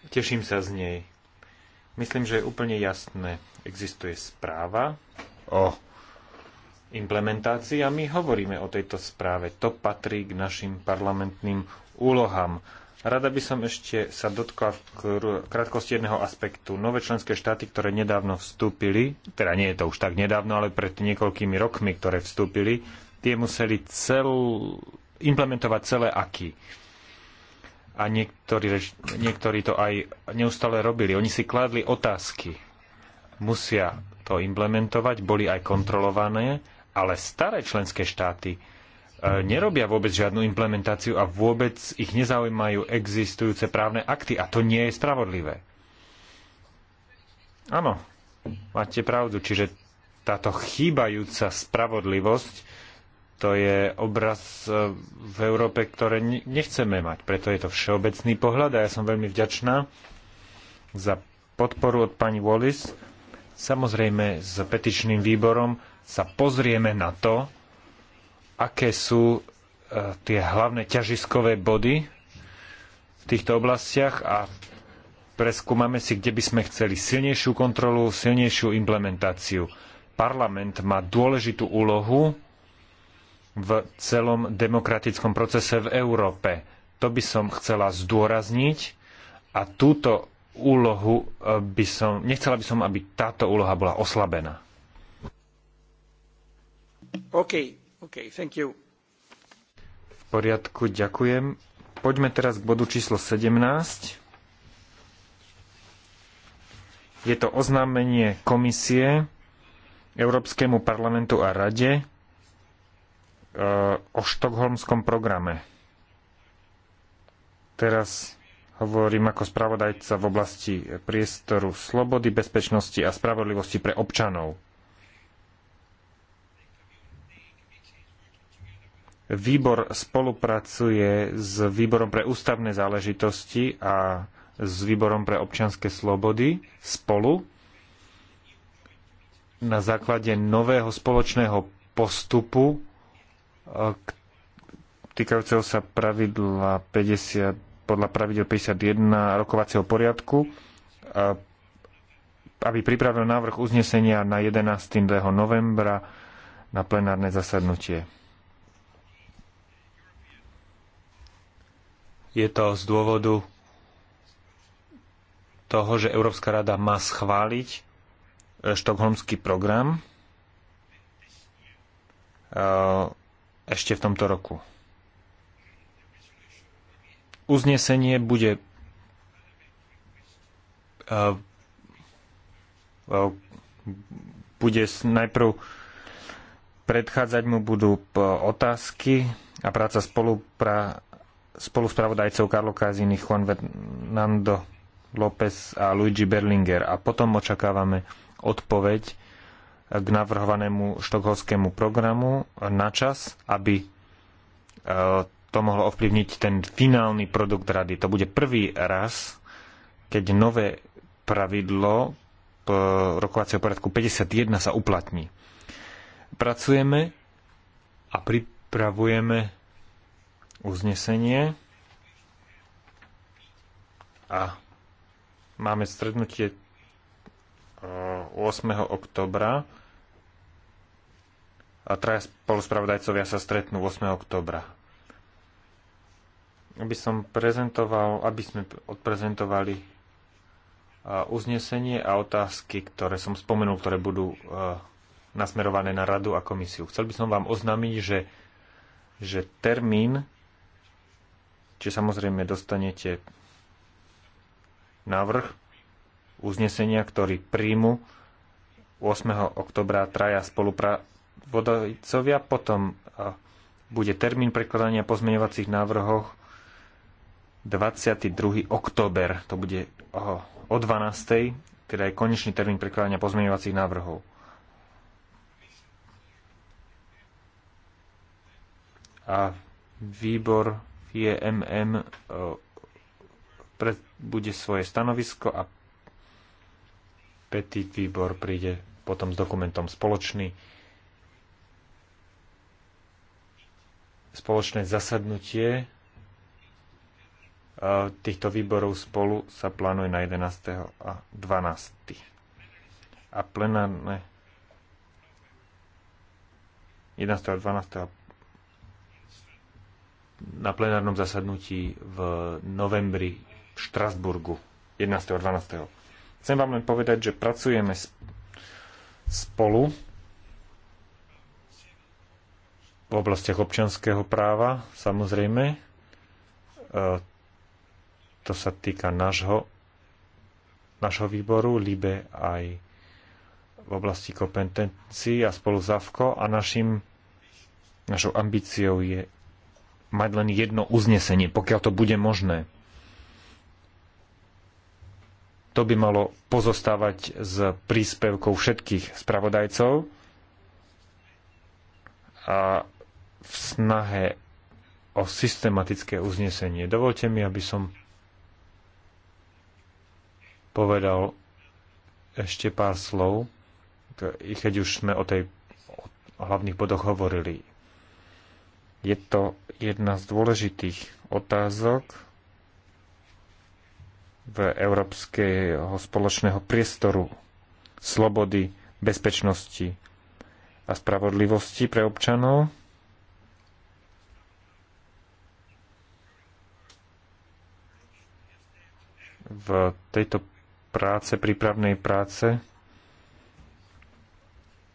Teším sa z nej. Myslím, že je úplne jasné. Existuje správa o implementácii a my hovoríme o tejto správe. To patrí k našim parlamentným úlohám. Rada by som ešte sa dotkla v krátkosti jedného aspektu. Nové členské štáty, ktoré nedávno vstúpili, teda nie je to už tak nedávno, ale pred niekoľkými rokmi, ktoré vstúpili, tie museli cel, implementovať celé aky. A niektorí, niektorí to aj neustále robili. Oni si kládli otázky. Musia to implementovať, boli aj kontrolované ale staré členské štáty e, nerobia vôbec žiadnu implementáciu a vôbec ich nezaujímajú existujúce právne akty a to nie je spravodlivé. Áno, máte pravdu, čiže táto chýbajúca spravodlivosť to je obraz e, v Európe, ktoré nechceme mať. Preto je to všeobecný pohľad a ja som veľmi vďačná za podporu od pani Wallis. Samozrejme s petičným výborom sa pozrieme na to, aké sú e, tie hlavné ťažiskové body v týchto oblastiach a preskúmame si, kde by sme chceli silnejšiu kontrolu, silnejšiu implementáciu. Parlament má dôležitú úlohu v celom demokratickom procese v Európe. To by som chcela zdôrazniť a túto úlohu e, by som, nechcela by som, aby táto úloha bola oslabená. V poriadku, ďakujem. Poďme teraz k bodu číslo 17. Je to oznámenie komisie Európskemu parlamentu a rade e, o štokholmskom programe. Teraz hovorím ako spravodajca v oblasti priestoru slobody, bezpečnosti a spravodlivosti pre občanov. Výbor spolupracuje s Výborom pre ústavné záležitosti a s Výborom pre občianske slobody spolu na základe nového spoločného postupu e, týkajúceho sa pravidla 50, podľa pravidel 51 rokovacieho poriadku, e, aby pripravil návrh uznesenia na 11. novembra na plenárne zasadnutie. Je to z dôvodu toho, že Európska rada má schváliť e, štokholmský program e, ešte v tomto roku. Uznesenie bude e, bude najprv predchádzať mu budú otázky a práca spolupra, spoluspravodajcov Karlo Kazini, Juan Fernando López a Luigi Berlinger. A potom očakávame odpoveď k navrhovanému štokholskému programu na čas, aby e, to mohlo ovplyvniť ten finálny produkt rady. To bude prvý raz, keď nové pravidlo e, rokovacieho poriadku 51 sa uplatní. Pracujeme a pripravujeme uznesenie a máme strednutie 8. Eh, oktobra a traja spoluspravodajcovia sa stretnú 8. oktobra. Aby som prezentoval, aby sme odprezentovali eh, uznesenie a otázky, ktoré som spomenul, ktoré budú eh, nasmerované na radu a komisiu. Chcel by som vám oznámiť, že, že termín Čiže samozrejme dostanete návrh uznesenia, ktorý príjmu 8. oktobra traja spolupravodajcovia, potom bude termín prekladania pozmeňovacích návrhov 22. október, to bude o 12. teda je konečný termín prekladania pozmeňovacích návrhov. A výbor je MM bude svoje stanovisko a petit výbor príde potom s dokumentom spoločný. Spoločné zasadnutie e, týchto výborov spolu sa plánuje na 11. a 12. A plenárne 11. a 12 na plenárnom zasadnutí v novembri v Štrasburgu 11. a 12. Chcem vám len povedať, že pracujeme spolu v oblastiach občianského práva, samozrejme. E, to sa týka nášho, nášho výboru, LIBE aj v oblasti kompetencií a spolu ZAVKO a našim, našou ambíciou je mať len jedno uznesenie, pokiaľ to bude možné. To by malo pozostávať z príspevkov všetkých spravodajcov a v snahe o systematické uznesenie. Dovolte mi, aby som povedal ešte pár slov, keď už sme o tej o hlavných bodoch hovorili je to jedna z dôležitých otázok v európskeho spoločného priestoru slobody, bezpečnosti a spravodlivosti pre občanov. V tejto práce, prípravnej práce,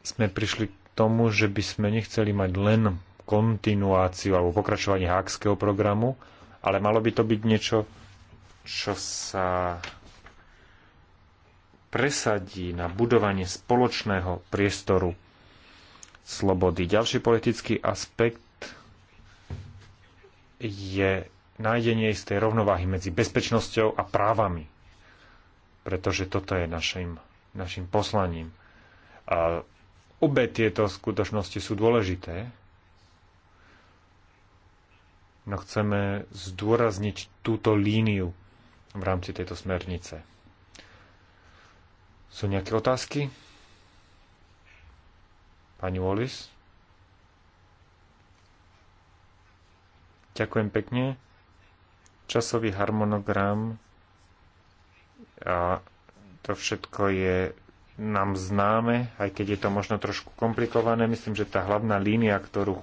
sme prišli k tomu, že by sme nechceli mať len kontinuáciu alebo pokračovanie hákského programu, ale malo by to byť niečo, čo sa presadí na budovanie spoločného priestoru slobody. Ďalší politický aspekt je nájdenie istej rovnováhy medzi bezpečnosťou a právami. Pretože toto je našim, našim poslaním. A obe tieto skutočnosti sú dôležité no chceme zdôrazniť túto líniu v rámci tejto smernice. Sú nejaké otázky? Pani Wallis? Ďakujem pekne. Časový harmonogram a to všetko je nám známe, aj keď je to možno trošku komplikované. Myslím, že tá hlavná línia, ktorú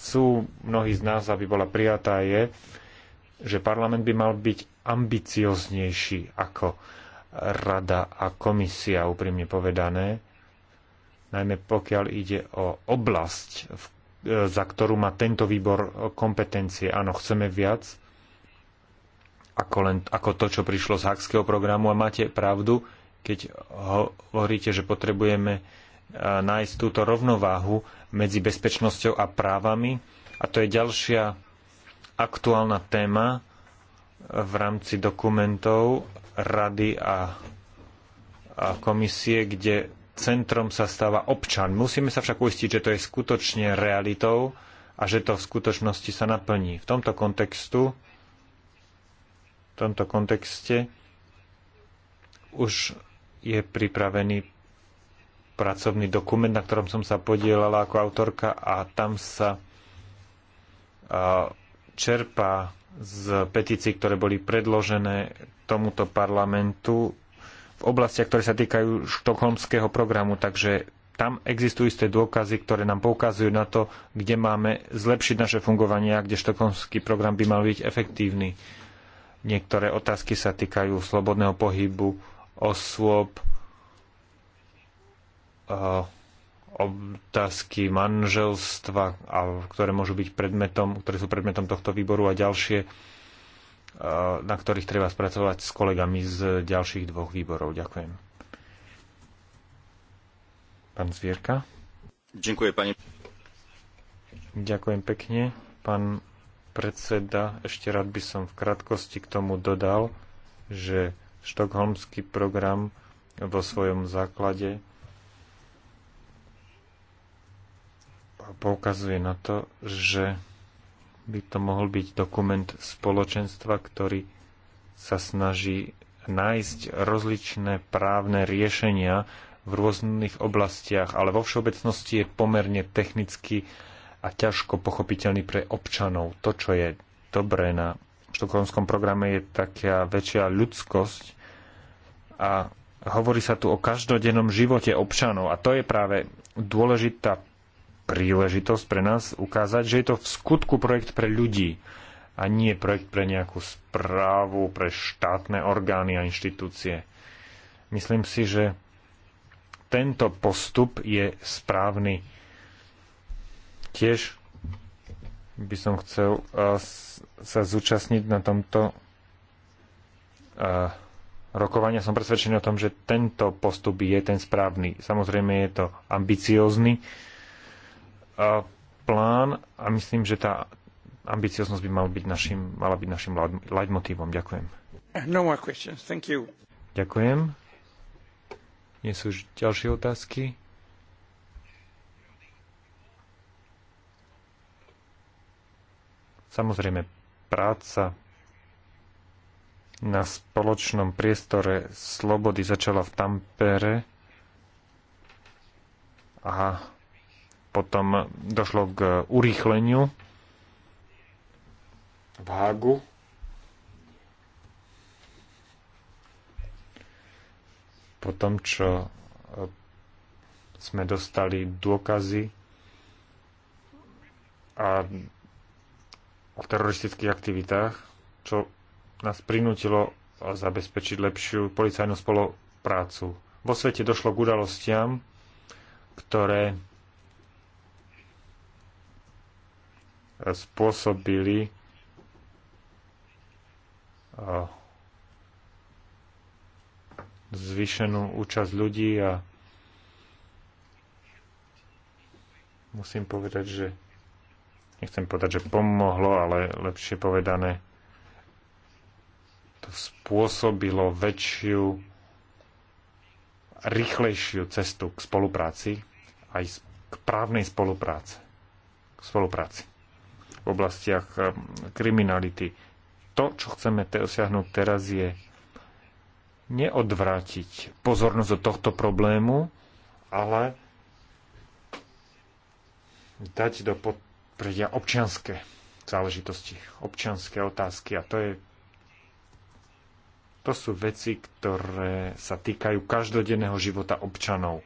chcú mnohí z nás, aby bola prijatá, je, že parlament by mal byť ambicioznejší ako rada a komisia, úprimne povedané, najmä pokiaľ ide o oblasť, za ktorú má tento výbor kompetencie. Áno, chceme viac ako, len, ako to, čo prišlo z Hackského programu a máte pravdu, keď hovoríte, že potrebujeme nájsť túto rovnováhu medzi bezpečnosťou a právami. A to je ďalšia aktuálna téma v rámci dokumentov Rady a, a komisie, kde centrom sa stáva občan. Musíme sa však uistiť, že to je skutočne realitou a že to v skutočnosti sa naplní. V tomto kontextu v tomto kontexte už je pripravený pracovný dokument, na ktorom som sa podielala ako autorka a tam sa čerpa z petícií, ktoré boli predložené tomuto parlamentu v oblastiach, ktoré sa týkajú štokholmského programu. Takže tam existujú isté dôkazy, ktoré nám poukazujú na to, kde máme zlepšiť naše fungovanie a kde štokholmský program by mal byť efektívny. Niektoré otázky sa týkajú slobodného pohybu osôb, otázky manželstva, a ktoré môžu byť predmetom, ktoré sú predmetom tohto výboru a ďalšie, na ktorých treba spracovať s kolegami z ďalších dvoch výborov. Ďakujem. Pán Zvierka. Ďakujem, pani. Ďakujem pekne. Pán predseda, ešte rád by som v krátkosti k tomu dodal, že štokholmský program vo svojom základe poukazuje na to, že by to mohol byť dokument spoločenstva, ktorý sa snaží nájsť rozličné právne riešenia v rôznych oblastiach, ale vo všeobecnosti je pomerne technicky a ťažko pochopiteľný pre občanov. To, čo je dobré na štokholmskom programe, je taká väčšia ľudskosť a hovorí sa tu o každodennom živote občanov a to je práve dôležitá príležitosť pre nás ukázať, že je to v skutku projekt pre ľudí a nie projekt pre nejakú správu, pre štátne orgány a inštitúcie. Myslím si, že tento postup je správny. Tiež by som chcel uh, sa zúčastniť na tomto uh, rokovania. Som presvedčený o tom, že tento postup je ten správny. Samozrejme je to ambiciózny, plán a myslím, že tá ambicioznosť by mal byť našim, mala byť našim leitmotívom. Ďakujem. No more questions. Thank you. Ďakujem. Nie sú už ďalšie otázky? Samozrejme, práca na spoločnom priestore slobody začala v Tampere a potom došlo k urýchleniu v Hágu. Po tom, čo eh, sme dostali dôkazy a o teroristických aktivitách, čo nás prinútilo zabezpečiť lepšiu policajnú spoluprácu. Vo svete došlo k udalostiam, ktoré spôsobili zvýšenú účasť ľudí a musím povedať, že nechcem povedať, že pomohlo, ale lepšie povedané, to spôsobilo väčšiu, rýchlejšiu cestu k spolupráci, aj k právnej spolupráci. K spolupráci v oblastiach eh, kriminality. To, čo chceme dosiahnuť teraz, je neodvrátiť pozornosť od tohto problému, ale dať do podpredia občianské záležitosti, občianské otázky. A to, je, to sú veci, ktoré sa týkajú každodenného života občanov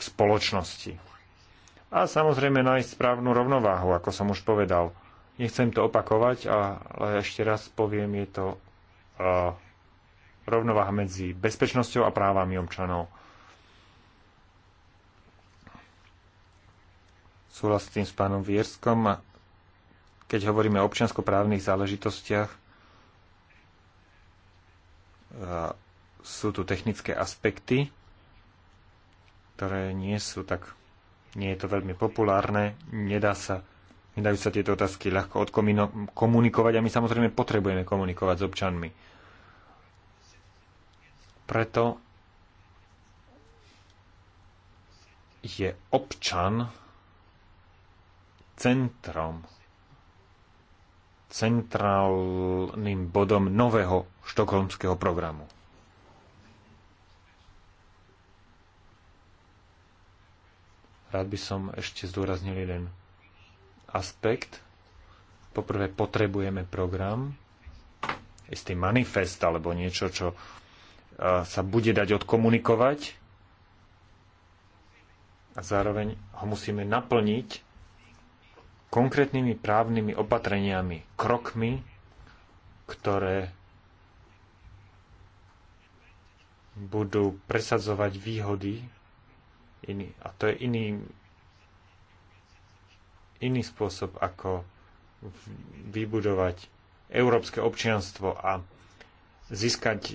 v spoločnosti. A samozrejme nájsť správnu rovnováhu, ako som už povedal. Nechcem to opakovať, ale ešte raz poviem, je to e, rovnováha medzi bezpečnosťou a právami občanov. Súhlasím s pánom Vierskom, keď hovoríme o občanskoprávnych záležitostiach, e, sú tu technické aspekty, ktoré nie sú tak, nie je to veľmi populárne, nedá sa Nedajú sa tieto otázky ľahko odkomunikovať a my samozrejme potrebujeme komunikovať s občanmi. Preto je občan centrom, centrálnym bodom nového štokholmského programu. Rád by som ešte zdôraznil jeden aspekt. Poprvé potrebujeme program, istý manifest alebo niečo, čo e, sa bude dať odkomunikovať a zároveň ho musíme naplniť konkrétnymi právnymi opatreniami, krokmi, ktoré budú presadzovať výhody iný. A to je iným iný spôsob, ako vybudovať európske občianstvo a získať e,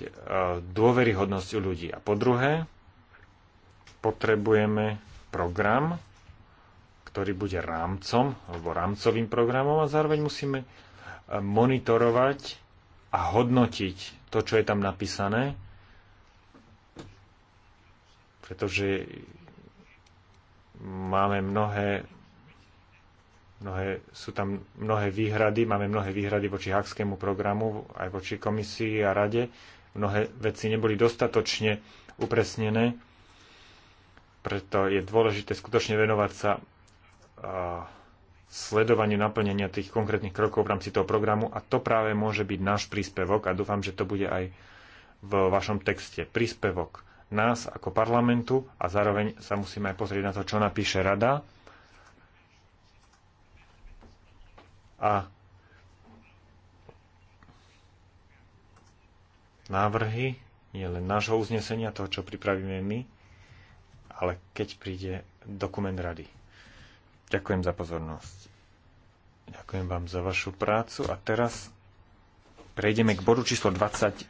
dôveryhodnosť u ľudí. A po druhé, potrebujeme program, ktorý bude rámcom alebo rámcovým programom a zároveň musíme e, monitorovať a hodnotiť to, čo je tam napísané, pretože máme mnohé Mnohé, sú tam mnohé výhrady, máme mnohé výhrady voči hakskému programu, aj voči komisii a rade. Mnohé veci neboli dostatočne upresnené, preto je dôležité skutočne venovať sa sledovaniu naplnenia tých konkrétnych krokov v rámci toho programu a to práve môže byť náš príspevok a dúfam, že to bude aj v vašom texte. Príspevok nás ako parlamentu a zároveň sa musíme aj pozrieť na to, čo napíše rada a návrhy, nie len nášho uznesenia, toho, čo pripravíme my, ale keď príde dokument rady. Ďakujem za pozornosť. Ďakujem vám za vašu prácu a teraz prejdeme k bodu číslo 29.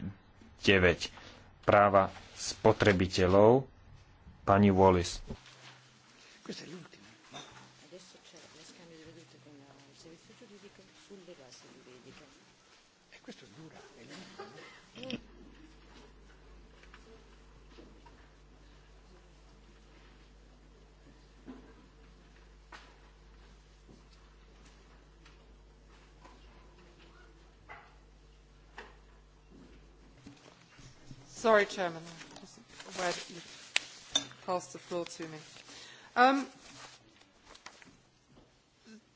Práva spotrebiteľov. Pani Wallis. Sorry, Chairman. you the floor to me. Um,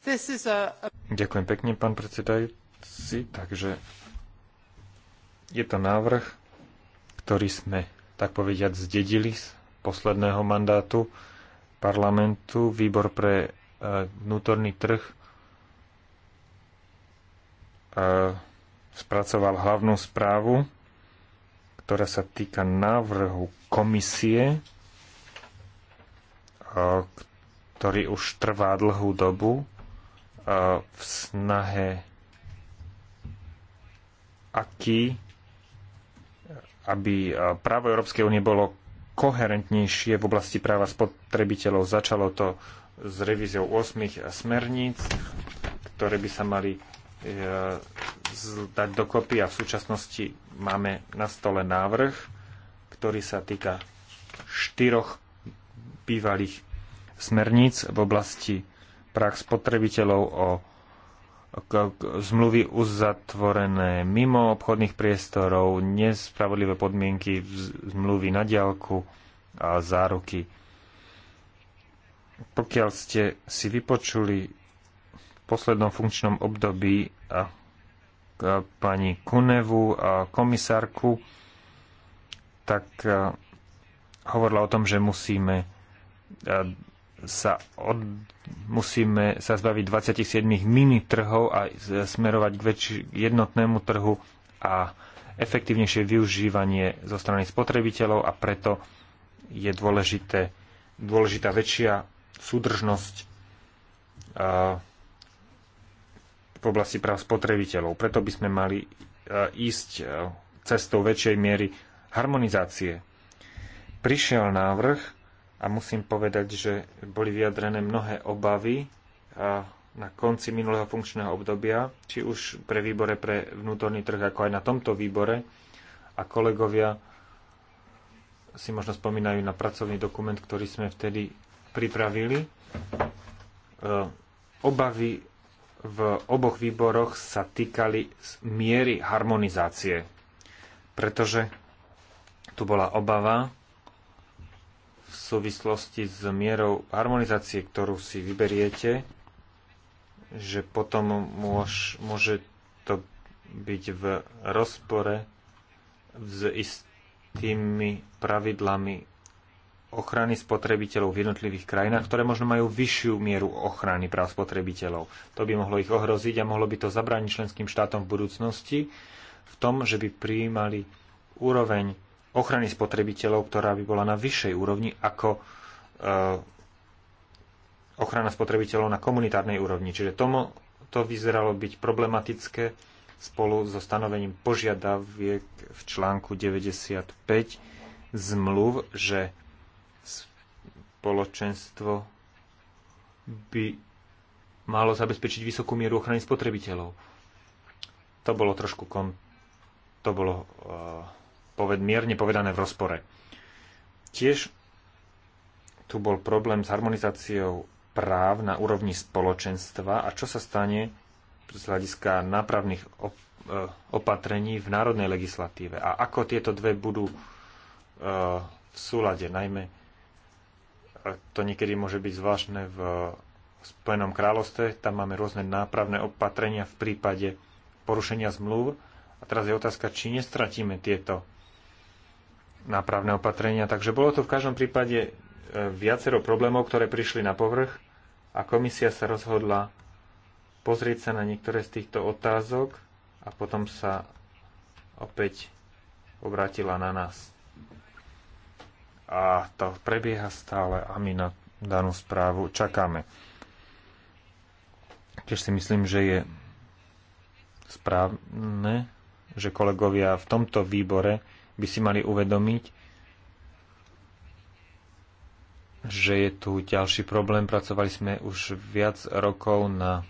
this is a, a... Ďakujem pekne, pán predsedajúci. Takže je to návrh, ktorý sme, tak povediať, zdedili z posledného mandátu parlamentu. Výbor pre e, vnútorný trh e, spracoval hlavnú správu ktorá sa týka návrhu komisie, ktorý už trvá dlhú dobu v snahe aký, aby právo Európskej únie bolo koherentnejšie v oblasti práva spotrebiteľov. Začalo to s revíziou 8 smerníc, ktoré by sa mali e, dať dokopy a v súčasnosti máme na stole návrh, ktorý sa týka štyroch bývalých smerníc v oblasti práv spotrebiteľov o k, k, zmluvy uzatvorené mimo obchodných priestorov, nespravodlivé podmienky v zmluvy na diálku a záruky. Pokiaľ ste si vypočuli v poslednom funkčnom období a pani Kunevu, komisárku, tak e, hovorila o tom, že musíme e, sa, od, musíme sa zbaviť 27 mini trhov a smerovať k väčši, jednotnému trhu a efektívnejšie využívanie zo strany spotrebiteľov a preto je dôležité, dôležitá väčšia súdržnosť uh, v oblasti práv spotrebiteľov. Preto by sme mali e, ísť e, cestou väčšej miery harmonizácie. Prišiel návrh a musím povedať, že boli vyjadrené mnohé obavy e, na konci minulého funkčného obdobia, či už pre výbore pre vnútorný trh, ako aj na tomto výbore. A kolegovia si možno spomínajú na pracovný dokument, ktorý sme vtedy pripravili. Obavy v oboch výboroch sa týkali miery harmonizácie, pretože tu bola obava v súvislosti s mierou harmonizácie, ktorú si vyberiete, že potom môž, môže to byť v rozpore s istými pravidlami ochrany spotrebiteľov v jednotlivých krajinách, ktoré možno majú vyššiu mieru ochrany práv spotrebiteľov. To by mohlo ich ohroziť a mohlo by to zabrániť členským štátom v budúcnosti v tom, že by prijímali úroveň ochrany spotrebiteľov, ktorá by bola na vyššej úrovni ako e, ochrana spotrebiteľov na komunitárnej úrovni. Čiže tomu to vyzeralo byť problematické spolu so stanovením požiadaviek v článku 95 zmluv, že spoločenstvo by malo zabezpečiť vysokú mieru ochrany spotrebiteľov. To bolo trošku kon... to bolo uh, poved... mierne povedané v rozpore. Tiež tu bol problém s harmonizáciou práv na úrovni spoločenstva a čo sa stane z hľadiska nápravných op- eh, opatrení v národnej legislatíve a ako tieto dve budú uh, v súlade, najmä to niekedy môže byť zvláštne v Spojenom kráľovstve. Tam máme rôzne nápravné opatrenia v prípade porušenia zmluv. A teraz je otázka, či nestratíme tieto nápravné opatrenia. Takže bolo to v každom prípade e, viacero problémov, ktoré prišli na povrch a komisia sa rozhodla pozrieť sa na niektoré z týchto otázok a potom sa opäť obrátila na nás a to prebieha stále a my na danú správu čakáme. Tiež si myslím, že je správne, že kolegovia v tomto výbore by si mali uvedomiť, že je tu ďalší problém. Pracovali sme už viac rokov na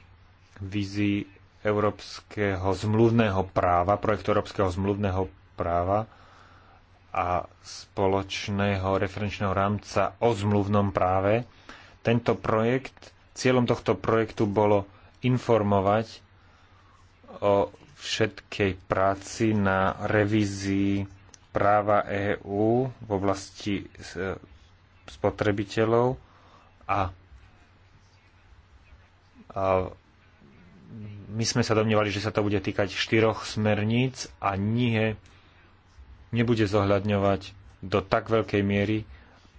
vízii európskeho zmluvného práva, projektu európskeho zmluvného práva a spoločného referenčného rámca o zmluvnom práve. Tento projekt, cieľom tohto projektu bolo informovať o všetkej práci na revízii práva EÚ v oblasti e, spotrebiteľov a, a my sme sa domnievali, že sa to bude týkať štyroch smerníc a nie nebude zohľadňovať do tak veľkej miery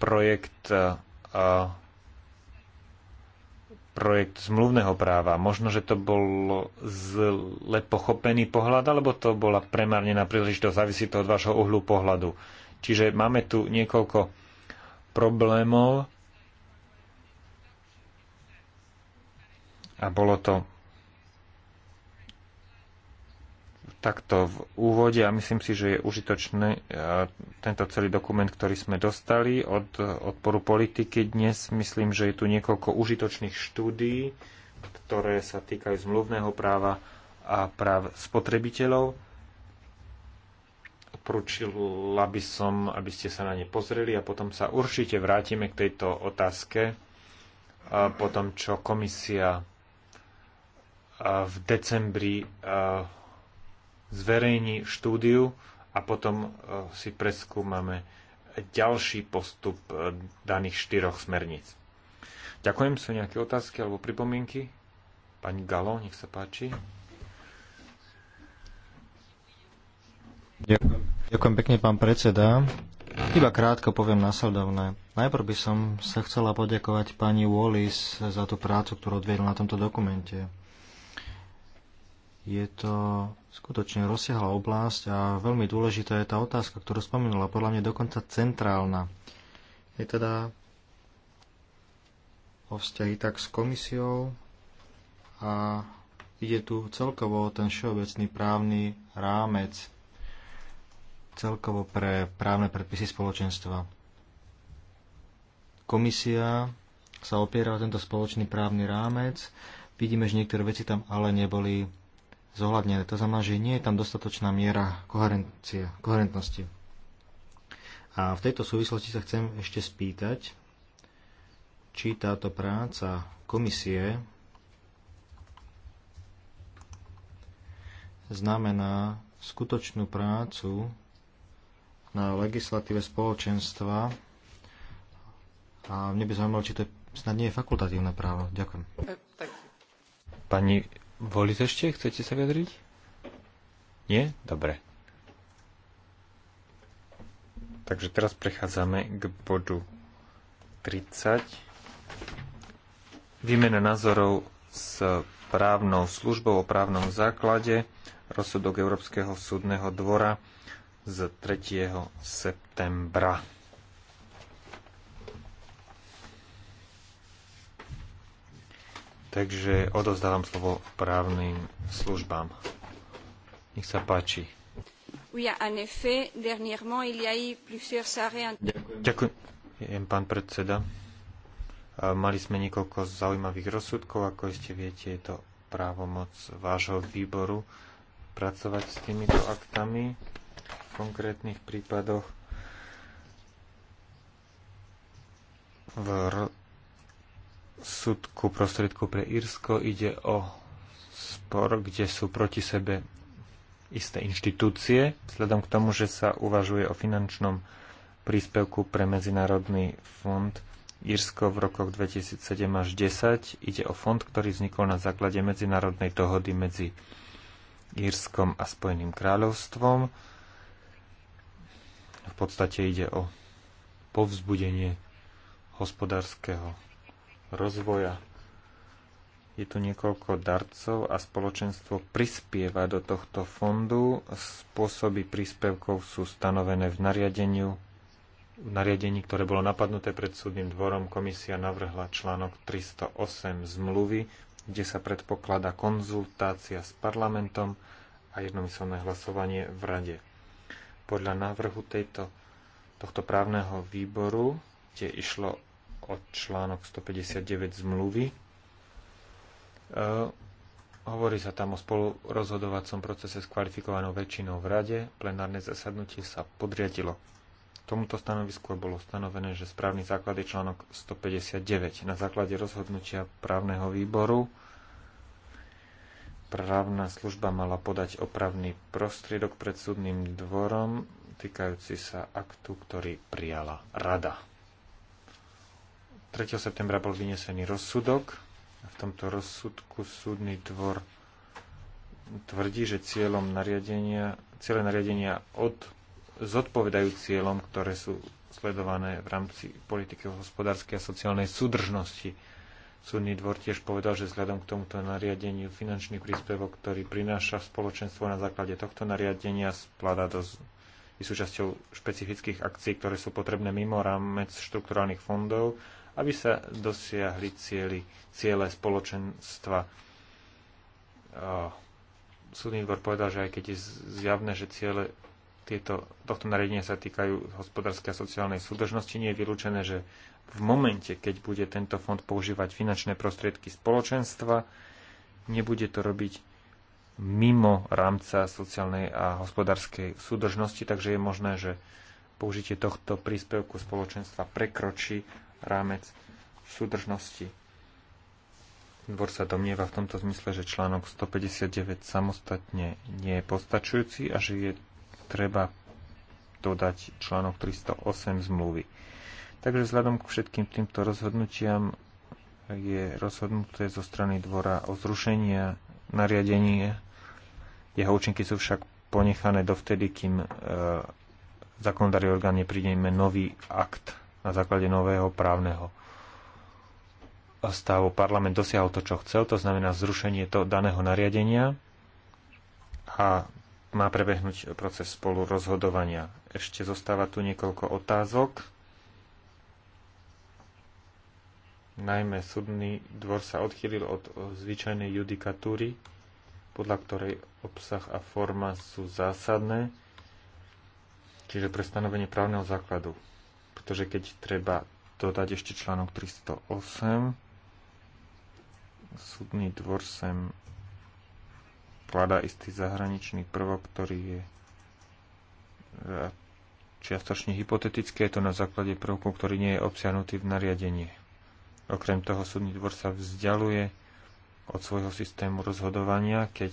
projekt, uh, projekt zmluvného práva. Možno, že to bol zle pochopený pohľad, alebo to bola premárnená príležitosť, závisí to od vášho uhlu pohľadu. Čiže máme tu niekoľko problémov a bolo to takto v úvode a myslím si, že je užitočný e, tento celý dokument, ktorý sme dostali od odporu politiky dnes. Myslím, že je tu niekoľko užitočných štúdií, ktoré sa týkajú zmluvného práva a práv spotrebiteľov. Odporúčila by som, aby ste sa na ne pozreli a potom sa určite vrátime k tejto otázke po tom, čo komisia v decembri zverejní štúdiu a potom e, si preskúmame ďalší postup e, daných štyroch smerníc. Ďakujem, sú nejaké otázky alebo pripomienky? Pani Galo, nech sa páči. Ďakujem, ďakujem pekne, pán predseda. Iba krátko poviem nasledovné. Najprv by som sa chcela poďakovať pani Wallis za tú prácu, ktorú odviedla na tomto dokumente. Je to skutočne rozsiahla oblasť a veľmi dôležitá je tá otázka, ktorú spomenula, podľa mňa dokonca centrálna. Je teda o vzťahy tak s komisiou a ide tu celkovo o ten všeobecný právny rámec celkovo pre právne predpisy spoločenstva. Komisia sa opiera o tento spoločný právny rámec. Vidíme, že niektoré veci tam ale neboli zohľadnené. To znamená, že nie je tam dostatočná miera koherencie, koherentnosti. A v tejto súvislosti sa chcem ešte spýtať, či táto práca komisie znamená skutočnú prácu na legislatíve spoločenstva a mne by zaujímalo, či to snad nie je fakultatívne právo. Ďakujem. E, Pani boli to ešte? Chcete sa vyjadriť? Nie? Dobre. Takže teraz prechádzame k bodu 30. Výmena názorov s právnou službou o právnom základe rozsudok Európskeho súdneho dvora z 3. septembra. Takže odovzdávam slovo právnym službám. Nech sa páči. Oui, en effet, dernièrement, il y a eu plusieurs arrêts... Ďakujem, pán predseda. Mali sme niekoľko zaujímavých rozsudkov, ako ešte viete, je to právomoc vášho výboru pracovať s týmito aktami v konkrétnych prípadoch v súdku prostriedku pre Írsko ide o spor, kde sú proti sebe isté inštitúcie, vzhľadom k tomu, že sa uvažuje o finančnom príspevku pre Medzinárodný fond Írsko v rokoch 2007 až 10. Ide o fond, ktorý vznikol na základe medzinárodnej dohody medzi Írskom a Spojeným kráľovstvom. V podstate ide o povzbudenie hospodárskeho rozvoja. Je tu niekoľko darcov a spoločenstvo prispieva do tohto fondu. Spôsoby príspevkov sú stanovené v nariadeniu, v nariadení, ktoré bolo napadnuté pred súdnym dvorom. Komisia navrhla článok 308 zmluvy, kde sa predpokladá konzultácia s parlamentom a jednomyselné hlasovanie v rade. Podľa návrhu tejto, tohto právneho výboru, kde išlo o článok 159 zmluvy. E, hovorí sa tam o spolurozhodovacom procese s kvalifikovanou väčšinou v rade. Plenárne zasadnutie sa podriadilo. Tomuto stanovisku bolo stanovené, že správny základ je článok 159. Na základe rozhodnutia právneho výboru právna služba mala podať opravný prostriedok pred súdnym dvorom týkajúci sa aktu, ktorý prijala rada. 3. septembra bol vynesený rozsudok. V tomto rozsudku súdny dvor tvrdí, že cieľom nariadenia, cieľe nariadenia od, zodpovedajú cieľom, ktoré sú sledované v rámci politiky hospodárskej a sociálnej súdržnosti. Súdny dvor tiež povedal, že vzhľadom k tomuto nariadeniu finančný príspevok, ktorý prináša spoločenstvo na základe tohto nariadenia, spadá do súčasťou špecifických akcií, ktoré sú potrebné mimo rámec štrukturálnych fondov aby sa dosiahli cieľi, ciele spoločenstva. Eh, súdny dvor povedal, že aj keď je zjavné, že ciele tieto, tohto nariadenia sa týkajú hospodárskej a sociálnej súdržnosti, nie je vylúčené, že v momente, keď bude tento fond používať finančné prostriedky spoločenstva, nebude to robiť mimo rámca sociálnej a hospodárskej súdržnosti, takže je možné, že použitie tohto príspevku spoločenstva prekročí rámec súdržnosti. Dvor sa domnieva v tomto zmysle, že článok 159 samostatne nie je postačujúci a že je treba dodať článok 308 zmluvy. Takže vzhľadom k všetkým týmto rozhodnutiam je rozhodnuté zo strany dvora o zrušení nariadenie. Jeho účinky sú však ponechané dovtedy, kým e, zákonodárny orgán nepríjme nový akt na základe nového právneho stavu. Parlament dosiahol to, čo chcel, to znamená zrušenie to daného nariadenia a má prebehnúť proces spolu rozhodovania. Ešte zostáva tu niekoľko otázok. Najmä súdny dvor sa odchýlil od zvyčajnej judikatúry, podľa ktorej obsah a forma sú zásadné, čiže pre stanovenie právneho základu pretože keď treba dodať ešte článok 308, súdny dvor sem vkladá istý zahraničný prvok, ktorý je e, čiastočne hypotetické, je to na základe prvku, ktorý nie je obsiahnutý v nariadení. Okrem toho súdny dvor sa vzdialuje od svojho systému rozhodovania, keď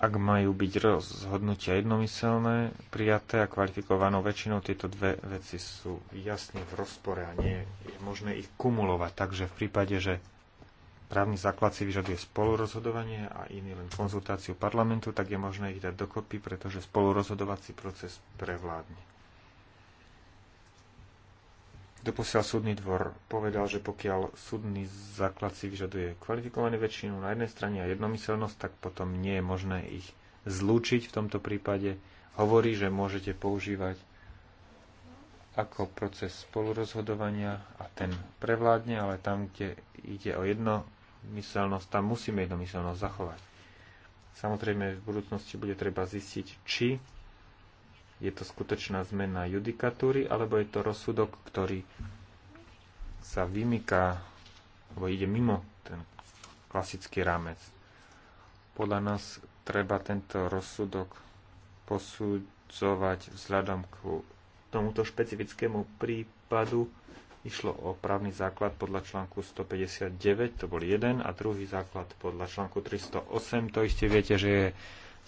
ak majú byť rozhodnutia jednomyselné, prijaté a kvalifikovanou väčšinou, tieto dve veci sú jasne v rozpore a nie je možné ich kumulovať. Takže v prípade, že právny základ si vyžaduje spolurozhodovanie a iný len konzultáciu parlamentu, tak je možné ich dať dokopy, pretože spolurozhodovací proces prevládne. Doposiaľ súdny dvor povedal, že pokiaľ súdny základ si vyžaduje kvalifikovanú väčšinu na jednej strane a jednomyselnosť, tak potom nie je možné ich zlúčiť v tomto prípade. Hovorí, že môžete používať ako proces spolurozhodovania a ten prevládne, ale tam, kde ide o jednomyselnosť, tam musíme jednomyselnosť zachovať. Samozrejme, v budúcnosti bude treba zistiť, či je to skutočná zmena judikatúry, alebo je to rozsudok, ktorý sa vymyká, alebo ide mimo ten klasický rámec. Podľa nás treba tento rozsudok posudzovať vzhľadom k tomuto špecifickému prípadu. Išlo o právny základ podľa článku 159, to bol jeden, a druhý základ podľa článku 308. To iste viete, že je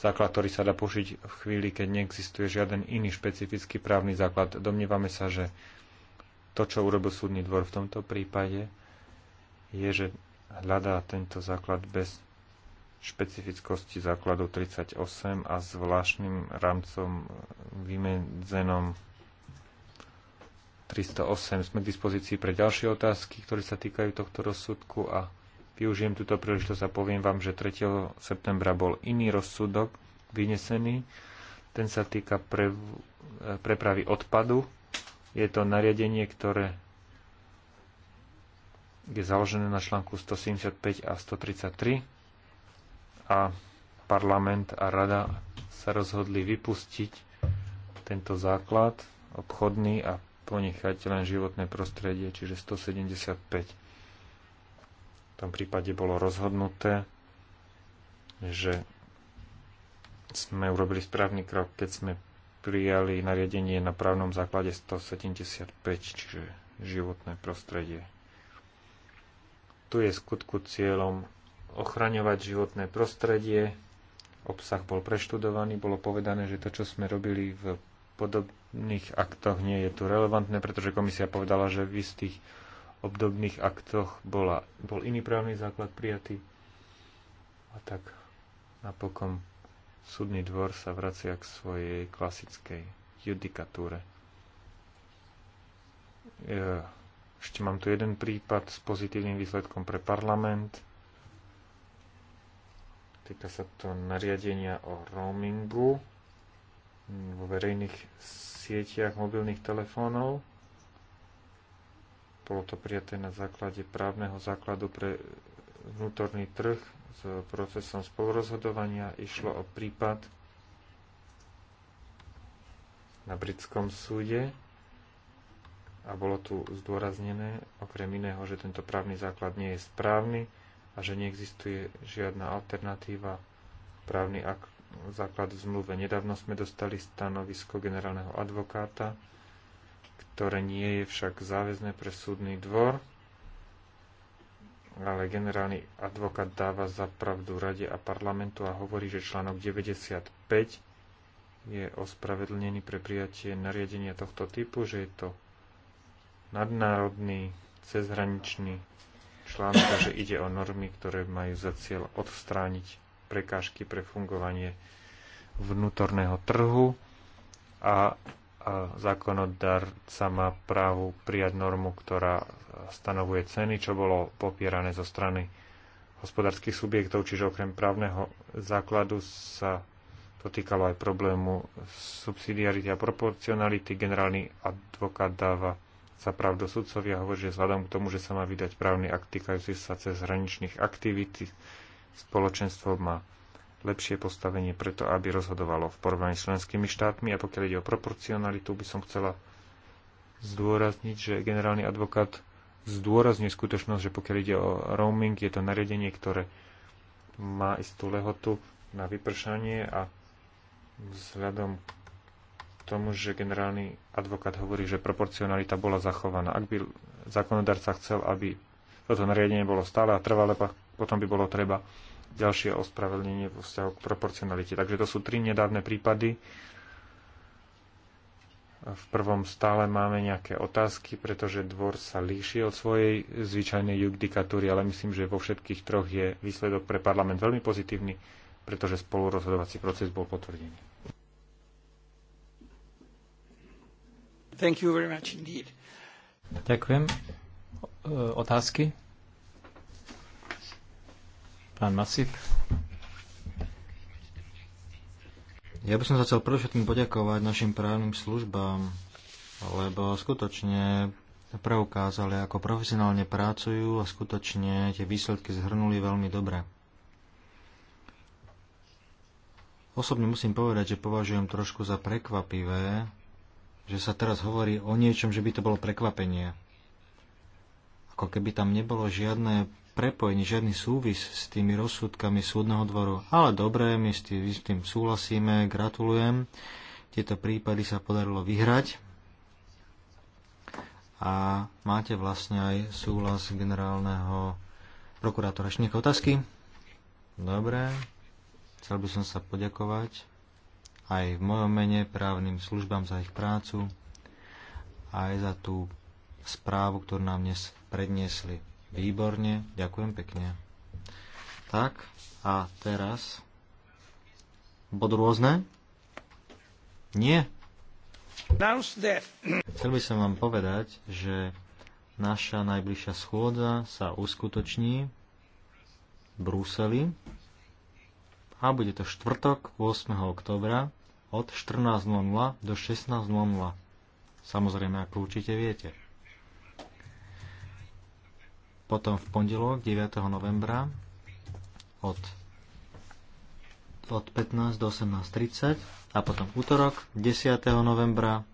základ, ktorý sa dá pošiť v chvíli, keď neexistuje žiaden iný špecifický právny základ. Domnievame sa, že to, čo urobil súdny dvor v tomto prípade, je, že hľadá tento základ bez špecifickosti základov 38 a zvláštnym rámcom vymedzenom 308. Sme k dispozícii pre ďalšie otázky, ktoré sa týkajú tohto rozsudku a Využijem túto príležitosť a poviem vám, že 3. septembra bol iný rozsudok vynesený. Ten sa týka pre, prepravy odpadu. Je to nariadenie, ktoré je založené na článku 175 a 133 a parlament a rada sa rozhodli vypustiť tento základ obchodný a ponechať len životné prostredie, čiže 175 tom prípade bolo rozhodnuté, že sme urobili správny krok, keď sme prijali nariadenie na právnom základe 175, čiže životné prostredie. Tu je skutku cieľom ochraňovať životné prostredie. Obsah bol preštudovaný, bolo povedané, že to, čo sme robili v podobných aktoch, nie je tu relevantné, pretože komisia povedala, že v istých obdobných aktoch bola, bol iný právny základ prijatý. A tak napokon súdny dvor sa vracia k svojej klasickej judikatúre. E, ešte mám tu jeden prípad s pozitívnym výsledkom pre parlament. Týka sa to nariadenia o roamingu vo verejných sieťach mobilných telefónov bolo to prijaté na základe právneho základu pre vnútorný trh s procesom spolurozhodovania. Išlo o prípad na britskom súde a bolo tu zdôraznené okrem iného, že tento právny základ nie je správny a že neexistuje žiadna alternatíva právny ak- základ v zmluve. Nedávno sme dostali stanovisko generálneho advokáta ktoré nie je však záväzné pre súdny dvor, ale generálny advokát dáva za pravdu rade a parlamentu a hovorí, že článok 95 je ospravedlnený pre prijatie nariadenia tohto typu, že je to nadnárodný, cezhraničný článok a že ide o normy, ktoré majú za cieľ odstrániť prekážky pre fungovanie vnútorného trhu a zákonodárca má právo prijať normu, ktorá stanovuje ceny, čo bolo popierané zo strany hospodárskych subjektov, čiže okrem právneho základu sa to týkalo aj problému subsidiarity a proporcionality. Generálny advokát dáva sa pravdu sudcovia hovorí, že vzhľadom k tomu, že sa má vydať právny akt týkajúci sa cez hraničných aktivít, spoločenstvo má lepšie postavenie preto, aby rozhodovalo v porovnaní s členskými štátmi. A pokiaľ ide o proporcionalitu, by som chcela zdôrazniť, že generálny advokát zdôrazňuje skutočnosť, že pokiaľ ide o roaming, je to nariadenie, ktoré má istú lehotu na vypršanie a vzhľadom k tomu, že generálny advokát hovorí, že proporcionalita bola zachovaná. Ak by zákonodarca chcel, aby toto nariadenie bolo stále a trvalé, potom by bolo treba ďalšie ospravedlnenie vo vzťahu k proporcionalite. Takže to sú tri nedávne prípady. V prvom stále máme nejaké otázky, pretože dvor sa líši od svojej zvyčajnej judikatúry, ale myslím, že vo všetkých troch je výsledok pre parlament veľmi pozitívny, pretože spolurozhodovací proces bol potvrdený. Thank you very much indeed. Ďakujem. E, otázky? Pán Masip. Ja by som sa chcel predovšetkým poďakovať našim právnym službám, lebo skutočne preukázali, ako profesionálne pracujú a skutočne tie výsledky zhrnuli veľmi dobre. Osobne musím povedať, že považujem trošku za prekvapivé, že sa teraz hovorí o niečom, že by to bolo prekvapenie. Ako keby tam nebolo žiadne prepojení, žiadny súvis s tými rozsudkami súdneho dvoru. Ale dobré, my s tým, s tým súhlasíme, gratulujem. Tieto prípady sa podarilo vyhrať a máte vlastne aj súhlas generálneho prokurátora. Ešte nejaké otázky? Dobre, chcel by som sa poďakovať aj v mojom mene právnym službám za ich prácu aj za tú správu, ktorú nám dnes predniesli. Výborne, ďakujem pekne. Tak, a teraz bod rôzne? Nie. Chcel by som vám povedať, že naša najbližšia schôdza sa uskutoční v Bruseli a bude to štvrtok 8. oktobra od 14.00 do 16.00. Samozrejme, ako určite viete. Potom v pondelok 9. novembra od, od 15 do 18.30 a potom útorok 10. novembra